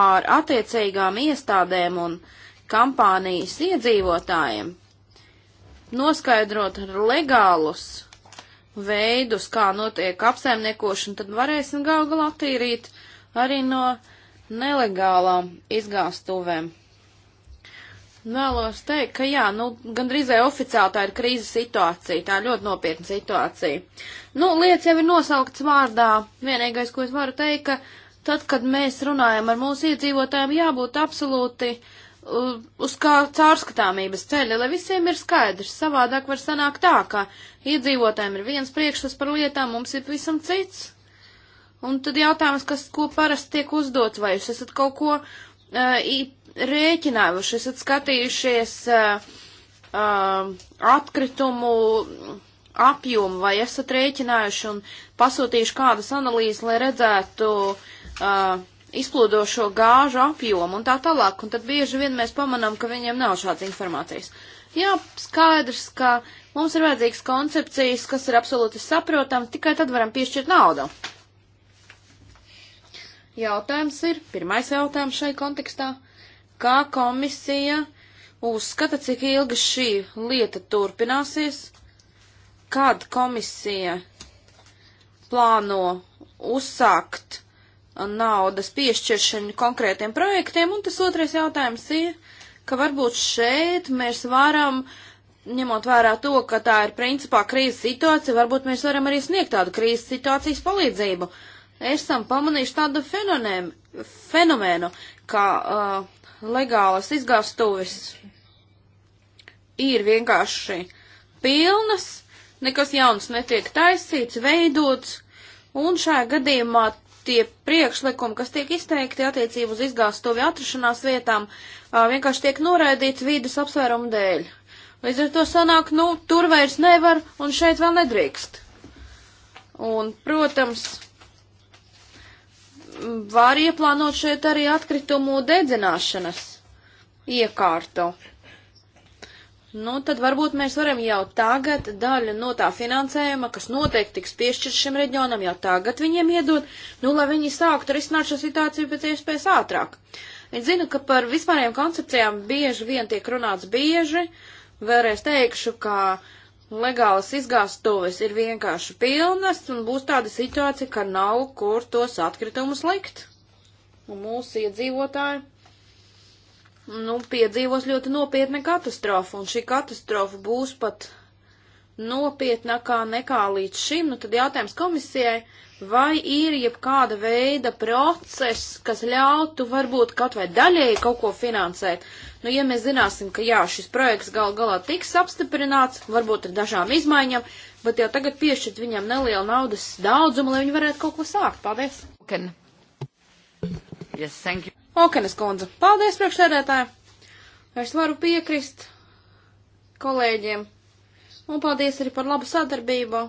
ar attiecīgām iestādēm un kampānijas iedzīvotājiem noskaidrot legālus veidus, kā notiek apsaimniekošana, tad varēsim gal galā attīrīt arī no nelegālām izgāstuvēm. Vēlos teikt, ka jā, nu, gandrīz vai oficiāli tā ir krīzes situācija, tā ir ļoti nopietna situācija. Nu, lietas jau ir nosauktas vārdā. Vienīgais, ko es varu teikt, ka tad, kad mēs runājam ar mūsu iedzīvotājiem, jābūt absolūti uh, uz kā caurskatāmības ceļa, lai visiem ir skaidrs. Savādāk var sanākt tā, ka iedzīvotājiem ir viens priekšstats par lietām, mums ir pavisam cits. Un tad jautājums, kas, ko parasti tiek uzdots, vai jūs esat kaut ko uh, rēķinājuši, esat skatījušies uh, uh, atkritumu apjomu, vai esat rēķinājuši un pasūtījuši kādas analīzes, lai redzētu. Uh, izplūdošo gāžu apjomu un tā tālāk, un tad bieži vien mēs pamanām, ka viņiem nav šādas informācijas. Jā, skaidrs, ka mums ir vajadzīgas koncepcijas, kas ir absolūti saprotams, tikai tad varam piešķirt naudu. Jautājums ir, pirmais jautājums šai kontekstā, kā komisija uzskata, cik ilgi šī lieta turpināsies, kad komisija plāno uzsākt naudas piešķiršanu konkrētiem projektiem, un tas otrais jautājums ir, ka varbūt šeit mēs varam, ņemot vērā to, ka tā ir principā krīzes situācija, varbūt mēs varam arī sniegt tādu krīzes situācijas palīdzību. Esam pamanījuši tādu fenomēnu, fenomēnu kā uh, legālas izgāstuvis ir vienkārši pilnas, nekas jauns netiek taisīts, veidots, un šajā gadījumā tie priekšlikumi, kas tiek izteikti attiecību uz izgāstuvi atrašanās vietām, vienkārši tiek noraidīti vīdes apsvērumu dēļ. Līdz ar to sanāk, nu, tur vairs nevar un šeit vēl nedrīkst. Un, protams, var ieplānot šeit arī atkritumu dedzināšanas iekārtu nu tad varbūt mēs varam jau tagad daļu no tā finansējuma, kas noteikti tiks piešķirts šim reģionam, jau tagad viņiem iedot, nu lai viņi sāktu risināt šo situāciju pēc iespējas ātrāk. Es zinu, ka par vispārējām koncepcijām bieži vien tiek runāts bieži, vēlreiz teikšu, ka legālas izgāstuves ir vienkārši pilnas un būs tāda situācija, ka nav kur tos atkritumus likt. Un mūsu iedzīvotāji nu, piedzīvos ļoti nopietna katastrofa, un šī katastrofa būs pat nopietnākā nekā līdz šim, nu tad jautājums komisijai, vai ir jebkāda veida process, kas ļautu varbūt kaut vai daļēji kaut ko finansēt. Nu, ja mēs zināsim, ka jā, šis projekts gal galā tiks apstiprināts, varbūt ar dažām izmaiņām, bet jau tagad piešķirt viņam nelielu naudas daudzumu, lai viņi varētu kaut ko sākt. Paldies! Yes, thank you. Okenes kundze, paldies priekšsēdētāji! Es varu piekrist kolēģiem. Un paldies arī par labu sadarbību.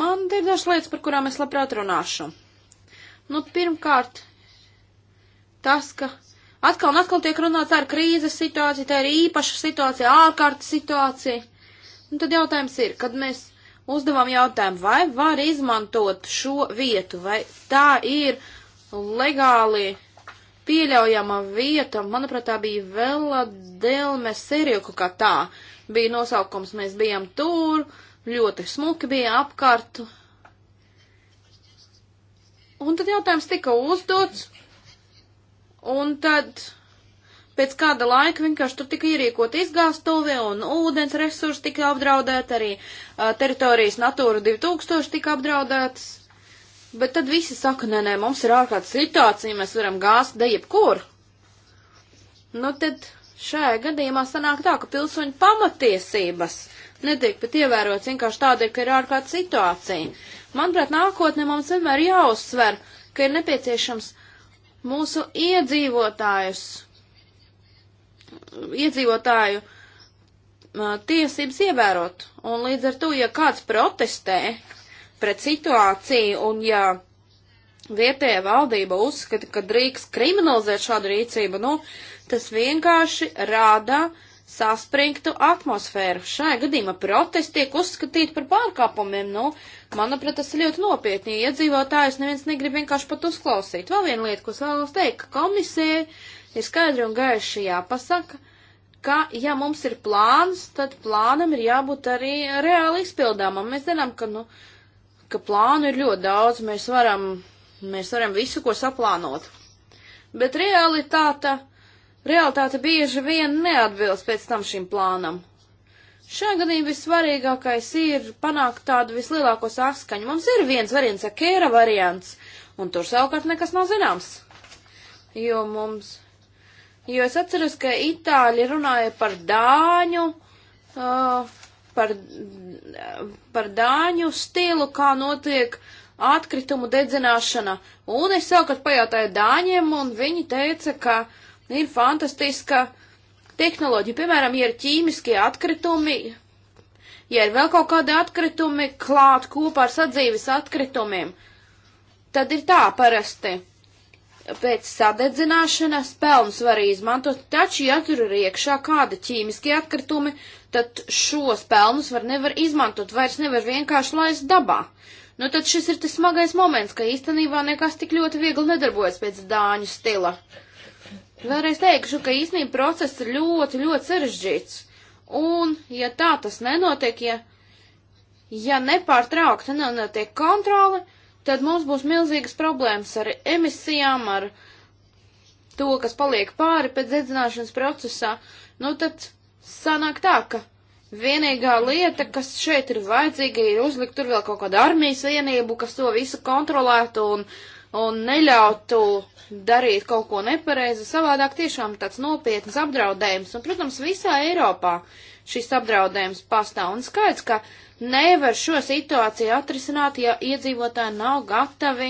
Man ir dažas lietas, par kurām es labprāt runāšu. Nu, pirmkārt, tas, ka atkal un atkal tiek runāts ar krīzes situāciju, tā ir īpaša situācija, ārkārtas situācija. Un nu, tad jautājums ir, kad mēs uzdevām jautājumu, vai var izmantot šo vietu, vai tā ir legāli pieļaujama vieta, manuprāt, tā bija Vela Delme Serioku kā tā. Bija nosaukums, mēs bijām tur, ļoti smuki bija apkārt. Un tad jautājums tika uzdots, un tad pēc kāda laika vienkārši tur tika ierīkot izgāstuvi un ūdens resursi tika apdraudēti, arī uh, teritorijas Natūra 2000 tika apdraudētas. Bet tad visi saka, nē, nē, mums ir ārkārtas situācija, mēs varam gāzt de jebkur. Nu tad šajā gadījumā sanāk tā, ka pilsoņu pamatiesības netiek pat ievērots vienkārši tādēļ, ka ir ārkārtas situācija. Manuprāt, nākotnē mums vienmēr jāuzsver, ka ir nepieciešams mūsu iedzīvotājus, iedzīvotāju tiesības ievērot. Un līdz ar to, ja kāds protestē, pret situāciju, un ja vietējā valdība uzskata, ka drīkst kriminalizēt šādu rīcību, nu, tas vienkārši rāda saspringtu atmosfēru. Šajā gadījumā protesti tiek uzskatīti par pārkāpumiem, nu, manuprāt, tas ir ļoti nopietni, ja iedzīvotājus neviens negrib vienkārši pat uzklausīt. Vēl viena lieta, ko es vēlos teikt, ka komisija ir skaidri un gaiši jāpasaka, ka, ja mums ir plāns, tad plānam ir jābūt arī reāli izpildāmam. Mēs zinām, ka, nu, uh, ka plānu ir ļoti daudz, mēs varam, mēs varam visu, ko saplānot. Bet realitāte, realitāte bieži vien neatbilst pēc tam šim plānam. Šajā gadījumā vissvarīgākais ir panākt tādu vislielāko saskaņu. Mums ir viens variants, akēra variants, un tur savukārt nekas nav zināms. Jo mums, jo es atceros, ka itāļi runāja par dāņu uh, par, par dāņu stilu, kā notiek atkritumu dedzināšana. Un es savukārt pajautāju dāņiem, un viņi teica, ka ir fantastiska tehnoloģija. Piemēram, ja ir ķīmiskie atkritumi, ja ir vēl kaut kādi atkritumi klāt kopā ar sadzīves atkritumiem, tad ir tā parasti pēc sadedzināšanas pelnus var izmantot, taču, ja tur ir iekšā kāda ķīmiskie atkritumi, tad šos pelnus var nevar izmantot, vairs nevar vienkārši laist dabā. Nu tad šis ir tas smagais moments, ka īstenībā nekas tik ļoti viegli nedarbojas pēc dāņu stila. Vēlreiz teikšu, ka īstenībā process ir ļoti, ļoti sarežģīts. Un, ja tā tas nenotiek, ja, ja nepārtraukti nenotiek kontrole, tad mums būs milzīgas problēmas ar emisijām, ar to, kas paliek pāri pēc dedzināšanas procesā. Nu, tad sanāk tā, ka vienīgā lieta, kas šeit ir vajadzīga, ir uzlikt tur vēl kaut kādu armijas vienību, kas to visu kontrolētu un, un neļautu darīt kaut ko nepareizi. Savādāk tiešām tāds nopietns apdraudējums. Un, protams, visā Eiropā šis apdraudējums pastāv. Un skaidrs, ka nevar šo situāciju atrisināt, ja iedzīvotāji nav gatavi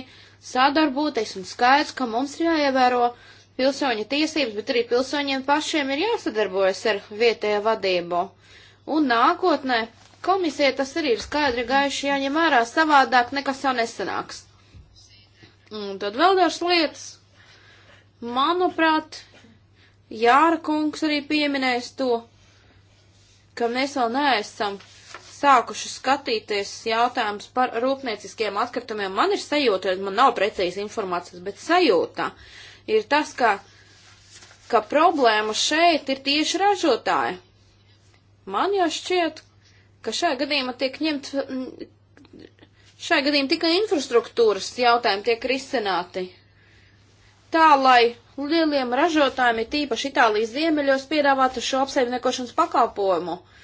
sadarboties un skaidrs, ka mums ir jāievēro pilsoņa tiesības, bet arī pilsoņiem pašiem ir jāsadarbojas ar vietējo vadību. Un nākotnē komisija tas arī ir skaidri gaiši jāņem ārā savādāk, nekas jau nesanāks. Un tad vēl dažas lietas. Manuprāt, Jāra kungs arī pieminēs to, ka mēs vēl neesam sākuši skatīties jautājums par rūpnieciskiem atkritumiem. Man ir sajūta, man nav precīzi informācijas, bet sajūta ir tas, ka, ka problēma šeit ir tieši ražotāja. Man jau šķiet, ka šajā gadījumā tiek ņemt, šajā gadījumā tikai infrastruktūras jautājumi tiek risināti. Tā, lai lieliem ražotājiem, ir tīpaši Itālijas ziemeļos, piedāvātu šo apsaimniekošanas pakalpojumu. Uh,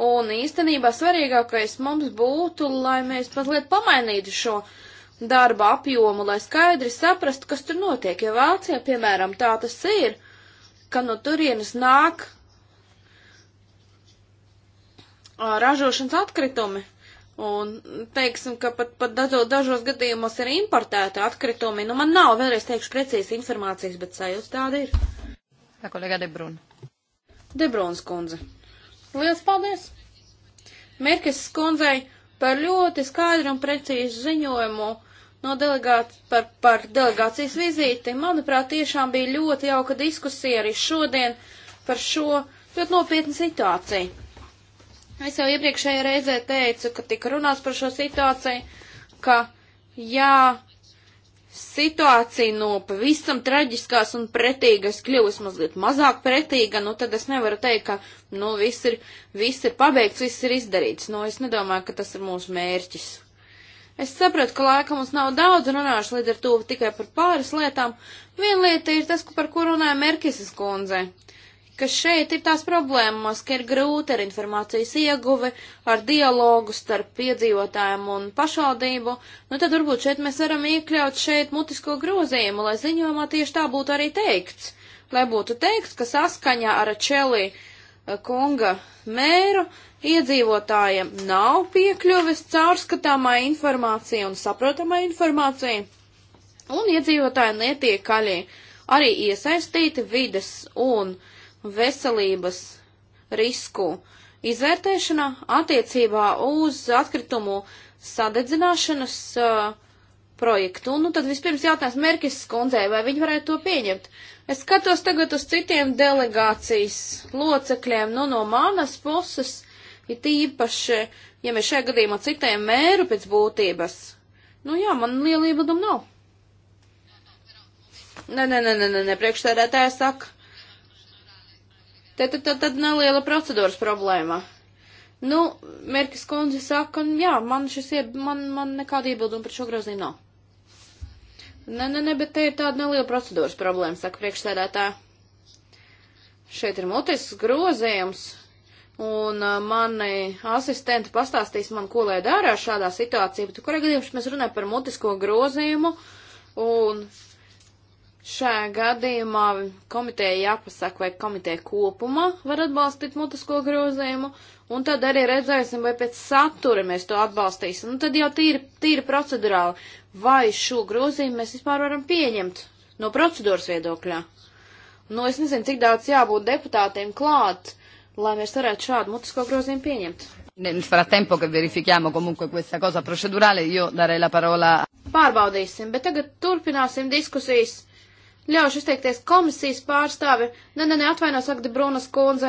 Un īstenībā svarīgākais mums būtu, lai mēs mazliet pamainītu šo darba apjomu, lai skaidri saprastu, kas tur notiek. Ja Vācijā, piemēram, tā tas ir, ka no turienes nāk ražošanas atkritumi. Un teiksim, ka pat, pat dažos, dažos gadījumos ir importēta atkritumi. Nu, man nav vēlreiz teikšu precīzi informācijas, bet sajūta tāda ir. Tā kolēģa Debrun. Debruns kundze. Liels paldies! Merkes skundzei par ļoti skaidru un precīzu ziņojumu no delegāt, par, par delegācijas vizīti. Manuprāt, tiešām bija ļoti jauka diskusija arī šodien par šo ļoti nopietnu situāciju. Es jau iepriekšējā reizē teicu, ka tika runāts par šo situāciju, ka jā, situācija no pavisam traģiskās un pretīgas kļuvis mazliet mazāk pretīga, nu tad es nevaru teikt, ka nu, viss, ir, viss ir pabeigts, viss ir izdarīts. Nu, es nedomāju, ka tas ir mūsu mērķis. Es sapratu, ka laika mums nav daudz, runāšu līdz ar to tikai par pāris lietām. Viena lieta ir tas, par ko runāja Merkises kundze ka šeit ir tās problēmas, ka ir grūti ar informācijas ieguvi, ar dialogu starp piedzīvotājiem un pašvaldību, nu tad varbūt šeit mēs varam iekļaut šeit mutisko grozījumu, lai ziņojumā tieši tā būtu arī teikts. Lai būtu teikts, ka saskaņā ar Čelī eh, kunga mēru iedzīvotājiem nav piekļuvis caurskatāmā informācija un saprotamā informācija, un iedzīvotāji netiek kaļi arī iesaistīti vides un uh, veselības risku izvērtēšanā attiecībā uz atkritumu sadedzināšanas uh, projektu. Un nu, tad vispirms jautājums Merkis skundzei, vai viņi varētu to pieņemt. Es skatos tagad uz citiem delegācijas locekļiem, nu no manas puses, ir tīpaši, ja mēs šajā gadījumā citējam mēru pēc būtības. Nu jā, man liela iebilduma nav. Nē, nē, nē, nē, nē, priekšstādētāja saka Te tad, tad, tad neliela procedūras problēma. Nu, Merkis kundze saka, jā, man šis ir, man, man nekāda iebilduma par šo grozījumu nav. Nē, nē, nē, bet te ir tāda neliela procedūras problēma, saka priekšsēdētā. Šeit ir mutisks grozījums, un uh, mani asistenti pastāstīs man, ko lai dārā šādā situācijā, bet kurā gadījumā mēs runājam par mutisko grozījumu, un Šajā gadījumā komiteja jāpasaka, vai komiteja kopumā var atbalstīt mutisko grozījumu, un tad arī redzēsim, vai pēc satura mēs to atbalstīsim. Un nu, tad jau tīri, tīri procedurāli, vai šo grozījumu mēs vispār varam pieņemt no procedūras viedokļā. Nu, es nezinu, cik daudz jābūt deputātiem klāt, lai mēs varētu šādu mutisko grozījumu pieņemt. Nel frattempo, kad verifichiamo comunque questa cosa procedurale, io darei la parola. Pārbaudīsim, bet tagad turpināsim diskusijas. Ļaušu izteikties komisijas pārstāve. Nē, nē, nē, atvaino, saka Brunas kundze.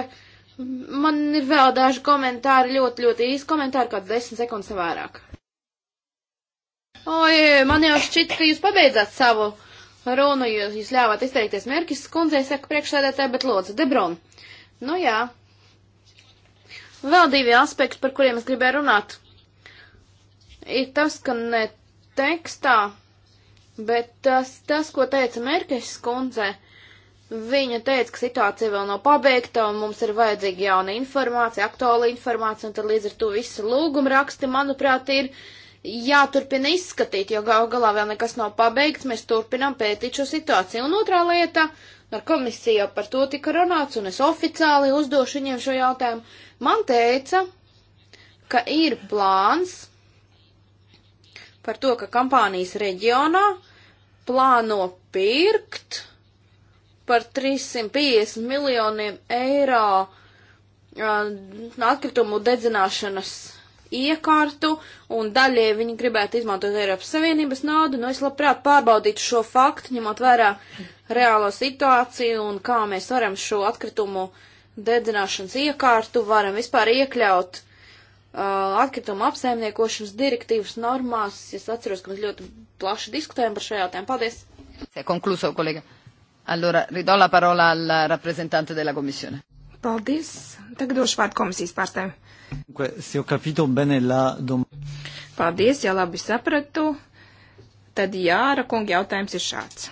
Man ir vēl daži komentāri, ļoti, ļoti īsi komentāri, kāds desmit sekundes vairāk. Oi, man jau šķiet, ka jūs pabeidzāt savu runu, jūs, jūs ļāvāt izteikties Merkis skundzei, saka priekšsēdētāji, bet lūdzu, Debron. Nu jā. Vēl divi aspekti, par kuriem es gribēju runāt, ir tas, ka ne tekstā Bet tas, tas ko teica Merkešs kundze, viņa teica, ka situācija vēl nav pabeigta un mums ir vajadzīga jauna informācija, aktuāla informācija, un tad līdz ar to visi lūguma raksti, manuprāt, ir jāturpina izskatīt, jo gal galā vēl nekas nav pabeigts, mēs turpinām pētīt šo situāciju. Un otrā lieta, ar komisiju jau par to tika runāts, un es oficiāli uzdošu viņiem šo jautājumu, man teica, ka ir plāns par to, ka kampānijas reģionā plāno pirkt par 350 miljoniem eiro uh, atkritumu dedzināšanas iekārtu, un daļai viņi gribētu izmantot Eiropas Savienības naudu. Nu, es labprāt pārbaudītu šo faktu, ņemot vērā reālo situāciju un kā mēs varam šo atkritumu dedzināšanas iekārtu varam vispār iekļaut Uh, atkrituma apsaimniekošanas direktīvas normās. Es atceros, ka mēs ļoti plaši diskutējam par šo jautājumu. Paldies! Konkluso, kolēģi. Allora, ridò la parola al rappresentante della Commissione. Paldies. Tagad došu vārdu komisijas pārstāvim. Paldies, ja labi sapratu. Tad Jāra kunga jautājums ir šāds.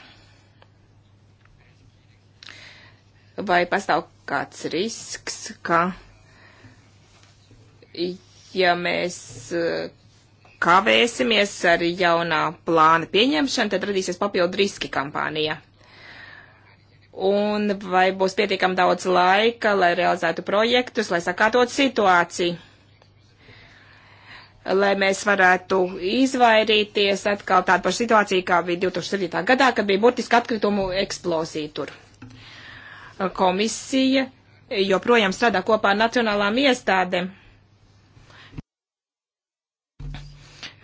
Vai pastāv kāds risks, ka ja mēs eh, kavēsimies ar jaunā plāna pieņemšanu, tad radīsies papildu riski kampānijā. Un vai būs pietiekami daudz laika, lai realizētu projektus, lai sakārtotu situāciju, lai mēs varētu izvairīties atkal tādu pašu situāciju, kā bija 2007. gadā, kad bija burtiski atkritumu eksplozija tur. Komisija joprojām strādā kopā ar nacionālām iestādēm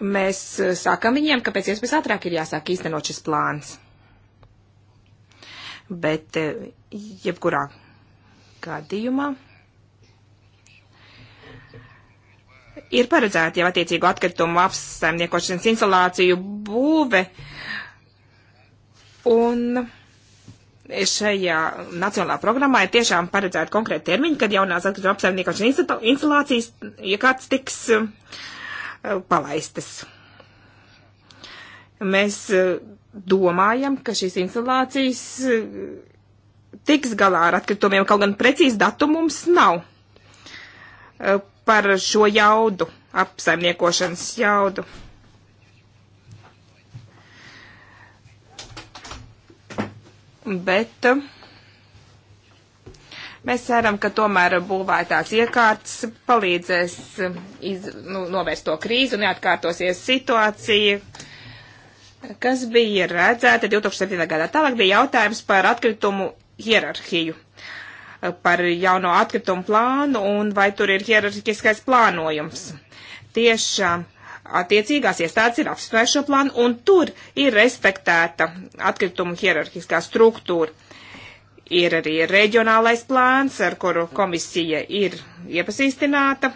mēs eh, sakam viņiem, ka pēc iespējas ātrāk ir jāsāk īstenot šis plāns. Bet eh, jebkurā gadījumā ir paredzēta jau attiecīgu atkritumu apsaimniekošanas instalāciju būve. Un šajā nacionālā programmā ir tiešām paredzēta konkrēta termiņa, kad jaunās atkrituma apsaimniekošanas instalācijas, ja kāds tiks uh, Eh, palaistas. Mēs eh, domājam, ka šīs instalācijas eh, tiks galā ar atkritumiem, kaut gan precīzi datumu mums nav par šo jaudu, apsaimniekošanas jaudu. Bet uh, Mēs ceram, ka tomēr būvētās iekārtas palīdzēs um, iz, nu, novērst to krīzi un neatkārtosies situācija, kas bija redzēta 2007. gadā. Tālāk bija jautājums par atkritumu hierarhiju par jauno atkritumu plānu un vai tur ir hierarhiskais plānojums. Tiešām attiecīgās iestādes ir apspriež šo plānu un tur ir respektēta atkritumu hierarhiskā struktūra. Ir arī reģionālais plāns, ar kuru komisija ir iepazīstināta.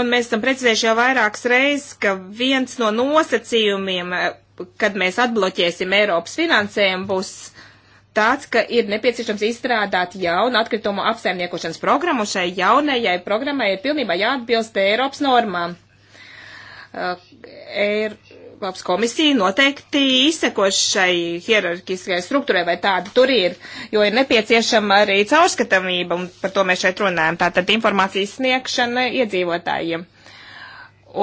Un mēs esam precizējuši jau vairākas reizes, ka viens no nosacījumiem, kad mēs atbloķēsim Eiropas finansējumu, būs tāds, ka ir nepieciešams izstrādāt jaunu atkritumu apsaimniekošanas programmu. Šai jaunajai programmai ir pilnībā jāatbilst Eiropas normām. Uh, Eir Eiropas komisija noteikti izsekos šai hierarkiskajai struktūrai, vai tāda tur ir, jo ir nepieciešama arī caurskatamība, un par to mēs šeit runājam, tātad informācijas sniegšana iedzīvotājiem.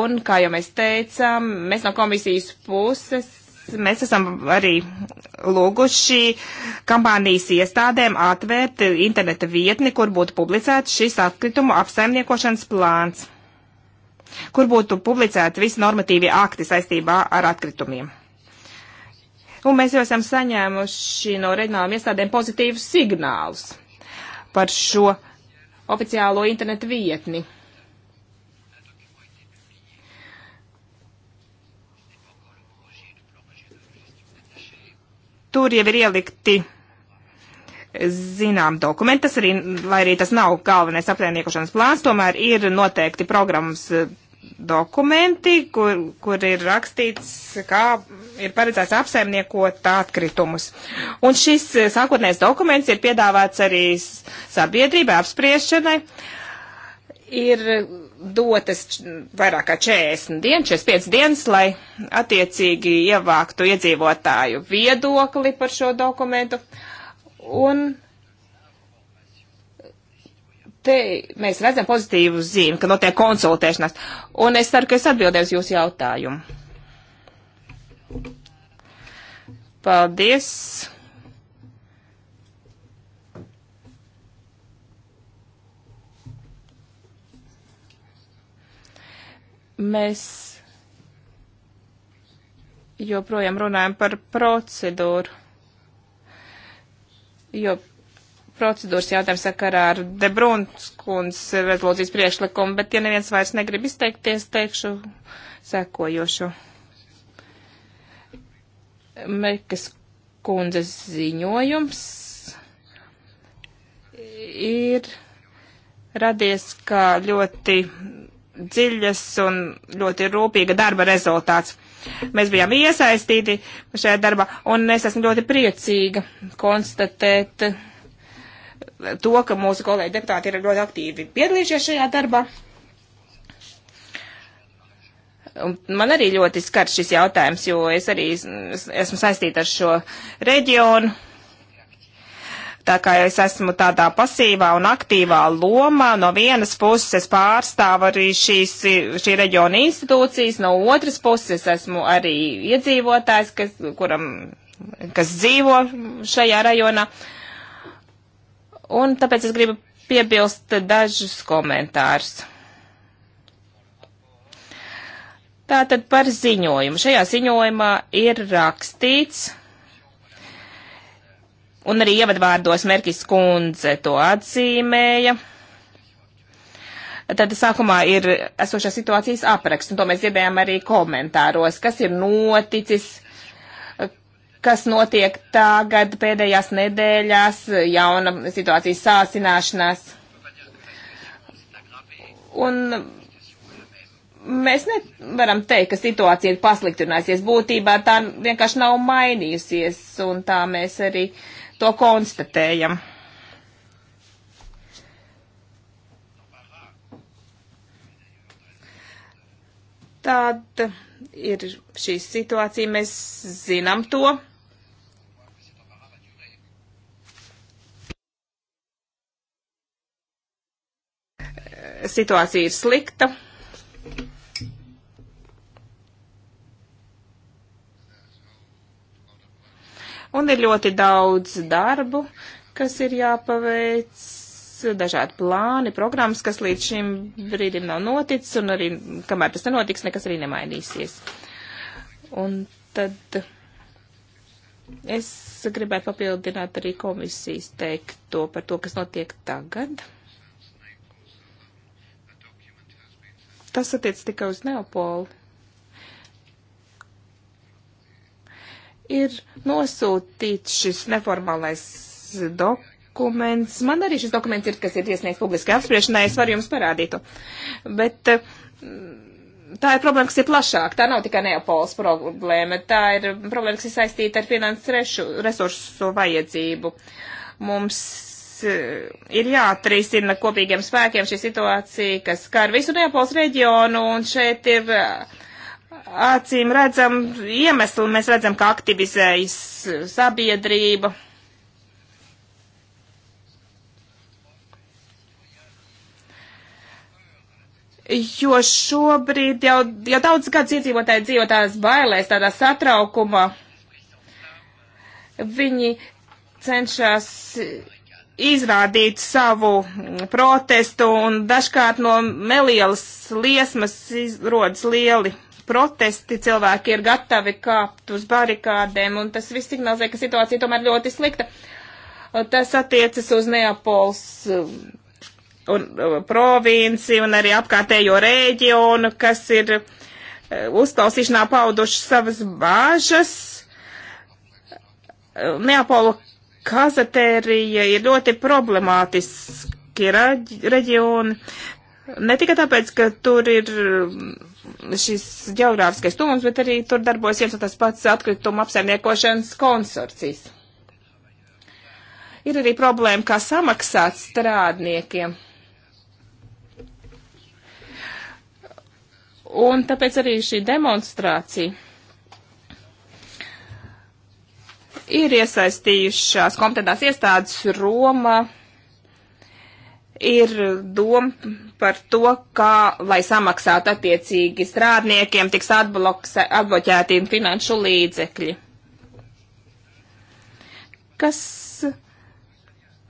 Un, kā jau mēs teicām, mēs no komisijas puses mēs esam arī lūguši kampānijas iestādēm atvērt interneta vietni, kur būtu publicēts šis atkritumu apsaimniekošanas plāns kur būtu publicēti visi normatīvie akti saistībā ar atkritumiem. Un mēs jau esam saņēmuši no reģionālām iestādēm pozitīvus signālus par šo oficiālo internetu vietni. Tur jau ir ielikti zinām dokumenti, tas arī, lai arī tas nav galvenais apsaimniekošanas plāns, tomēr ir noteikti programmas eh, dokumenti, kur, kur ir rakstīts, kā ir paredzēts apsaimniekot atkritumus. Un šis eh, sākotnējais dokuments ir piedāvāts arī sabiedrībai apspriešanai. Ir dotas vairāk kā 40 dienas, 45 dienas, lai attiecīgi ievāktu iedzīvotāju viedokli par šo dokumentu. Uh, Un te mēs redzam pozitīvu zīmi, ka notiek konsultēšanās. Un es ceru, ka es atbildēju uz jūsu jautājumu. Paldies! Mēs joprojām runājam par procedūru jo procedūras jautājums sakarā ar Debrunskundas rezolūcijas priekšlikumu, bet ja neviens vairs negrib izteikties, teikšu sekojošu. Merkas kundzes ziņojums ir radies kā ļoti dziļas un ļoti rūpīga darba rezultāts. Mēs bijām iesaistīti šajā darbā, un es esmu ļoti priecīga konstatēt to, ka mūsu kolēģi deputāti ir ļoti aktīvi piedalījušies šajā darbā. Un man arī ļoti skar šis jautājums, jo es arī esmu saistīta ar šo reģionu Tā kā es esmu tādā pasīvā un aktīvā lomā, no vienas puses pārstāvu arī šīs, šī reģiona institūcijas, no otras puses esmu arī iedzīvotājs, kas, kuram, kas dzīvo šajā rajonā. Un tāpēc es gribu piebilst dažus komentārus. Tātad par ziņojumu. Šajā ziņojumā ir rakstīts, Un arī ievadvārdos Merkis kundze to atzīmēja. Tad sākumā ir esošā situācijas apraksts, un to mēs dzirdējām arī komentāros, kas ir noticis, kas notiek tagad pēdējās nedēļās, jauna situācijas sāsināšanās. Un mēs nevaram teikt, ka situācija ir pasliktinājusies. Būtībā tā vienkārši nav mainījusies, un tā mēs arī uh, to konstatējam. Tāda ir šī situācija, mēs zinām to. Situācija ir slikta. un ir ļoti daudz darbu, kas ir jāpaveic, dažādi plāni, programmas, kas līdz šim brīdim nav noticis, un arī kamēr tas nenotiks, nekas arī nemainīsies. Un tad es gribētu papildināt arī komisijas teikto par to, kas notiek tagad. Tas attiec tikai uz Neapoli. ir nosūtīts šis neformālais dokuments. Man arī šis dokuments ir, kas ir iesniegts publiskai apspriešanai, es varu jums parādīt. Bet eh, tā ir problēma, kas ir plašāk. Tā nav tikai Neapols problēma, tā ir problēma, kas ir saistīta ar finanses resursu vajadzību. Mums eh, ir jāatrisina kopīgiem spēkiem šī situācija, kas skar visu Neapols reģionu, un šeit ir eh, acīm redzam iemeslu, mēs redzam, ka aktivizējas sabiedrība. Jo šobrīd jau, jau daudz gads iedzīvotāji dzīvo tādās bailēs, tādā satraukumā. Viņi cenšas izrādīt savu protestu, un dažkārt no nelielas liesmas izrodas lieli protesti, cilvēki ir gatavi kāpt uz barikādēm, un tas viss signalizē, ka situācija tomēr ļoti slikta. Tas attiecas uz Neapols um, un, uh, provinci un arī apkārtējo reģionu, kas ir uh, uzklausīšanā pauduši savas bāžas. Uh, Neapola kazatērija ir ļoti problemātiski reģioni. Ne tikai tāpēc, ka tur ir um, šis geogrāfiskais tuvums, bet arī tur darbojas viens un tas pats atkrituma apsaimniekošanas konsorcijas. Ir arī problēma, kā samaksāt strādniekiem. Un tāpēc arī šī demonstrācija ir iesaistījušās kompetentās iestādes Roma, ir doma par to, kā, lai samaksātu attiecīgi strādniekiem, tiks atbloķēti finanšu līdzekļi. Kas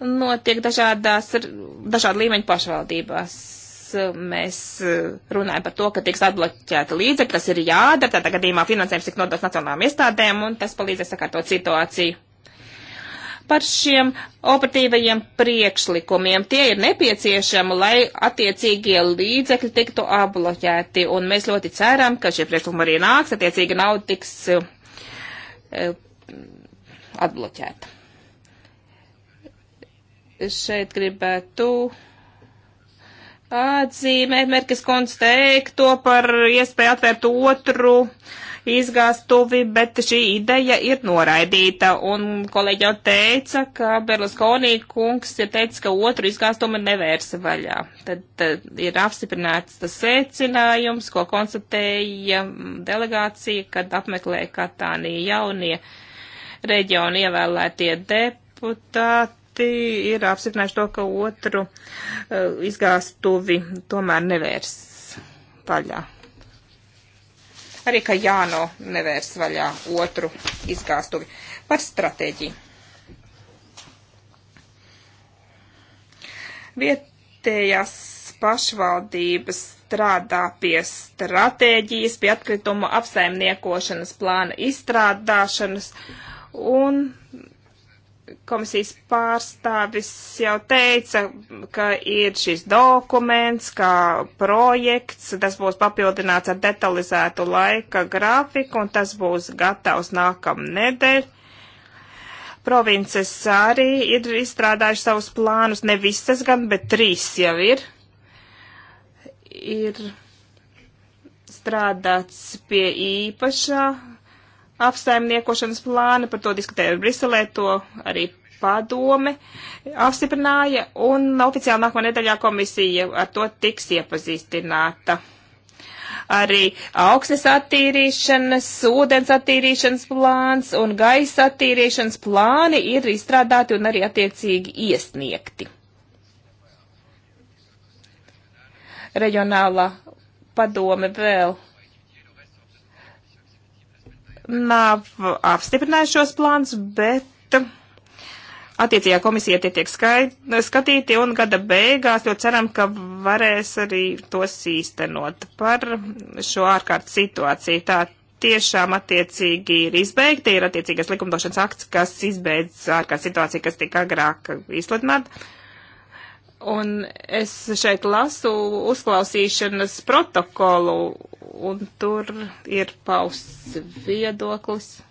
notiek dažādās, dažāda līmeņa pašvaldībās? Mēs runājam par to, ka tiks atbloķēta līdzekļi, tas ir jādara, tādā gadījumā finansējums tiek nodots nacionālām iestādēm, un tas palīdzēs sakārtot situāciju par šiem operatīvajiem priekšlikumiem. Tie ir nepieciešami, lai attiecīgie līdzekļi tiktu apbloķēti, un mēs ļoti ceram, ka šie priekšlikumi arī nāks, attiecīgi nauda tiks uh, atbloķēta. Šeit gribētu atzīmēt Merkis kundze teikto par iespēju atvērt otru uh, izgāstuvi, bet šī ideja ir noraidīta. Un kolēģi jau teica, ka Berluskonī kungs ir teicis, ka otru izgāstumu nevērsa vaļā. Tad, tad ir apstiprināts tas secinājums, ko konstatēja delegācija, kad apmeklēja Katāniju jaunie reģionu ievēlētie deputāti deputāti ir apstiprinājuši to, ka otru uh, izgāstuvi tomēr nevērs paļā arī ka Jāno nevērs vaļā otru izgāstuvi par stratēģiju. Vietējās pašvaldības strādā pie stratēģijas, pie atkritumu apsaimniekošanas plāna izstrādāšanas un komisijas pārstāvis jau teica, ka ir šis dokuments, kā projekts, tas būs papildināts ar detalizētu laika grafiku, un tas būs gatavs nākamnedēļ. Provinces arī ir izstrādājuši savus plānus, ne visas gan, bet trīs jau ir. Ir strādāts pie īpašā apsaimniekošanas plānu, par to diskutēja Briselē, to arī padome apstiprināja, un oficiāli nākamā nedēļā komisija ar to tiks iepazīstināta. Arī augsnes attīrīšanas, ūdens attīrīšanas plāns un gaisa attīrīšanas plāni ir izstrādāti un arī attiecīgi iesniegti. Reģionālā padome vēl nav apstiprinājuši šos plānus, bet attiecīgā komisija tie tiek skatīti un gada beigās ļoti ceram, ka varēs arī tos īstenot par šo ārkārtas situāciju. Tā tiešām attiecīgi ir izbeigta, ir attiecīgais likumdošanas akts, kas izbeidz ārkārtas situāciju, kas tika agrāk izsludināta. Un es šeit lasu uzklausīšanas protokolu un tur ir pausts viedoklis.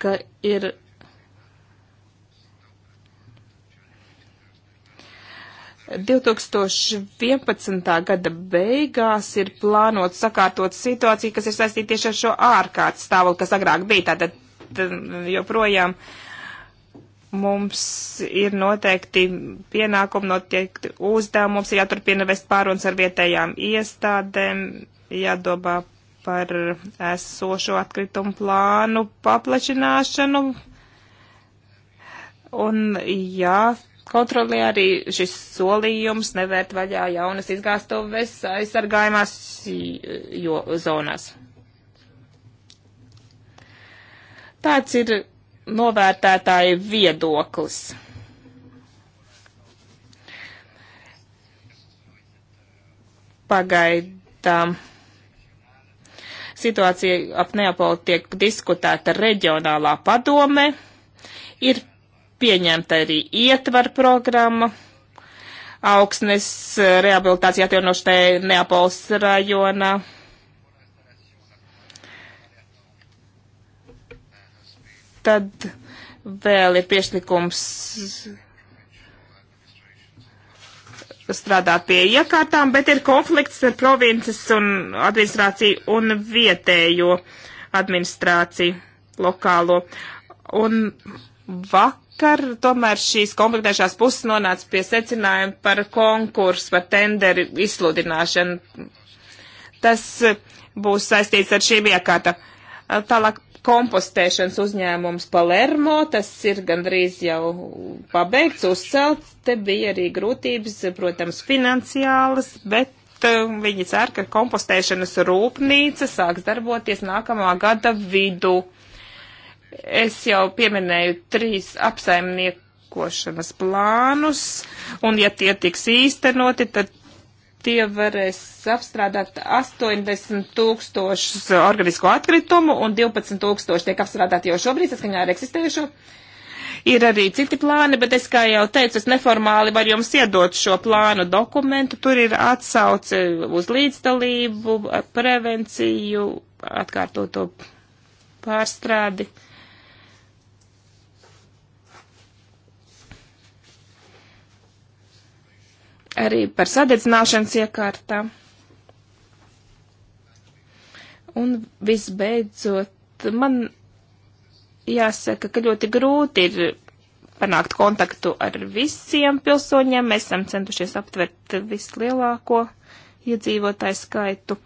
ka ir Divtūkstoš vienpadsmitā gada beigās ir plānot sakārtot situāciju, kas ir saistīta tieši ar šo ārkārtas stāvokli, kas agrāk bija. Tātad joprojām uh, mums ir noteikti pienākumi, noteikti uzdevumi, mums ir jāturpina vest pārunas ar vietējām iestādēm, jādomā par esošo atkritumu plānu paplašināšanu un jākontrolē arī šis solījums nevērt vaļā jaunas izgāstuves aizsargājumās zonās. Tāds ir novērtētāja viedoklis. Pagaidām situācija ap Neapoli tiek diskutēta reģionālā padome, ir pieņemta arī ietvar programma, augsnes rehabilitācija atjaunošanai Neapols rajonā. Tad vēl ir priekšlikums strādāt pie iekārtām, bet ir konflikts ar provinces un administrāciju un vietējo administrāciju lokālo. Un vakar tomēr šīs konfliktēšās puses nonāca pie secinājuma par konkursu, par tenderu izsludināšanu. Tas būs saistīts ar šīm iekārtām. Tālāk kompostēšanas uzņēmums Palermo, tas ir gandrīz jau pabeigts, uzcelts. Te bija arī grūtības, protams, finansiālas, bet um, viņi cer, ka kompostēšanas rūpnīca sāks darboties nākamā gada vidu. Es jau pieminēju trīs apsaimnieku rīkošanas plānus, un ja tie tiks īstenoti, tad tie varēs apstrādāt 80 tūkstošus organisko atkritumu un 12 tūkstoši tiek apstrādāti jau šobrīd, saskaņā ar eksistējušo. Ir arī citi plāni, bet es, kā jau teicu, es neformāli varu jums iedot šo plānu dokumentu. Tur ir atsauce uz līdzdalību, prevenciju, atkārtoto pārstrādi. arī par sadedzināšanas iekārtām. Un visbeidzot, man jāsaka, ka ļoti grūti ir panākt kontaktu ar visiem pilsoņiem. Mēs esam centušies aptvert vislielāko iedzīvotāju skaitu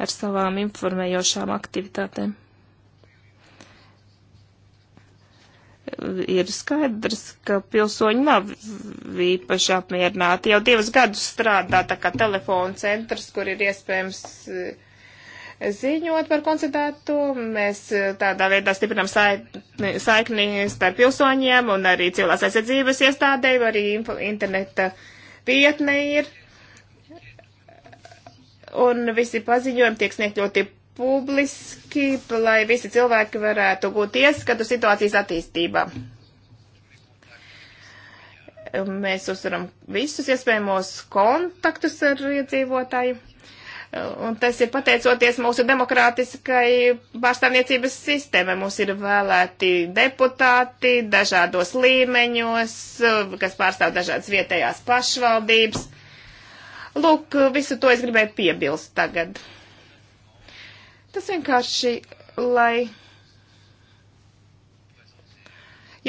ar savām informējošām aktivitātēm. ir skaidrs, ka pilsoņi nav īpaši apmierināti. Jau divus gadus strādā tā kā telefona centrs, kur ir iespējams eh, ziņot par koncentrētu. Mēs eh, tādā veidā stiprinām saikni, saikni starp pilsoņiem un arī cilvēks aizsardzības iestādēju, arī interneta vietne ir. Un visi paziņojumi tiek sniegt ļoti publiski, lai visi cilvēki varētu būt ieskatu situācijas attīstībā. Mēs uzsveram visus iespējamos kontaktus ar iedzīvotāju. Un tas ir pateicoties mūsu demokrātiskai pārstāvniecības sistēmai. Mums ir vēlēti deputāti dažādos līmeņos, kas pārstāv dažādas vietējās pašvaldības. Lūk, visu to es gribēju piebilst tagad. Tas vienkārši, lai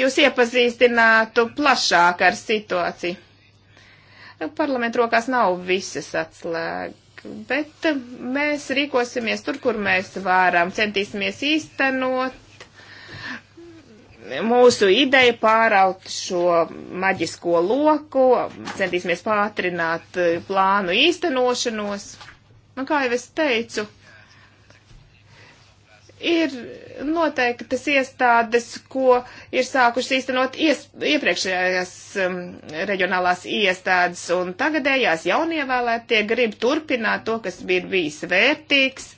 jūs iepazīstinātu plašāk ar situāciju. Parlamentu rokās nav visas atslēgas, bet mēs rīkosimies tur, kur mēs varam, centīsimies īstenot mūsu ideju pāraut šo maģisko loku, centīsimies pātrināt plānu īstenošanos. Un nu, kā jau es teicu, Ir noteiktas iestādes, ko ir sākušas īstenot ies, iepriekšējās um, reģionālās iestādes, un tagadējās jaunievēlētie grib turpināt to, kas bija bijis vērtīgs,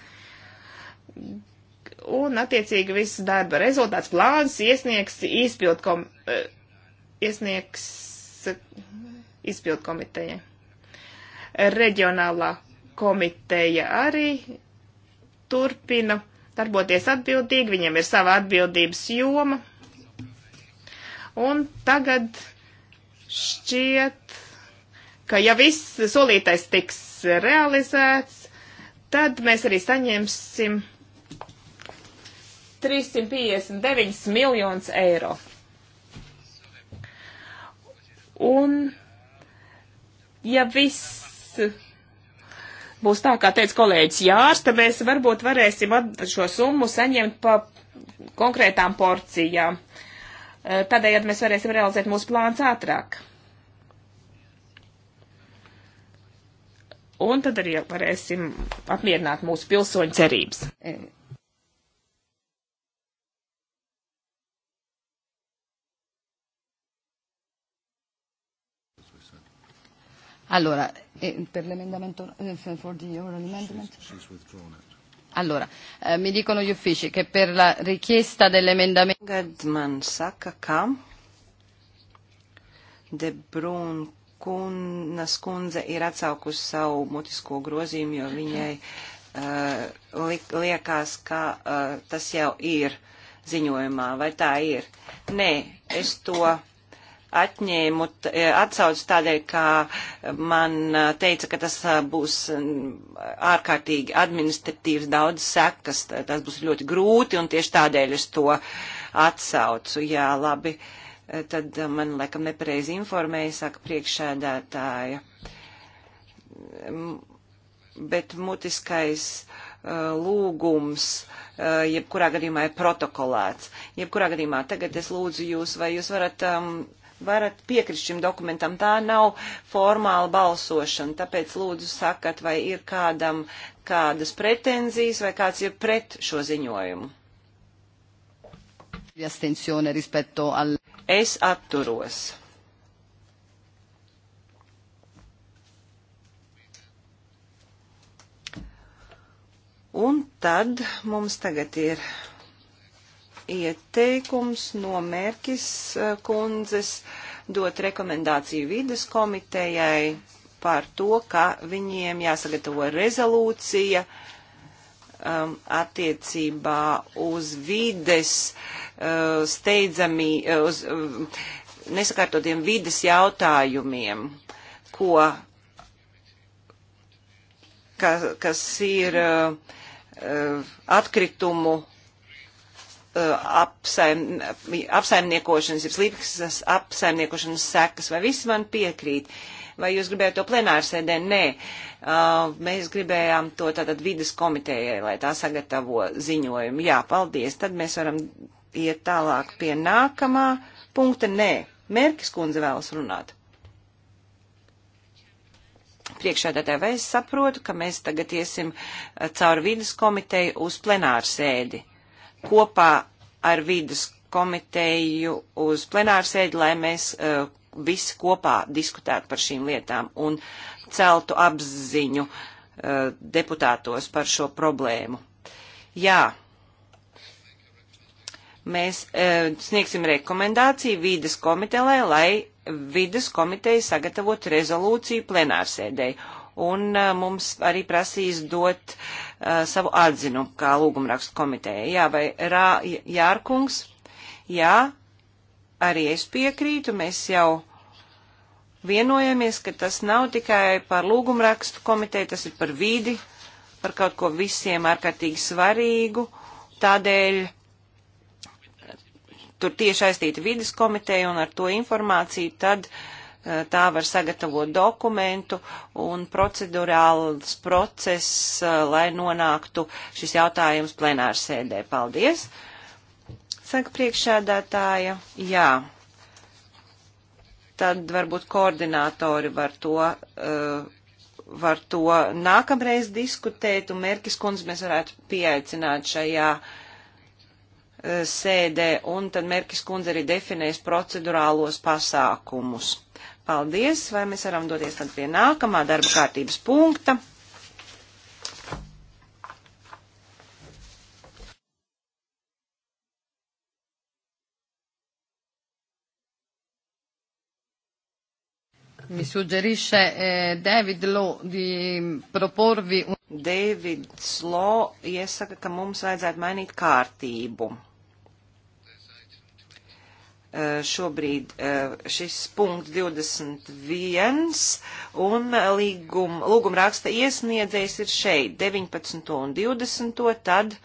un attiecīgi viss darba rezultāts plāns iesniegs izpildkom, eh, iesniegs izpildkomitejai. Reģionālā komiteja arī turpina darboties atbildīgi, viņiem ir sava atbildības joma. Un tagad šķiet, ka ja viss solītais tiks realizēts, tad mēs arī saņemsim 359 miljonus eiro. Un ja viss būs tā, kā teica kolēģis Jārs, tad mēs varbūt varēsim šo summu saņemt pa konkrētām porcijām. Eh, tādējādi mēs varēsim realizēt mūsu plāns ātrāk. Un tad arī varēsim apmierināt mūsu pilsoņu cerības. Allora, E, per l'emendamento, eh, for the oral amendment? She's, she's withdrawn it. Allora, eh, mi dicono gli uffici che per la richiesta dell'emendamento... Gadman saka ka De Brun Kunas kundze ir atsaukusi savu mutisko grozījumu, jo viņai uh, li, liekas, ka uh, tas jau ir ziņojumā, vai tā ir? Nē, es to atņēmu e, atsaucu tādēļ, ka man e, teica, ka tas e, būs ārkārtīgi administratīvs daudz sekas, tas būs ļoti grūti un tieši tādēļ es to atsaucu. Jā, labi, tad man laikam nepareizi informēja, saka priekšēdētāja. Bet mutiskais lūgums, jebkurā gadījumā ir protokolēts. Jebkurā gadījumā tagad es lūdzu jūs, vai jūs varat um, varat piekrist šim dokumentam. Tā nav formāla balsošana, tāpēc lūdzu sakat, vai ir kādam kādas pretenzijas vai kāds ir pret šo ziņojumu. Es atturos. Un tad mums tagad ir ieteikums no Mērķis eh, kundzes dot rekomendāciju vides komitejai par to, ka viņiem jāsagatavo rezolūcija um, attiecībā uz vides uh, steidzamī, uh, uz uh, nesakārtotiem vides jautājumiem, ko, ka, kas ir uh, atkritumu Uh, apsaim, apsaimniekošanas, jeb slīpstas apsaimniekošanas sekas, vai visi man piekrīt? Vai jūs gribējāt to plenāru sēdē? Nē, uh, mēs gribējām to tātad vidas komitejai, lai tā sagatavo ziņojumu. Jā, paldies. Tad mēs varam iet tālāk pie nākamā punkta. Nē, Mērķis kundze vēlas runāt. Priekšādātāji, vai es saprotu, ka mēs tagad iesim uh, caur vidas komiteju uz plenāru sēdi? kopā ar vidas komiteju uz plenāru sēdi, lai mēs uh, visi kopā diskutētu par šīm lietām un celtu apziņu uh, deputātos par šo problēmu. Jā, mēs uh, sniegsim rekomendāciju vidas komitejai, lai vidas komiteja sagatavotu rezolūciju plenārsēdēji un mums arī prasīs dot uh, savu atzinu kā lūgumrakstu komiteja. Jā, vai Rā, Jārkungs? Jā, arī es piekrītu, mēs jau vienojamies, ka tas nav tikai par lūgumrakstu komiteju, tas ir par vidi, par kaut ko visiem ārkārtīgi svarīgu. Tādēļ tur tieši aiztīta vidas komiteja un ar to informāciju tad uh, tā var sagatavot dokumentu un procedurāls process, uh, lai nonāktu šis jautājums plenārsēdē. Paldies! Saka priekšādātāja, jā. Tad varbūt koordinātori var to, uh, var to nākamreiz diskutēt, un Merkis kundze mēs varētu pieaicināt šajā uh, sēdē, un tad Merkis kundze arī definēs procedurālos pasākumus. Paldies, vai mēs varam doties tad pie nākamā darba kārtības punkta. Mi suggerisce eh, David Law di proporvi un... David Law iesaka, ka mums vajadzētu mainīt kārtību. Eh, šobrīd eh, šis punkts 21 un līguma, lūguma raksta iesniedzējs ir šeit 19. un 20. tad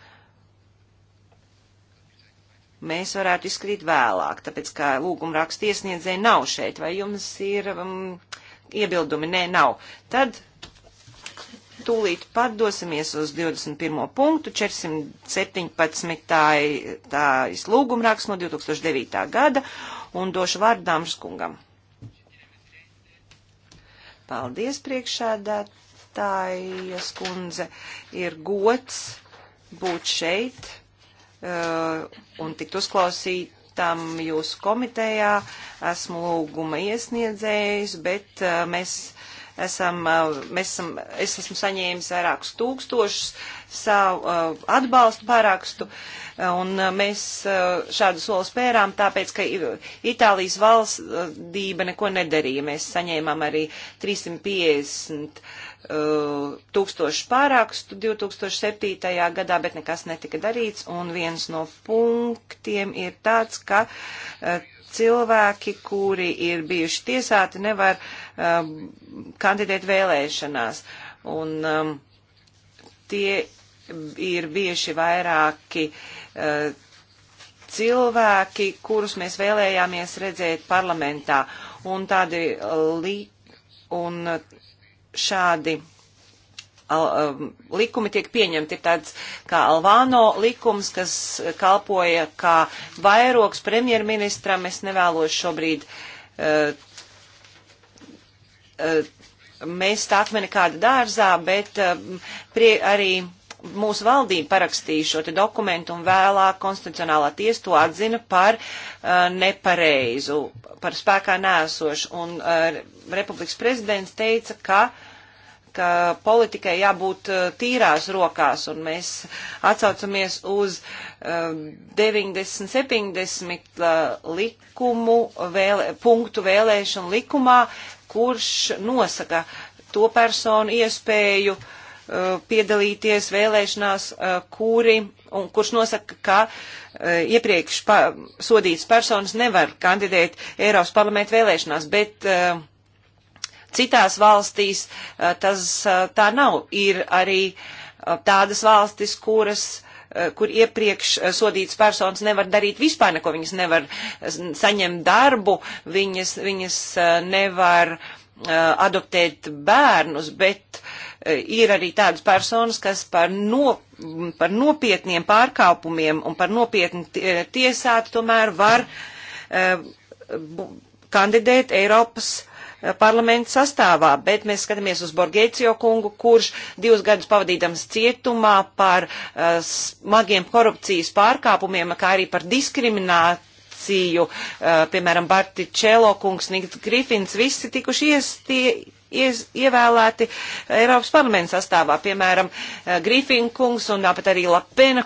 mēs varētu izkrīt vēlāk, tāpēc kā lūguma raksta iesniedzēji nav šeit, vai jums ir um, iebildumi? Nē, nav. Tad tūlīt pārdosimies uz 21. punktu 417. tājas lūgumraksts no 2009. gada un došu vārdu Dāmas kungam. Paldies priekšādātājas kundze. Ir gods būt šeit uh, un tikt uzklausīt tam jūsu komitejā. Esmu lūguma iesniedzējis, bet uh, mēs Esam, uh, mēs esam, es esmu saņēmis vairākus tūkstošus savu uh, atbalstu pārākstu, uh, un mēs šādu soli spērām, tāpēc, ka Itālijas valstība neko nedarīja. Mēs saņēmām arī 350 tūkstošu pārākstu 2007. gadā, bet nekas netika darīts, un viens no punktiem ir tāds, ka e, cilvēki, kuri ir bijuši tiesāti, nevar e, kandidēt vēlēšanās. Un um, tie ir bijuši vairāki uh, cilvēki, kurus mēs vēlējāmies redzēt parlamentā. Un tādi li, un uh, šādi um, likumi tiek pieņemti. Ir tāds kā Alvāno likums, kas kalpoja kā vairoks premjerministram. Es nevēlos šobrīd. Uh, uh, mēs tā akmeni kāda dārzā, bet uh, prie, arī mūsu valdība parakstīja šo te dokumentu un vēlāk konstitucionālā tiesa to atzina par uh, nepareizu, par spēkā nēsošu. Un uh, republikas prezidents teica, ka uh, ka politikai jābūt eh, tīrās rokās, un mēs atsaucamies uz 90-70 eh, eh, likumu vēlē, punktu vēlēšanu likumā, kurš nosaka to personu iespēju piedalīties vēlēšanās, kuri, un kurš nosaka, ka iepriekš pa, sodīts personas nevar kandidēt Eiropas parlamentu vēlēšanās, bet uh, Citās valstīs uh, tas uh, tā nav. Ir arī uh, tādas valstis, kuras kur iepriekš sodīts personas nevar darīt vispār neko, viņas nevar saņemt darbu, viņas, viņas nevar adoptēt bērnus, bet ir arī tādas personas, kas par, no, par nopietniem pārkāpumiem un par nopietni tiesāti tomēr var kandidēt Eiropas parlamentu sastāvā, bet mēs skatāmies uz Borgēcijo kungu, kurš divus gadus pavadīdams cietumā par uh, smagiem korupcijas pārkāpumiem, kā arī par diskrimināciju korupciju, uh, piemēram, Barti Čelo kungs, Niks Grifins, visi tikuši iestie, ies, ievēlēti Eiropas parlamenta sastāvā, piemēram, uh, Grifin kungs un tāpat arī Lapena,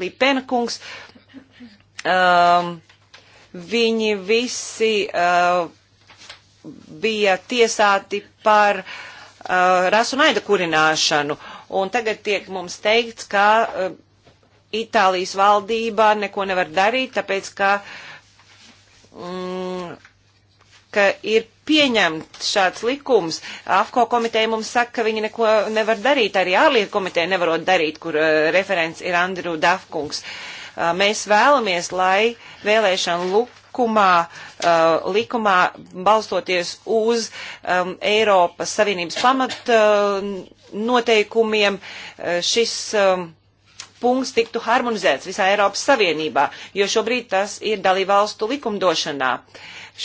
Lipena kungs. Um, viņi visi uh, bija tiesāti par uh, rasu naida kurināšanu. Un tagad tiek mums teikts, ka uh, Itālijas valdībā neko nevar darīt, tāpēc ka, mm, ka ir pieņemts šāds likums. AFCO komiteja mums saka, ka viņi neko nevar darīt, arī ārlietu komiteja nevarot darīt, kur uh, referents ir Andrew Dafkungs. Uh, Uh, mēs vēlamies, lai vēlēšana lukumā, uh, likumā balstoties uz um, Eiropas Savienības pamat uh, noteikumiem šis um, punkts tiktu harmonizēts visā Eiropas Savienībā, jo šobrīd tas ir dalībvalstu likumdošanā.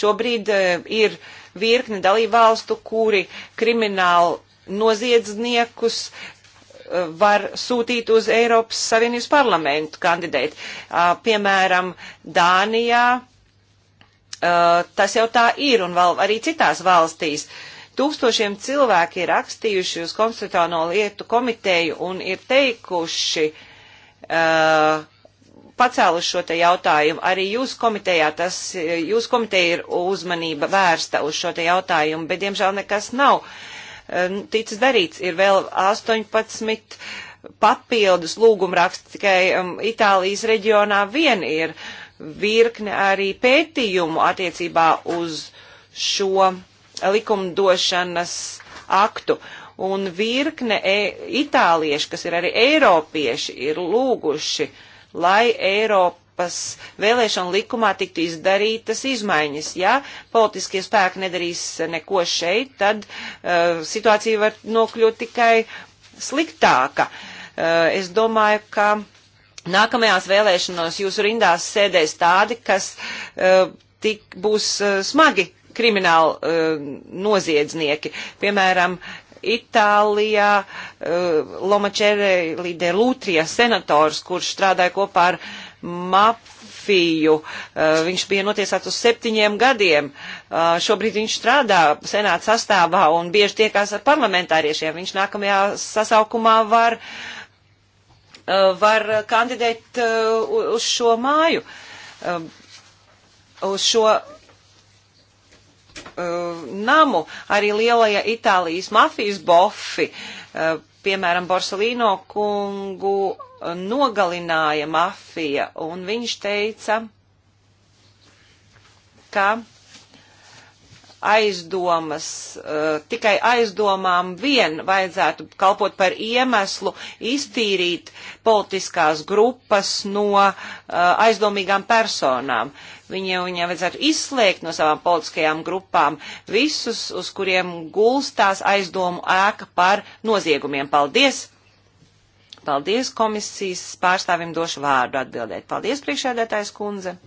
Šobrīd uh, ir virkne dalībvalstu, kuri krimināli noziedzniekus var sūtīt uz Eiropas Savienības parlamentu kandidēt. Piemēram, Dānijā tas jau tā ir un vēl arī citās valstīs. Tūkstošiem cilvēki ir rakstījuši uz konstitucionālo lietu komiteju un ir teikuši, pacēluši šo te jautājumu. Arī jūsu komitejā tas, jūsu komiteja ir uzmanība vērsta uz šo te jautājumu, bet diemžēl nekas nav uh, ticis darīts. Ir vēl 18 papildus lūgumraksts, tikai um, Itālijas reģionā vien ir virkne arī pētījumu attiecībā uz šo likumdošanas aktu. Un virkne e itālieši, kas ir arī eiropieši, ir lūguši, lai Eiropa Eiropas vēlēšanu likumā tiktu izdarītas izmaiņas. Ja politiskie spēki nedarīs neko šeit, tad uh, situācija var nokļūt tikai sliktāka. Uh, es domāju, ka nākamajās vēlēšanos jūsu rindās sēdēs tādi, kas uh, tik būs uh, smagi krimināli uh, noziedznieki. Piemēram, Itālijā uh, Lomačere Lide Lūtrija senators, kurš strādāja kopā ar uh, mafiju. Eh, viņš bija notiesāts uz septiņiem gadiem. Eh, šobrīd viņš strādā senāta sastāvā un bieži tiekās ar parlamentāriešiem. Viņš nākamajā sasaukumā var, eh, var kandidēt uz šo māju. Uz šo namu arī lielajā Itālijas mafijas bofi. Uh, piemēram, Borsalīno kungu eh, nogalināja mafija, un viņš teica, ka aizdomas, uh, tikai aizdomām vien vajadzētu kalpot par iemeslu iztīrīt politiskās grupas no uh, aizdomīgām personām. Viņiem, viņiem vajadzētu izslēgt no savām politiskajām grupām visus, uz kuriem gulstās aizdomu ēka par noziegumiem. Paldies! Paldies komisijas pārstāvim došu vārdu atbildēt. Paldies priekšēdētājs kundze!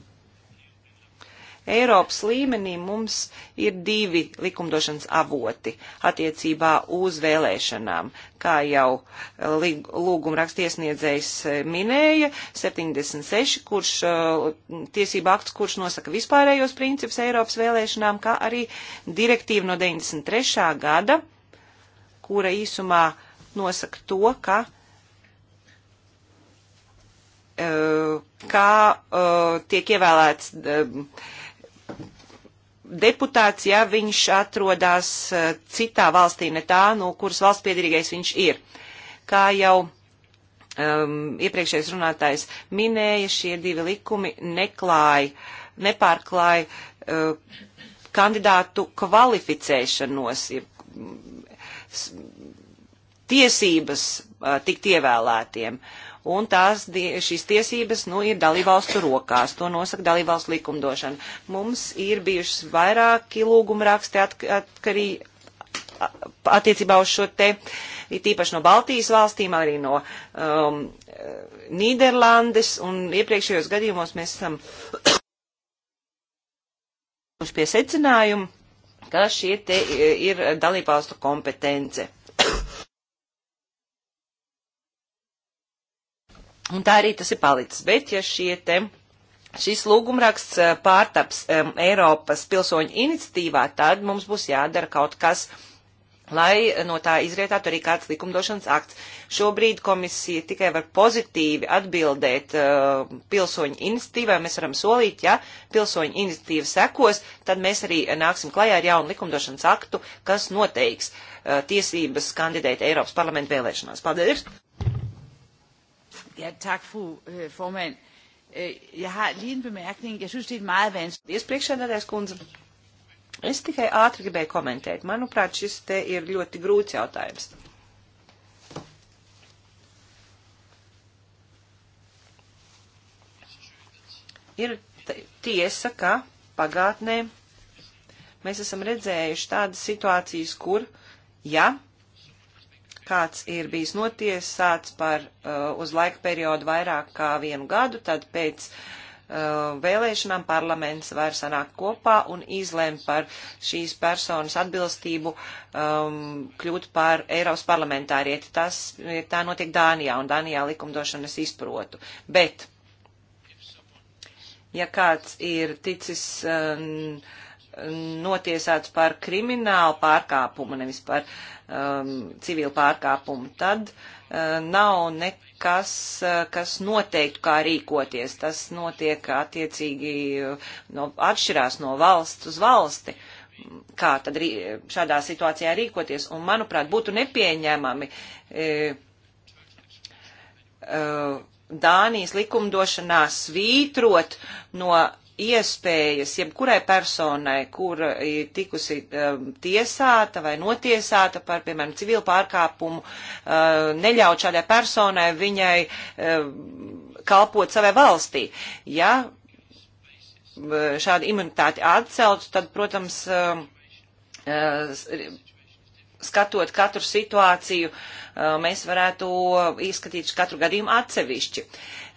Eiropas līmenī mums ir divi likumdošanas avoti attiecībā uz vēlēšanām. Kā jau lūguma rakstiesniedzējs eh, minēja, 76, kurš eh, tiesība akts, kurš nosaka vispārējos principus Eiropas vēlēšanām, kā arī direktīva no 93. gada, kura īsumā nosaka to, ka eh, kā uh, tiek ievēlēts uh, deputāts, ja viņš atrodas eh, citā valstī, ne tā, no kuras valsts piedarīgais viņš ir. Kā jau um, iepriekšējais runātājs minēja, šie divi likumi neklāja, nepārklāja uh, eh, kandidātu kvalificēšanos, mm, tiesības uh, tikt ievēlētiem. Uh, un tās, šīs tiesības nu, ir dalībvalstu rokās. To nosaka dalībvalstu likumdošana. Mums ir bijušas vairāki lūguma raksti atkarīgi attiecībā uz šo te, it īpaši no Baltijas valstīm, arī no um, Nīderlandes, un iepriekšējos gadījumos mēs esam pie secinājuma, ka šie te ir dalībvalstu kompetence. Un tā arī tas ir palicis. Bet ja šie te. Šis lūgumraksts eh, pārtaps um, Eiropas pilsoņu iniciatīvā, tad mums būs jādara kaut kas, lai no tā izrietētu arī kāds likumdošanas akts. Šobrīd komisija tikai var pozitīvi atbildēt uh, pilsoņu iniciatīvai. Mēs varam solīt, ja pilsoņu iniciatīva sekos, tad mēs arī nāksim klajā ar jaunu likumdošanas aktu, kas noteiks uh, tiesības kandidēt Eiropas parlamentu vēlēšanās. Paldies! Ja, tak, fru øh, formand. Øh, jeg har lige en bemærkning. Jeg synes, det er et meget vanskeligt. Priekšsēdētājs kundze, es tikai ātri gribēju komentēt. Manuprāt, šis te ir ļoti grūts jautājums. Ir tiesa, ka pagātnē mēs esam redzējuši tādas situācijas, kur, ja kāds ir bijis notiesāts par uh, uz laika periodu vairāk kā vienu gadu, tad pēc uh, vēlēšanām parlaments var sanākt kopā un izlem par šīs personas atbilstību um, kļūt par Eiropas parlamentārieti. Tas tā notiek Dānijā, un Dānijā likumdošanas izprotu. Bet, ja kāds ir ticis um, notiesāts par kriminālu pārkāpumu, nevis par um, civilu pārkāpumu, tad uh, nav nekas, uh, kas noteiktu, kā rīkoties. Tas notiek attiecīgi uh, no, atšķirās no valsts uz valsti. Kā tad rī, šādā situācijā rīkoties? Un, manuprāt, būtu nepieņemami. E, uh, Dānijas likumdošanā svītrot no uh, iespējas jebkurai personai, kur ir tikusi um, tiesāta vai notiesāta par, piemēram, civilu pārkāpumu, uh, neļaut šādai personai viņai uh, kalpot savai valstī. Ja uh, šādu imunitāti atcelt, tad, protams, um, uh, skatot katru situāciju, uh, mēs varētu izskatīt katru gadījumu atsevišķi.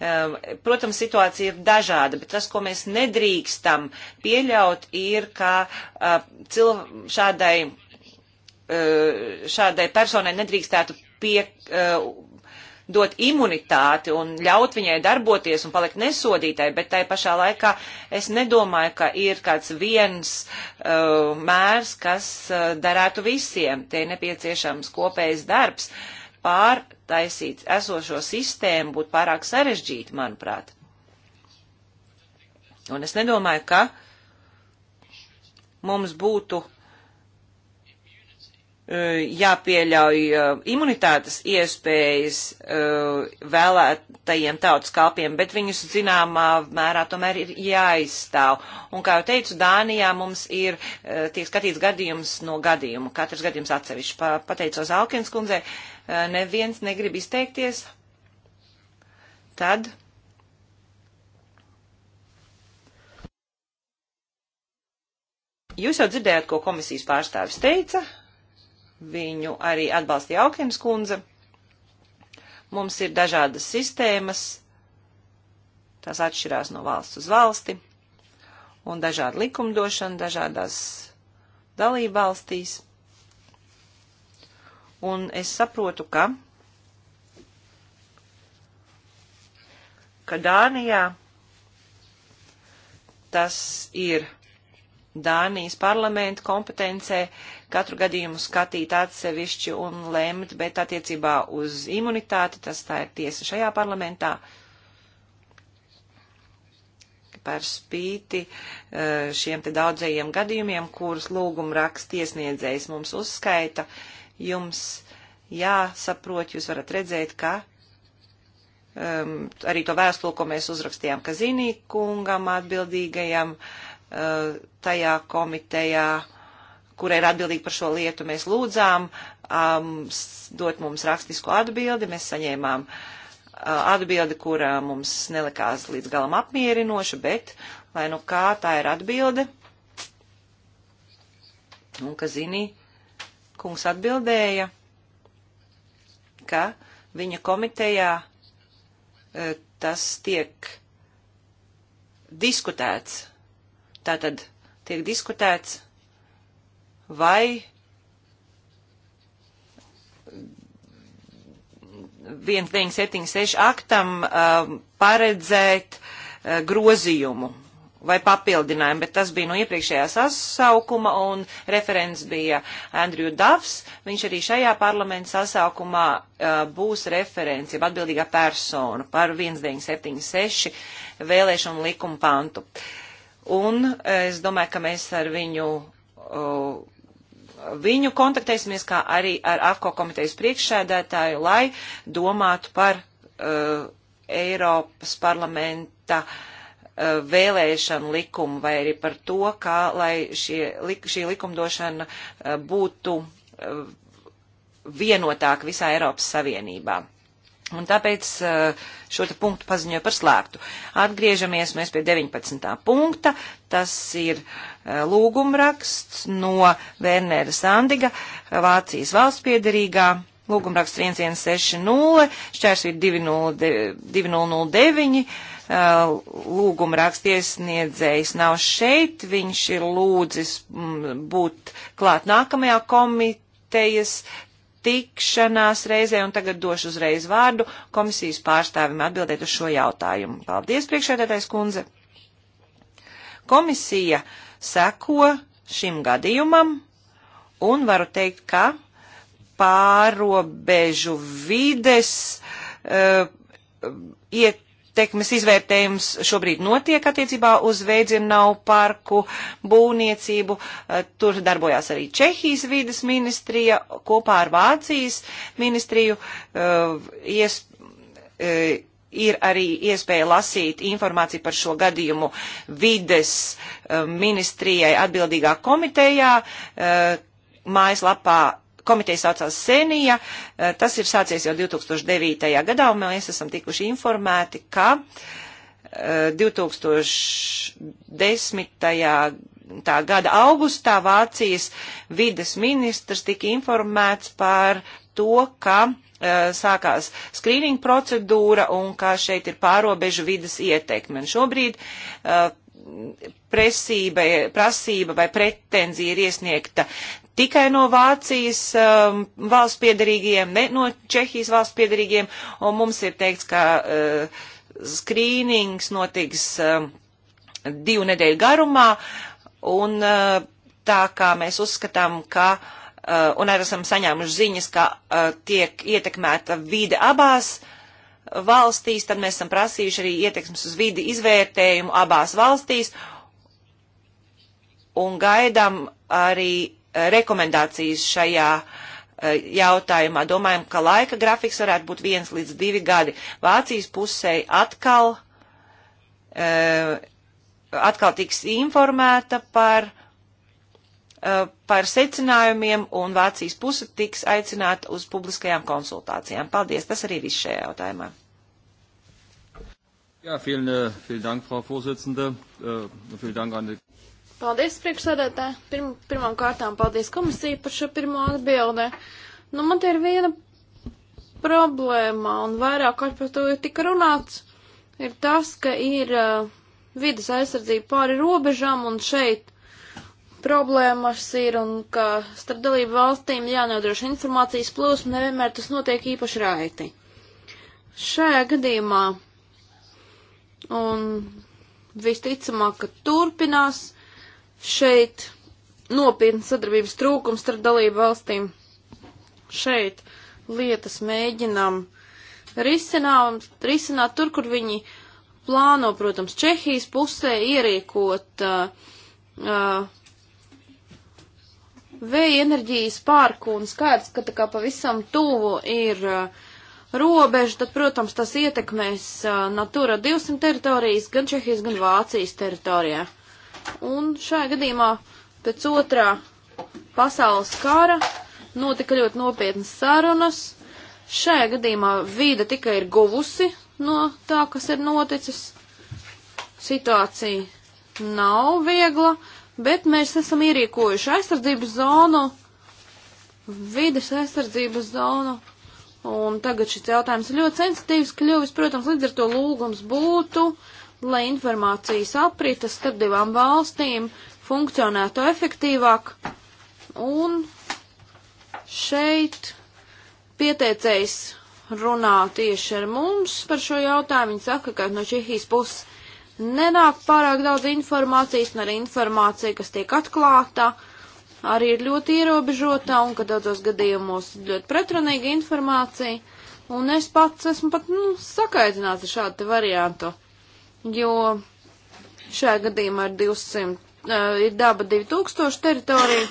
Uh, protams, situācija ir dažāda, bet tas, ko mēs nedrīkstam pieļaut, ir, ka uh, cilv šādai, šādai personai nedrīkstētu pie, dot imunitāti un ļaut viņai darboties un palikt nesodītai, bet tai pašā laikā es nedomāju, ka ir kāds viens uh, mērs, kas uh, darētu visiem. Te ir nepieciešams kopējs darbs. Pārtaisīt esošo sistēmu būtu pārāk sarežģīti, manuprāt. Un es nedomāju, ka mums būtu E, jāpieļauj e, imunitātes iespējas e, vēlētajiem tautas kalpiem, bet viņus zināmā mērā tomēr ir jāizstāv. Un, kā jau teicu, Dānijā mums ir tiek skatīts gadījums no gadījuma, katrs gadījums atsevišķi. Pateicos Alkins kundzei, neviens negrib izteikties. Tad. Jūs jau dzirdējāt, ko komisijas pārstāvis teica. Viņu arī atbalstīja Aukens kundze. Mums ir dažādas sistēmas, tās atšķirās no valsts uz valsti, un dažāda likumdošana dažādās dalībvalstīs. Un es saprotu, ka, ka Dānijā tas ir Dānijas parlamentu kompetencē katru gadījumu skatīt atsevišķi un lemt, bet attiecībā uz imunitāti, tas tā ir tiesa šajā parlamentā, par spīti eh, šiem te daudzajiem gadījumiem, kurus lūguma raksts iesniedzējs mums uzskaita, jums jāsaprot, jūs varat redzēt, ka um, arī to vēstuli, ko mēs uzrakstījām Kazinī kungam atbildīgajam, uh, tajā komitejā, kurai ir atbildīgi par šo lietu, mēs lūdzām um, dot mums rakstisku atbildi, mēs saņēmām uh, atbildi, kura mums nelikās līdz galam apmierinoša, bet lai nu kā tā ir atbilde, un ka zini, kungs atbildēja, ka viņa komitejā uh, tas tiek diskutēts Tātad tiek diskutēts, vai viens, deviņi, septiņi, seši aktam uh, paredzēt uh, grozījumu vai papildinājumu, bet tas bija no iepriekšējā sasaukuma, un referents bija Andrew Duffs. Viņš arī šajā parlamenta sasaukumā uh, būs referents, jeb atbildīgā persona par 1976 vēlēšanu likumu pantu. Uh, Un es domāju, ka mēs ar viņu, uh, viņu kontaktēsimies, kā arī ar AFCO komitejas priekšsēdētāju, lai domātu par uh, Eiropas parlamenta uh, vēlēšanu likumu vai arī par to, kā lai šie, lik, šī likumdošana uh, būtu uh, vienotāka visā Eiropas Savienībā. Un tāpēc eh, šo te punktu paziņoju par slēgtu. Atgriežamies mēs pie 19. punkta. Tas ir eh, lūgumraksts no Vernera Sandiga, eh, Vācijas valsts piedarīgā. Lūgumraksts 1160, šķērsvīt 2009, lūgumraksts iesniedzējs nav šeit, viņš ir lūdzis mm, būt klāt nākamajā komitejā komitejas tikšanās reizē, un tagad došu uzreiz vārdu komisijas pārstāvim atbildēt uz šo jautājumu. Paldies, priekšēdētais kundze. Komisija seko šim gadījumam, un varu teikt, ka pārobežu vides uh, iet ietekmes izvērtējums šobrīd notiek attiecībā uz Veidzirnau parku būvniecību. Eh, tur darbojās arī Čehijas vides ministrija kopā ar Vācijas ministriju. Eh, ies, eh, ir arī iespēja lasīt informāciju par šo gadījumu vides ministrijai atbildīgā komitejā mājaslapā komiteja saucās Senija. Eh, tas ir sācies jau 2009. gadā, un mēs esam tikuši informēti, ka 2010. Eh, tā gada augustā Vācijas vides ministrs tika informēts par to, ka eh, sākās skrīninga procedūra un kā šeit ir pārobežu vidas ietekme. Un šobrīd uh, presība, prasība vai pretenzija ir iesniegta tikai no Vācijas um, valsts piedarīgiem, ne no Čehijas valsts piedarīgiem, un mums ir teikts, ka uh, skrīnings notiks um, divu nedēļu garumā, un uh, tā kā mēs uzskatām, ka uh, un arī esam saņēmuši ziņas, ka uh, tiek ietekmēta vide abās valstīs, tad mēs esam prasījuši arī ietekmes uz vidi izvērtējumu abās valstīs un gaidām arī rekomendācijas šajā e, jautājumā. Domājam, ka laika grafiks varētu būt viens līdz divi gadi. Vācijas pusē atkal, e, atkal tiks informēta par, e, par secinājumiem un Vācijas puse tiks aicināta uz publiskajām konsultācijām. Paldies, tas arī viss šajā jautājumā. Ja, vielen, vielen Dank, Frau Vorsitzende. Äh, vielen Dank an die Paldies, priekšsēdētāji. Pirm, pirmām kārtām paldies komisiju par šo pirmo atbildē. Nu, man te ir viena problēma, un vairāk kārt par to ir tika runāts, ir tas, ka ir uh, vidas aizsardzība pāri robežām, un šeit problēmas ir, un ka starp dalību valstīm jānodrošina informācijas plūsma, nevienmēr tas notiek īpaši raiti. Šajā gadījumā, un visticamāk, ka turpinās, šeit nopietnas sadarbības trūkums starp dalību valstīm. Šeit lietas mēģinām risināt, risināt tur, kur viņi plāno, protams, Čehijas pusē ierīkot uh, uh, vēja enerģijas parku un skaidrs, ka tā kā pavisam tuvu ir uh, robeža, tad, protams, tas ietekmēs uh, Natura 200 teritorijas gan Čehijas, gan Vācijas teritorijā. Uh, Un šajā gadījumā pēc otrā pasaules kara notika ļoti nopietnas sarunas. Šajā gadījumā vīda tikai ir guvusi no tā, kas ir noticis. Situācija nav viegla, bet mēs esam ierīkojuši aizsardzības zonu, vides aizsardzības zonu. Un tagad šis jautājums ir ļoti sensitīvs kļuvis, protams, līdz ar to lūgums būtu uh, lai informācijas aprites starp divām valstīm funkcionētu efektīvāk. Un šeit pieteicējs runā tieši ar mums par šo jautājumu. Viņa saka, ka no Čehijas puses nenāk pārāk daudz informācijas, un arī informācija, kas tiek atklāta, arī ir ļoti ierobežota, un ka daudzos gadījumos ļoti pretrunīga informācija. Un es pats esmu pat nu, sakaitināts ar šādu variantu jo šajā gadījumā ir 200, uh, eh, ir daba 2000 teritorija.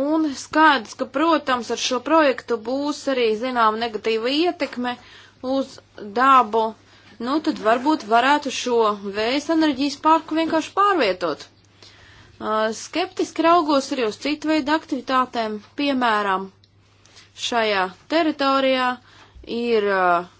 Un skaidrs, ka, protams, ar šo projektu būs arī, zinām, negatīva ietekme uz dabu. Nu, tad varbūt varētu šo vējas enerģijas parku vienkārši pārvietot. Uh, skeptiski raugos arī uz citu veidu aktivitātēm, piemēram, šajā teritorijā ir uh,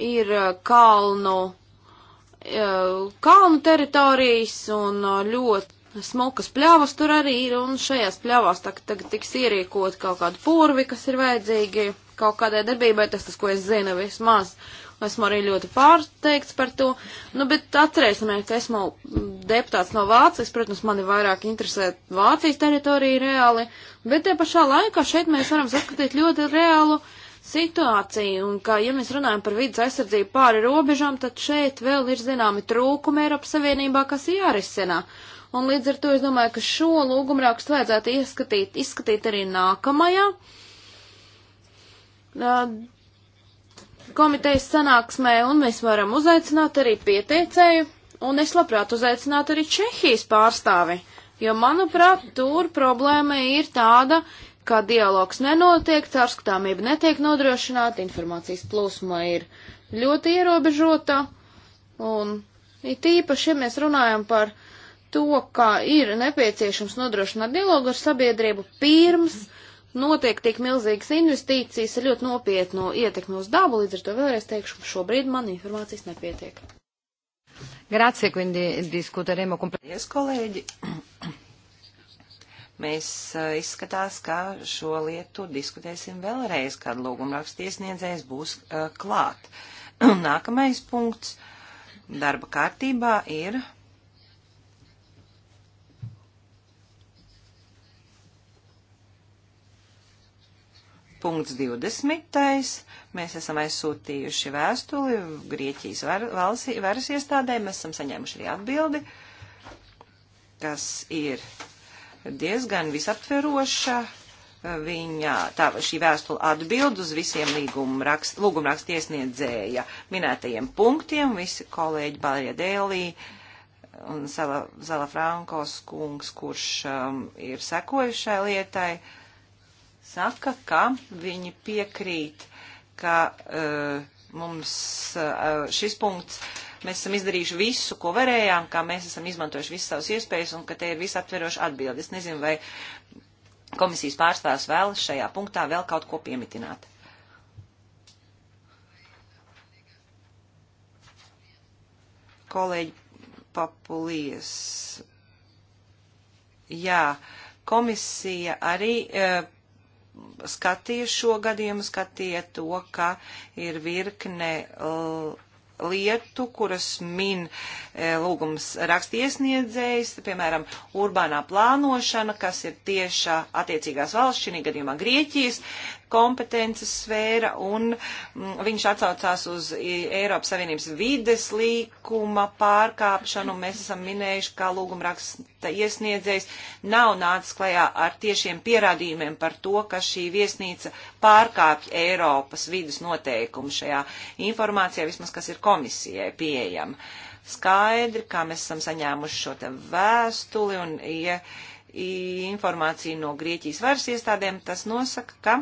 ir uh, kalnu, uh, kalnu teritorijas un uh, ļoti smukas pļavas tur arī ir, un šajās pļavās tagad, tagad tiks ierīkot kaut kādu purvi, kas ir vajadzīgi kaut kādai darbībai, tas tas, ko es zinu vismaz. Esmu arī ļoti pārsteigts par to, nu, bet atcerēsimies, ka esmu deputāts no Vācijas, protams, mani vairāk interesē Vācijas teritorija reāli, bet te pašā laikā šeit mēs varam saskatīt ļoti reālu uh, situāciju, un ka, ja mēs runājam par vidas aizsardzību pāri robežām, tad šeit vēl ir zināmi trūkumi Eiropas Savienībā, kas jārisina. Un līdz ar to es domāju, ka šo lūgumrakstu vajadzētu ieskatīt, izskatīt arī nākamajā komitejas sanāksmē, un mēs varam uzaicināt arī pieteicēju, un es labprāt uzaicinātu arī Čehijas pārstāvi, jo, manuprāt, tur problēma ir tāda, kā dialogs nenotiek, cārskatāmība netiek nodrošināta, informācijas plūsma ir ļoti ierobežota, un it īpaši, ja mēs runājam par to, kā ir nepieciešams nodrošināt dialogu ar sabiedrību pirms notiek tik milzīgas investīcijas ar ļoti nopietnu ietekmi uz dabu, līdz ar to vēlreiz teikšu, ka šobrīd man informācijas nepietiek. Grazie, quindi discuteremo completamente. Yes, kolēģi, Mēs izskatās, ka šo lietu diskutēsim vēlreiz, kad lūgumrakstu iesniedzējs būs klāt. Nākamais punkts darba kārtībā ir Punkts 20. Mēs esam aizsūtījuši vēstuli Grieķijas varas iestādēm. Mēs esam saņēmuši arī atbildi, kas ir diezgan visaptveroša. Viņa, tā, šī vēstule atbild uz visiem rakst, lūgumrakstu iesniedzēja minētajiem punktiem. Visi kolēģi Balija Dēlī un Sala, Zala Frankos kungs, kurš um, ir sekojušai lietai, saka, ka viņi piekrīt, ka uh, mums uh, šis punkts uh, mēs esam izdarījuši visu, ko varējām, kā mēs esam izmantojuši visas savas iespējas un ka te ir visaptveroša atbilde. Es nezinu, vai komisijas pārstāvs vēl šajā punktā vēl kaut ko piemitināt. Kolēģi Papulijas. Jā, komisija arī. Uh, skatīja šo gadījumu, skatīja to, ka ir virkne lietu, kuras min e, lūgums rakstiesniedzējs, piemēram, urbānā plānošana, kas ir tieša attiecīgās valsts, šī gadījumā Grieķijas kompetences sfēra, un mm, viņš atsaucās uz Eiropas Savienības vides līkuma pārkāpšanu. Mēs esam minējuši, kā lūgumraksta iesniedzējs nav nācis klajā ar tiešiem pierādījumiem par to, ka šī viesnīca pārkāpj Eiropas vides noteikumu šajā informācijā, vismaz kas ir komisijai pieejama. Skaidri, kā mēs esam saņēmuši šo te vēstuli un ja, informāciju no Grieķijas varas iestādēm, tas nosaka, ka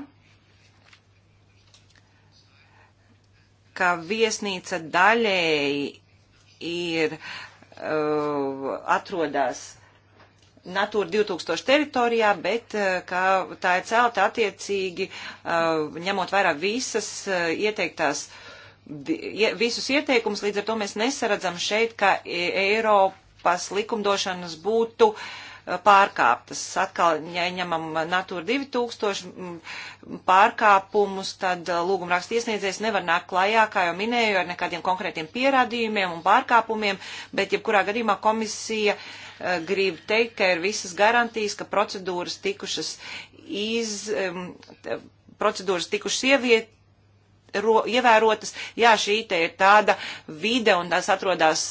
ka viesnīca daļēji ir uh, atrodas Natūra 2000 teritorijā, bet uh, ka tā ir celta attiecīgi, uh, ņemot vērā visas uh, ieteiktās, die, visus ieteikumus, līdz ar to mēs nesaradzam šeit, ka e, Eiropas likumdošanas būtu uh, pārkāptas. Atkal, ja ņemam Natūra 2000 mm, pārkāpumus, tad uh, lūgumraksta iesniedzējs nevar nākt klajā, kā jau minēju, ar nekādiem konkrētiem pierādījumiem un pārkāpumiem, bet jebkurā gadījumā komisija uh, grib teikt, ka ir visas garantijas, ka procedūras tikušas iz, mm, procedūras tikušas ieviet, ro, ievērotas. Jā, šī te ir tāda vide, un tās atrodas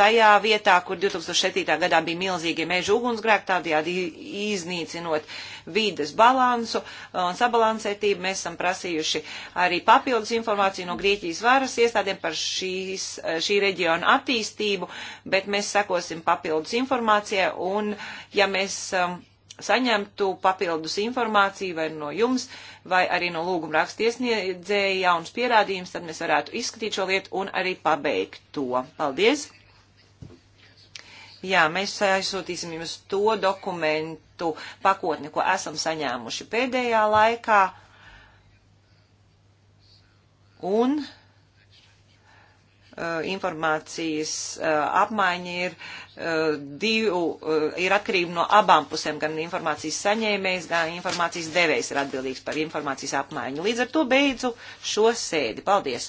tajā vietā, kur 2007. gadā bija milzīgie meža ugunsgrēki, tādējādi iznīcinot vides balansu un sabalansētību. Mēs esam prasījuši arī papildus informāciju no Grieķijas varas iestādēm par šīs, šī reģiona attīstību, bet mēs sekosim papildus informācijai, un ja mēs. Um, saņemtu papildus informāciju vai no jums, vai arī no lūguma rakstiesniedzēja jaunas pierādījumus, tad mēs varētu izskatīt šo lietu un arī pabeigt to. Paldies! Jā, mēs aizsūtīsim jums to dokumentu pakotni, ko esam saņēmuši pēdējā laikā. Un Eh, informācijas eh, apmaiņa ir eh, divu, ir atkarība no abām pusēm, gan informācijas saņēmējs, gan informācijas devējs ir atbildīgs par informācijas apmaiņu. Līdz ar to beidzu šo sēdi. Paldies!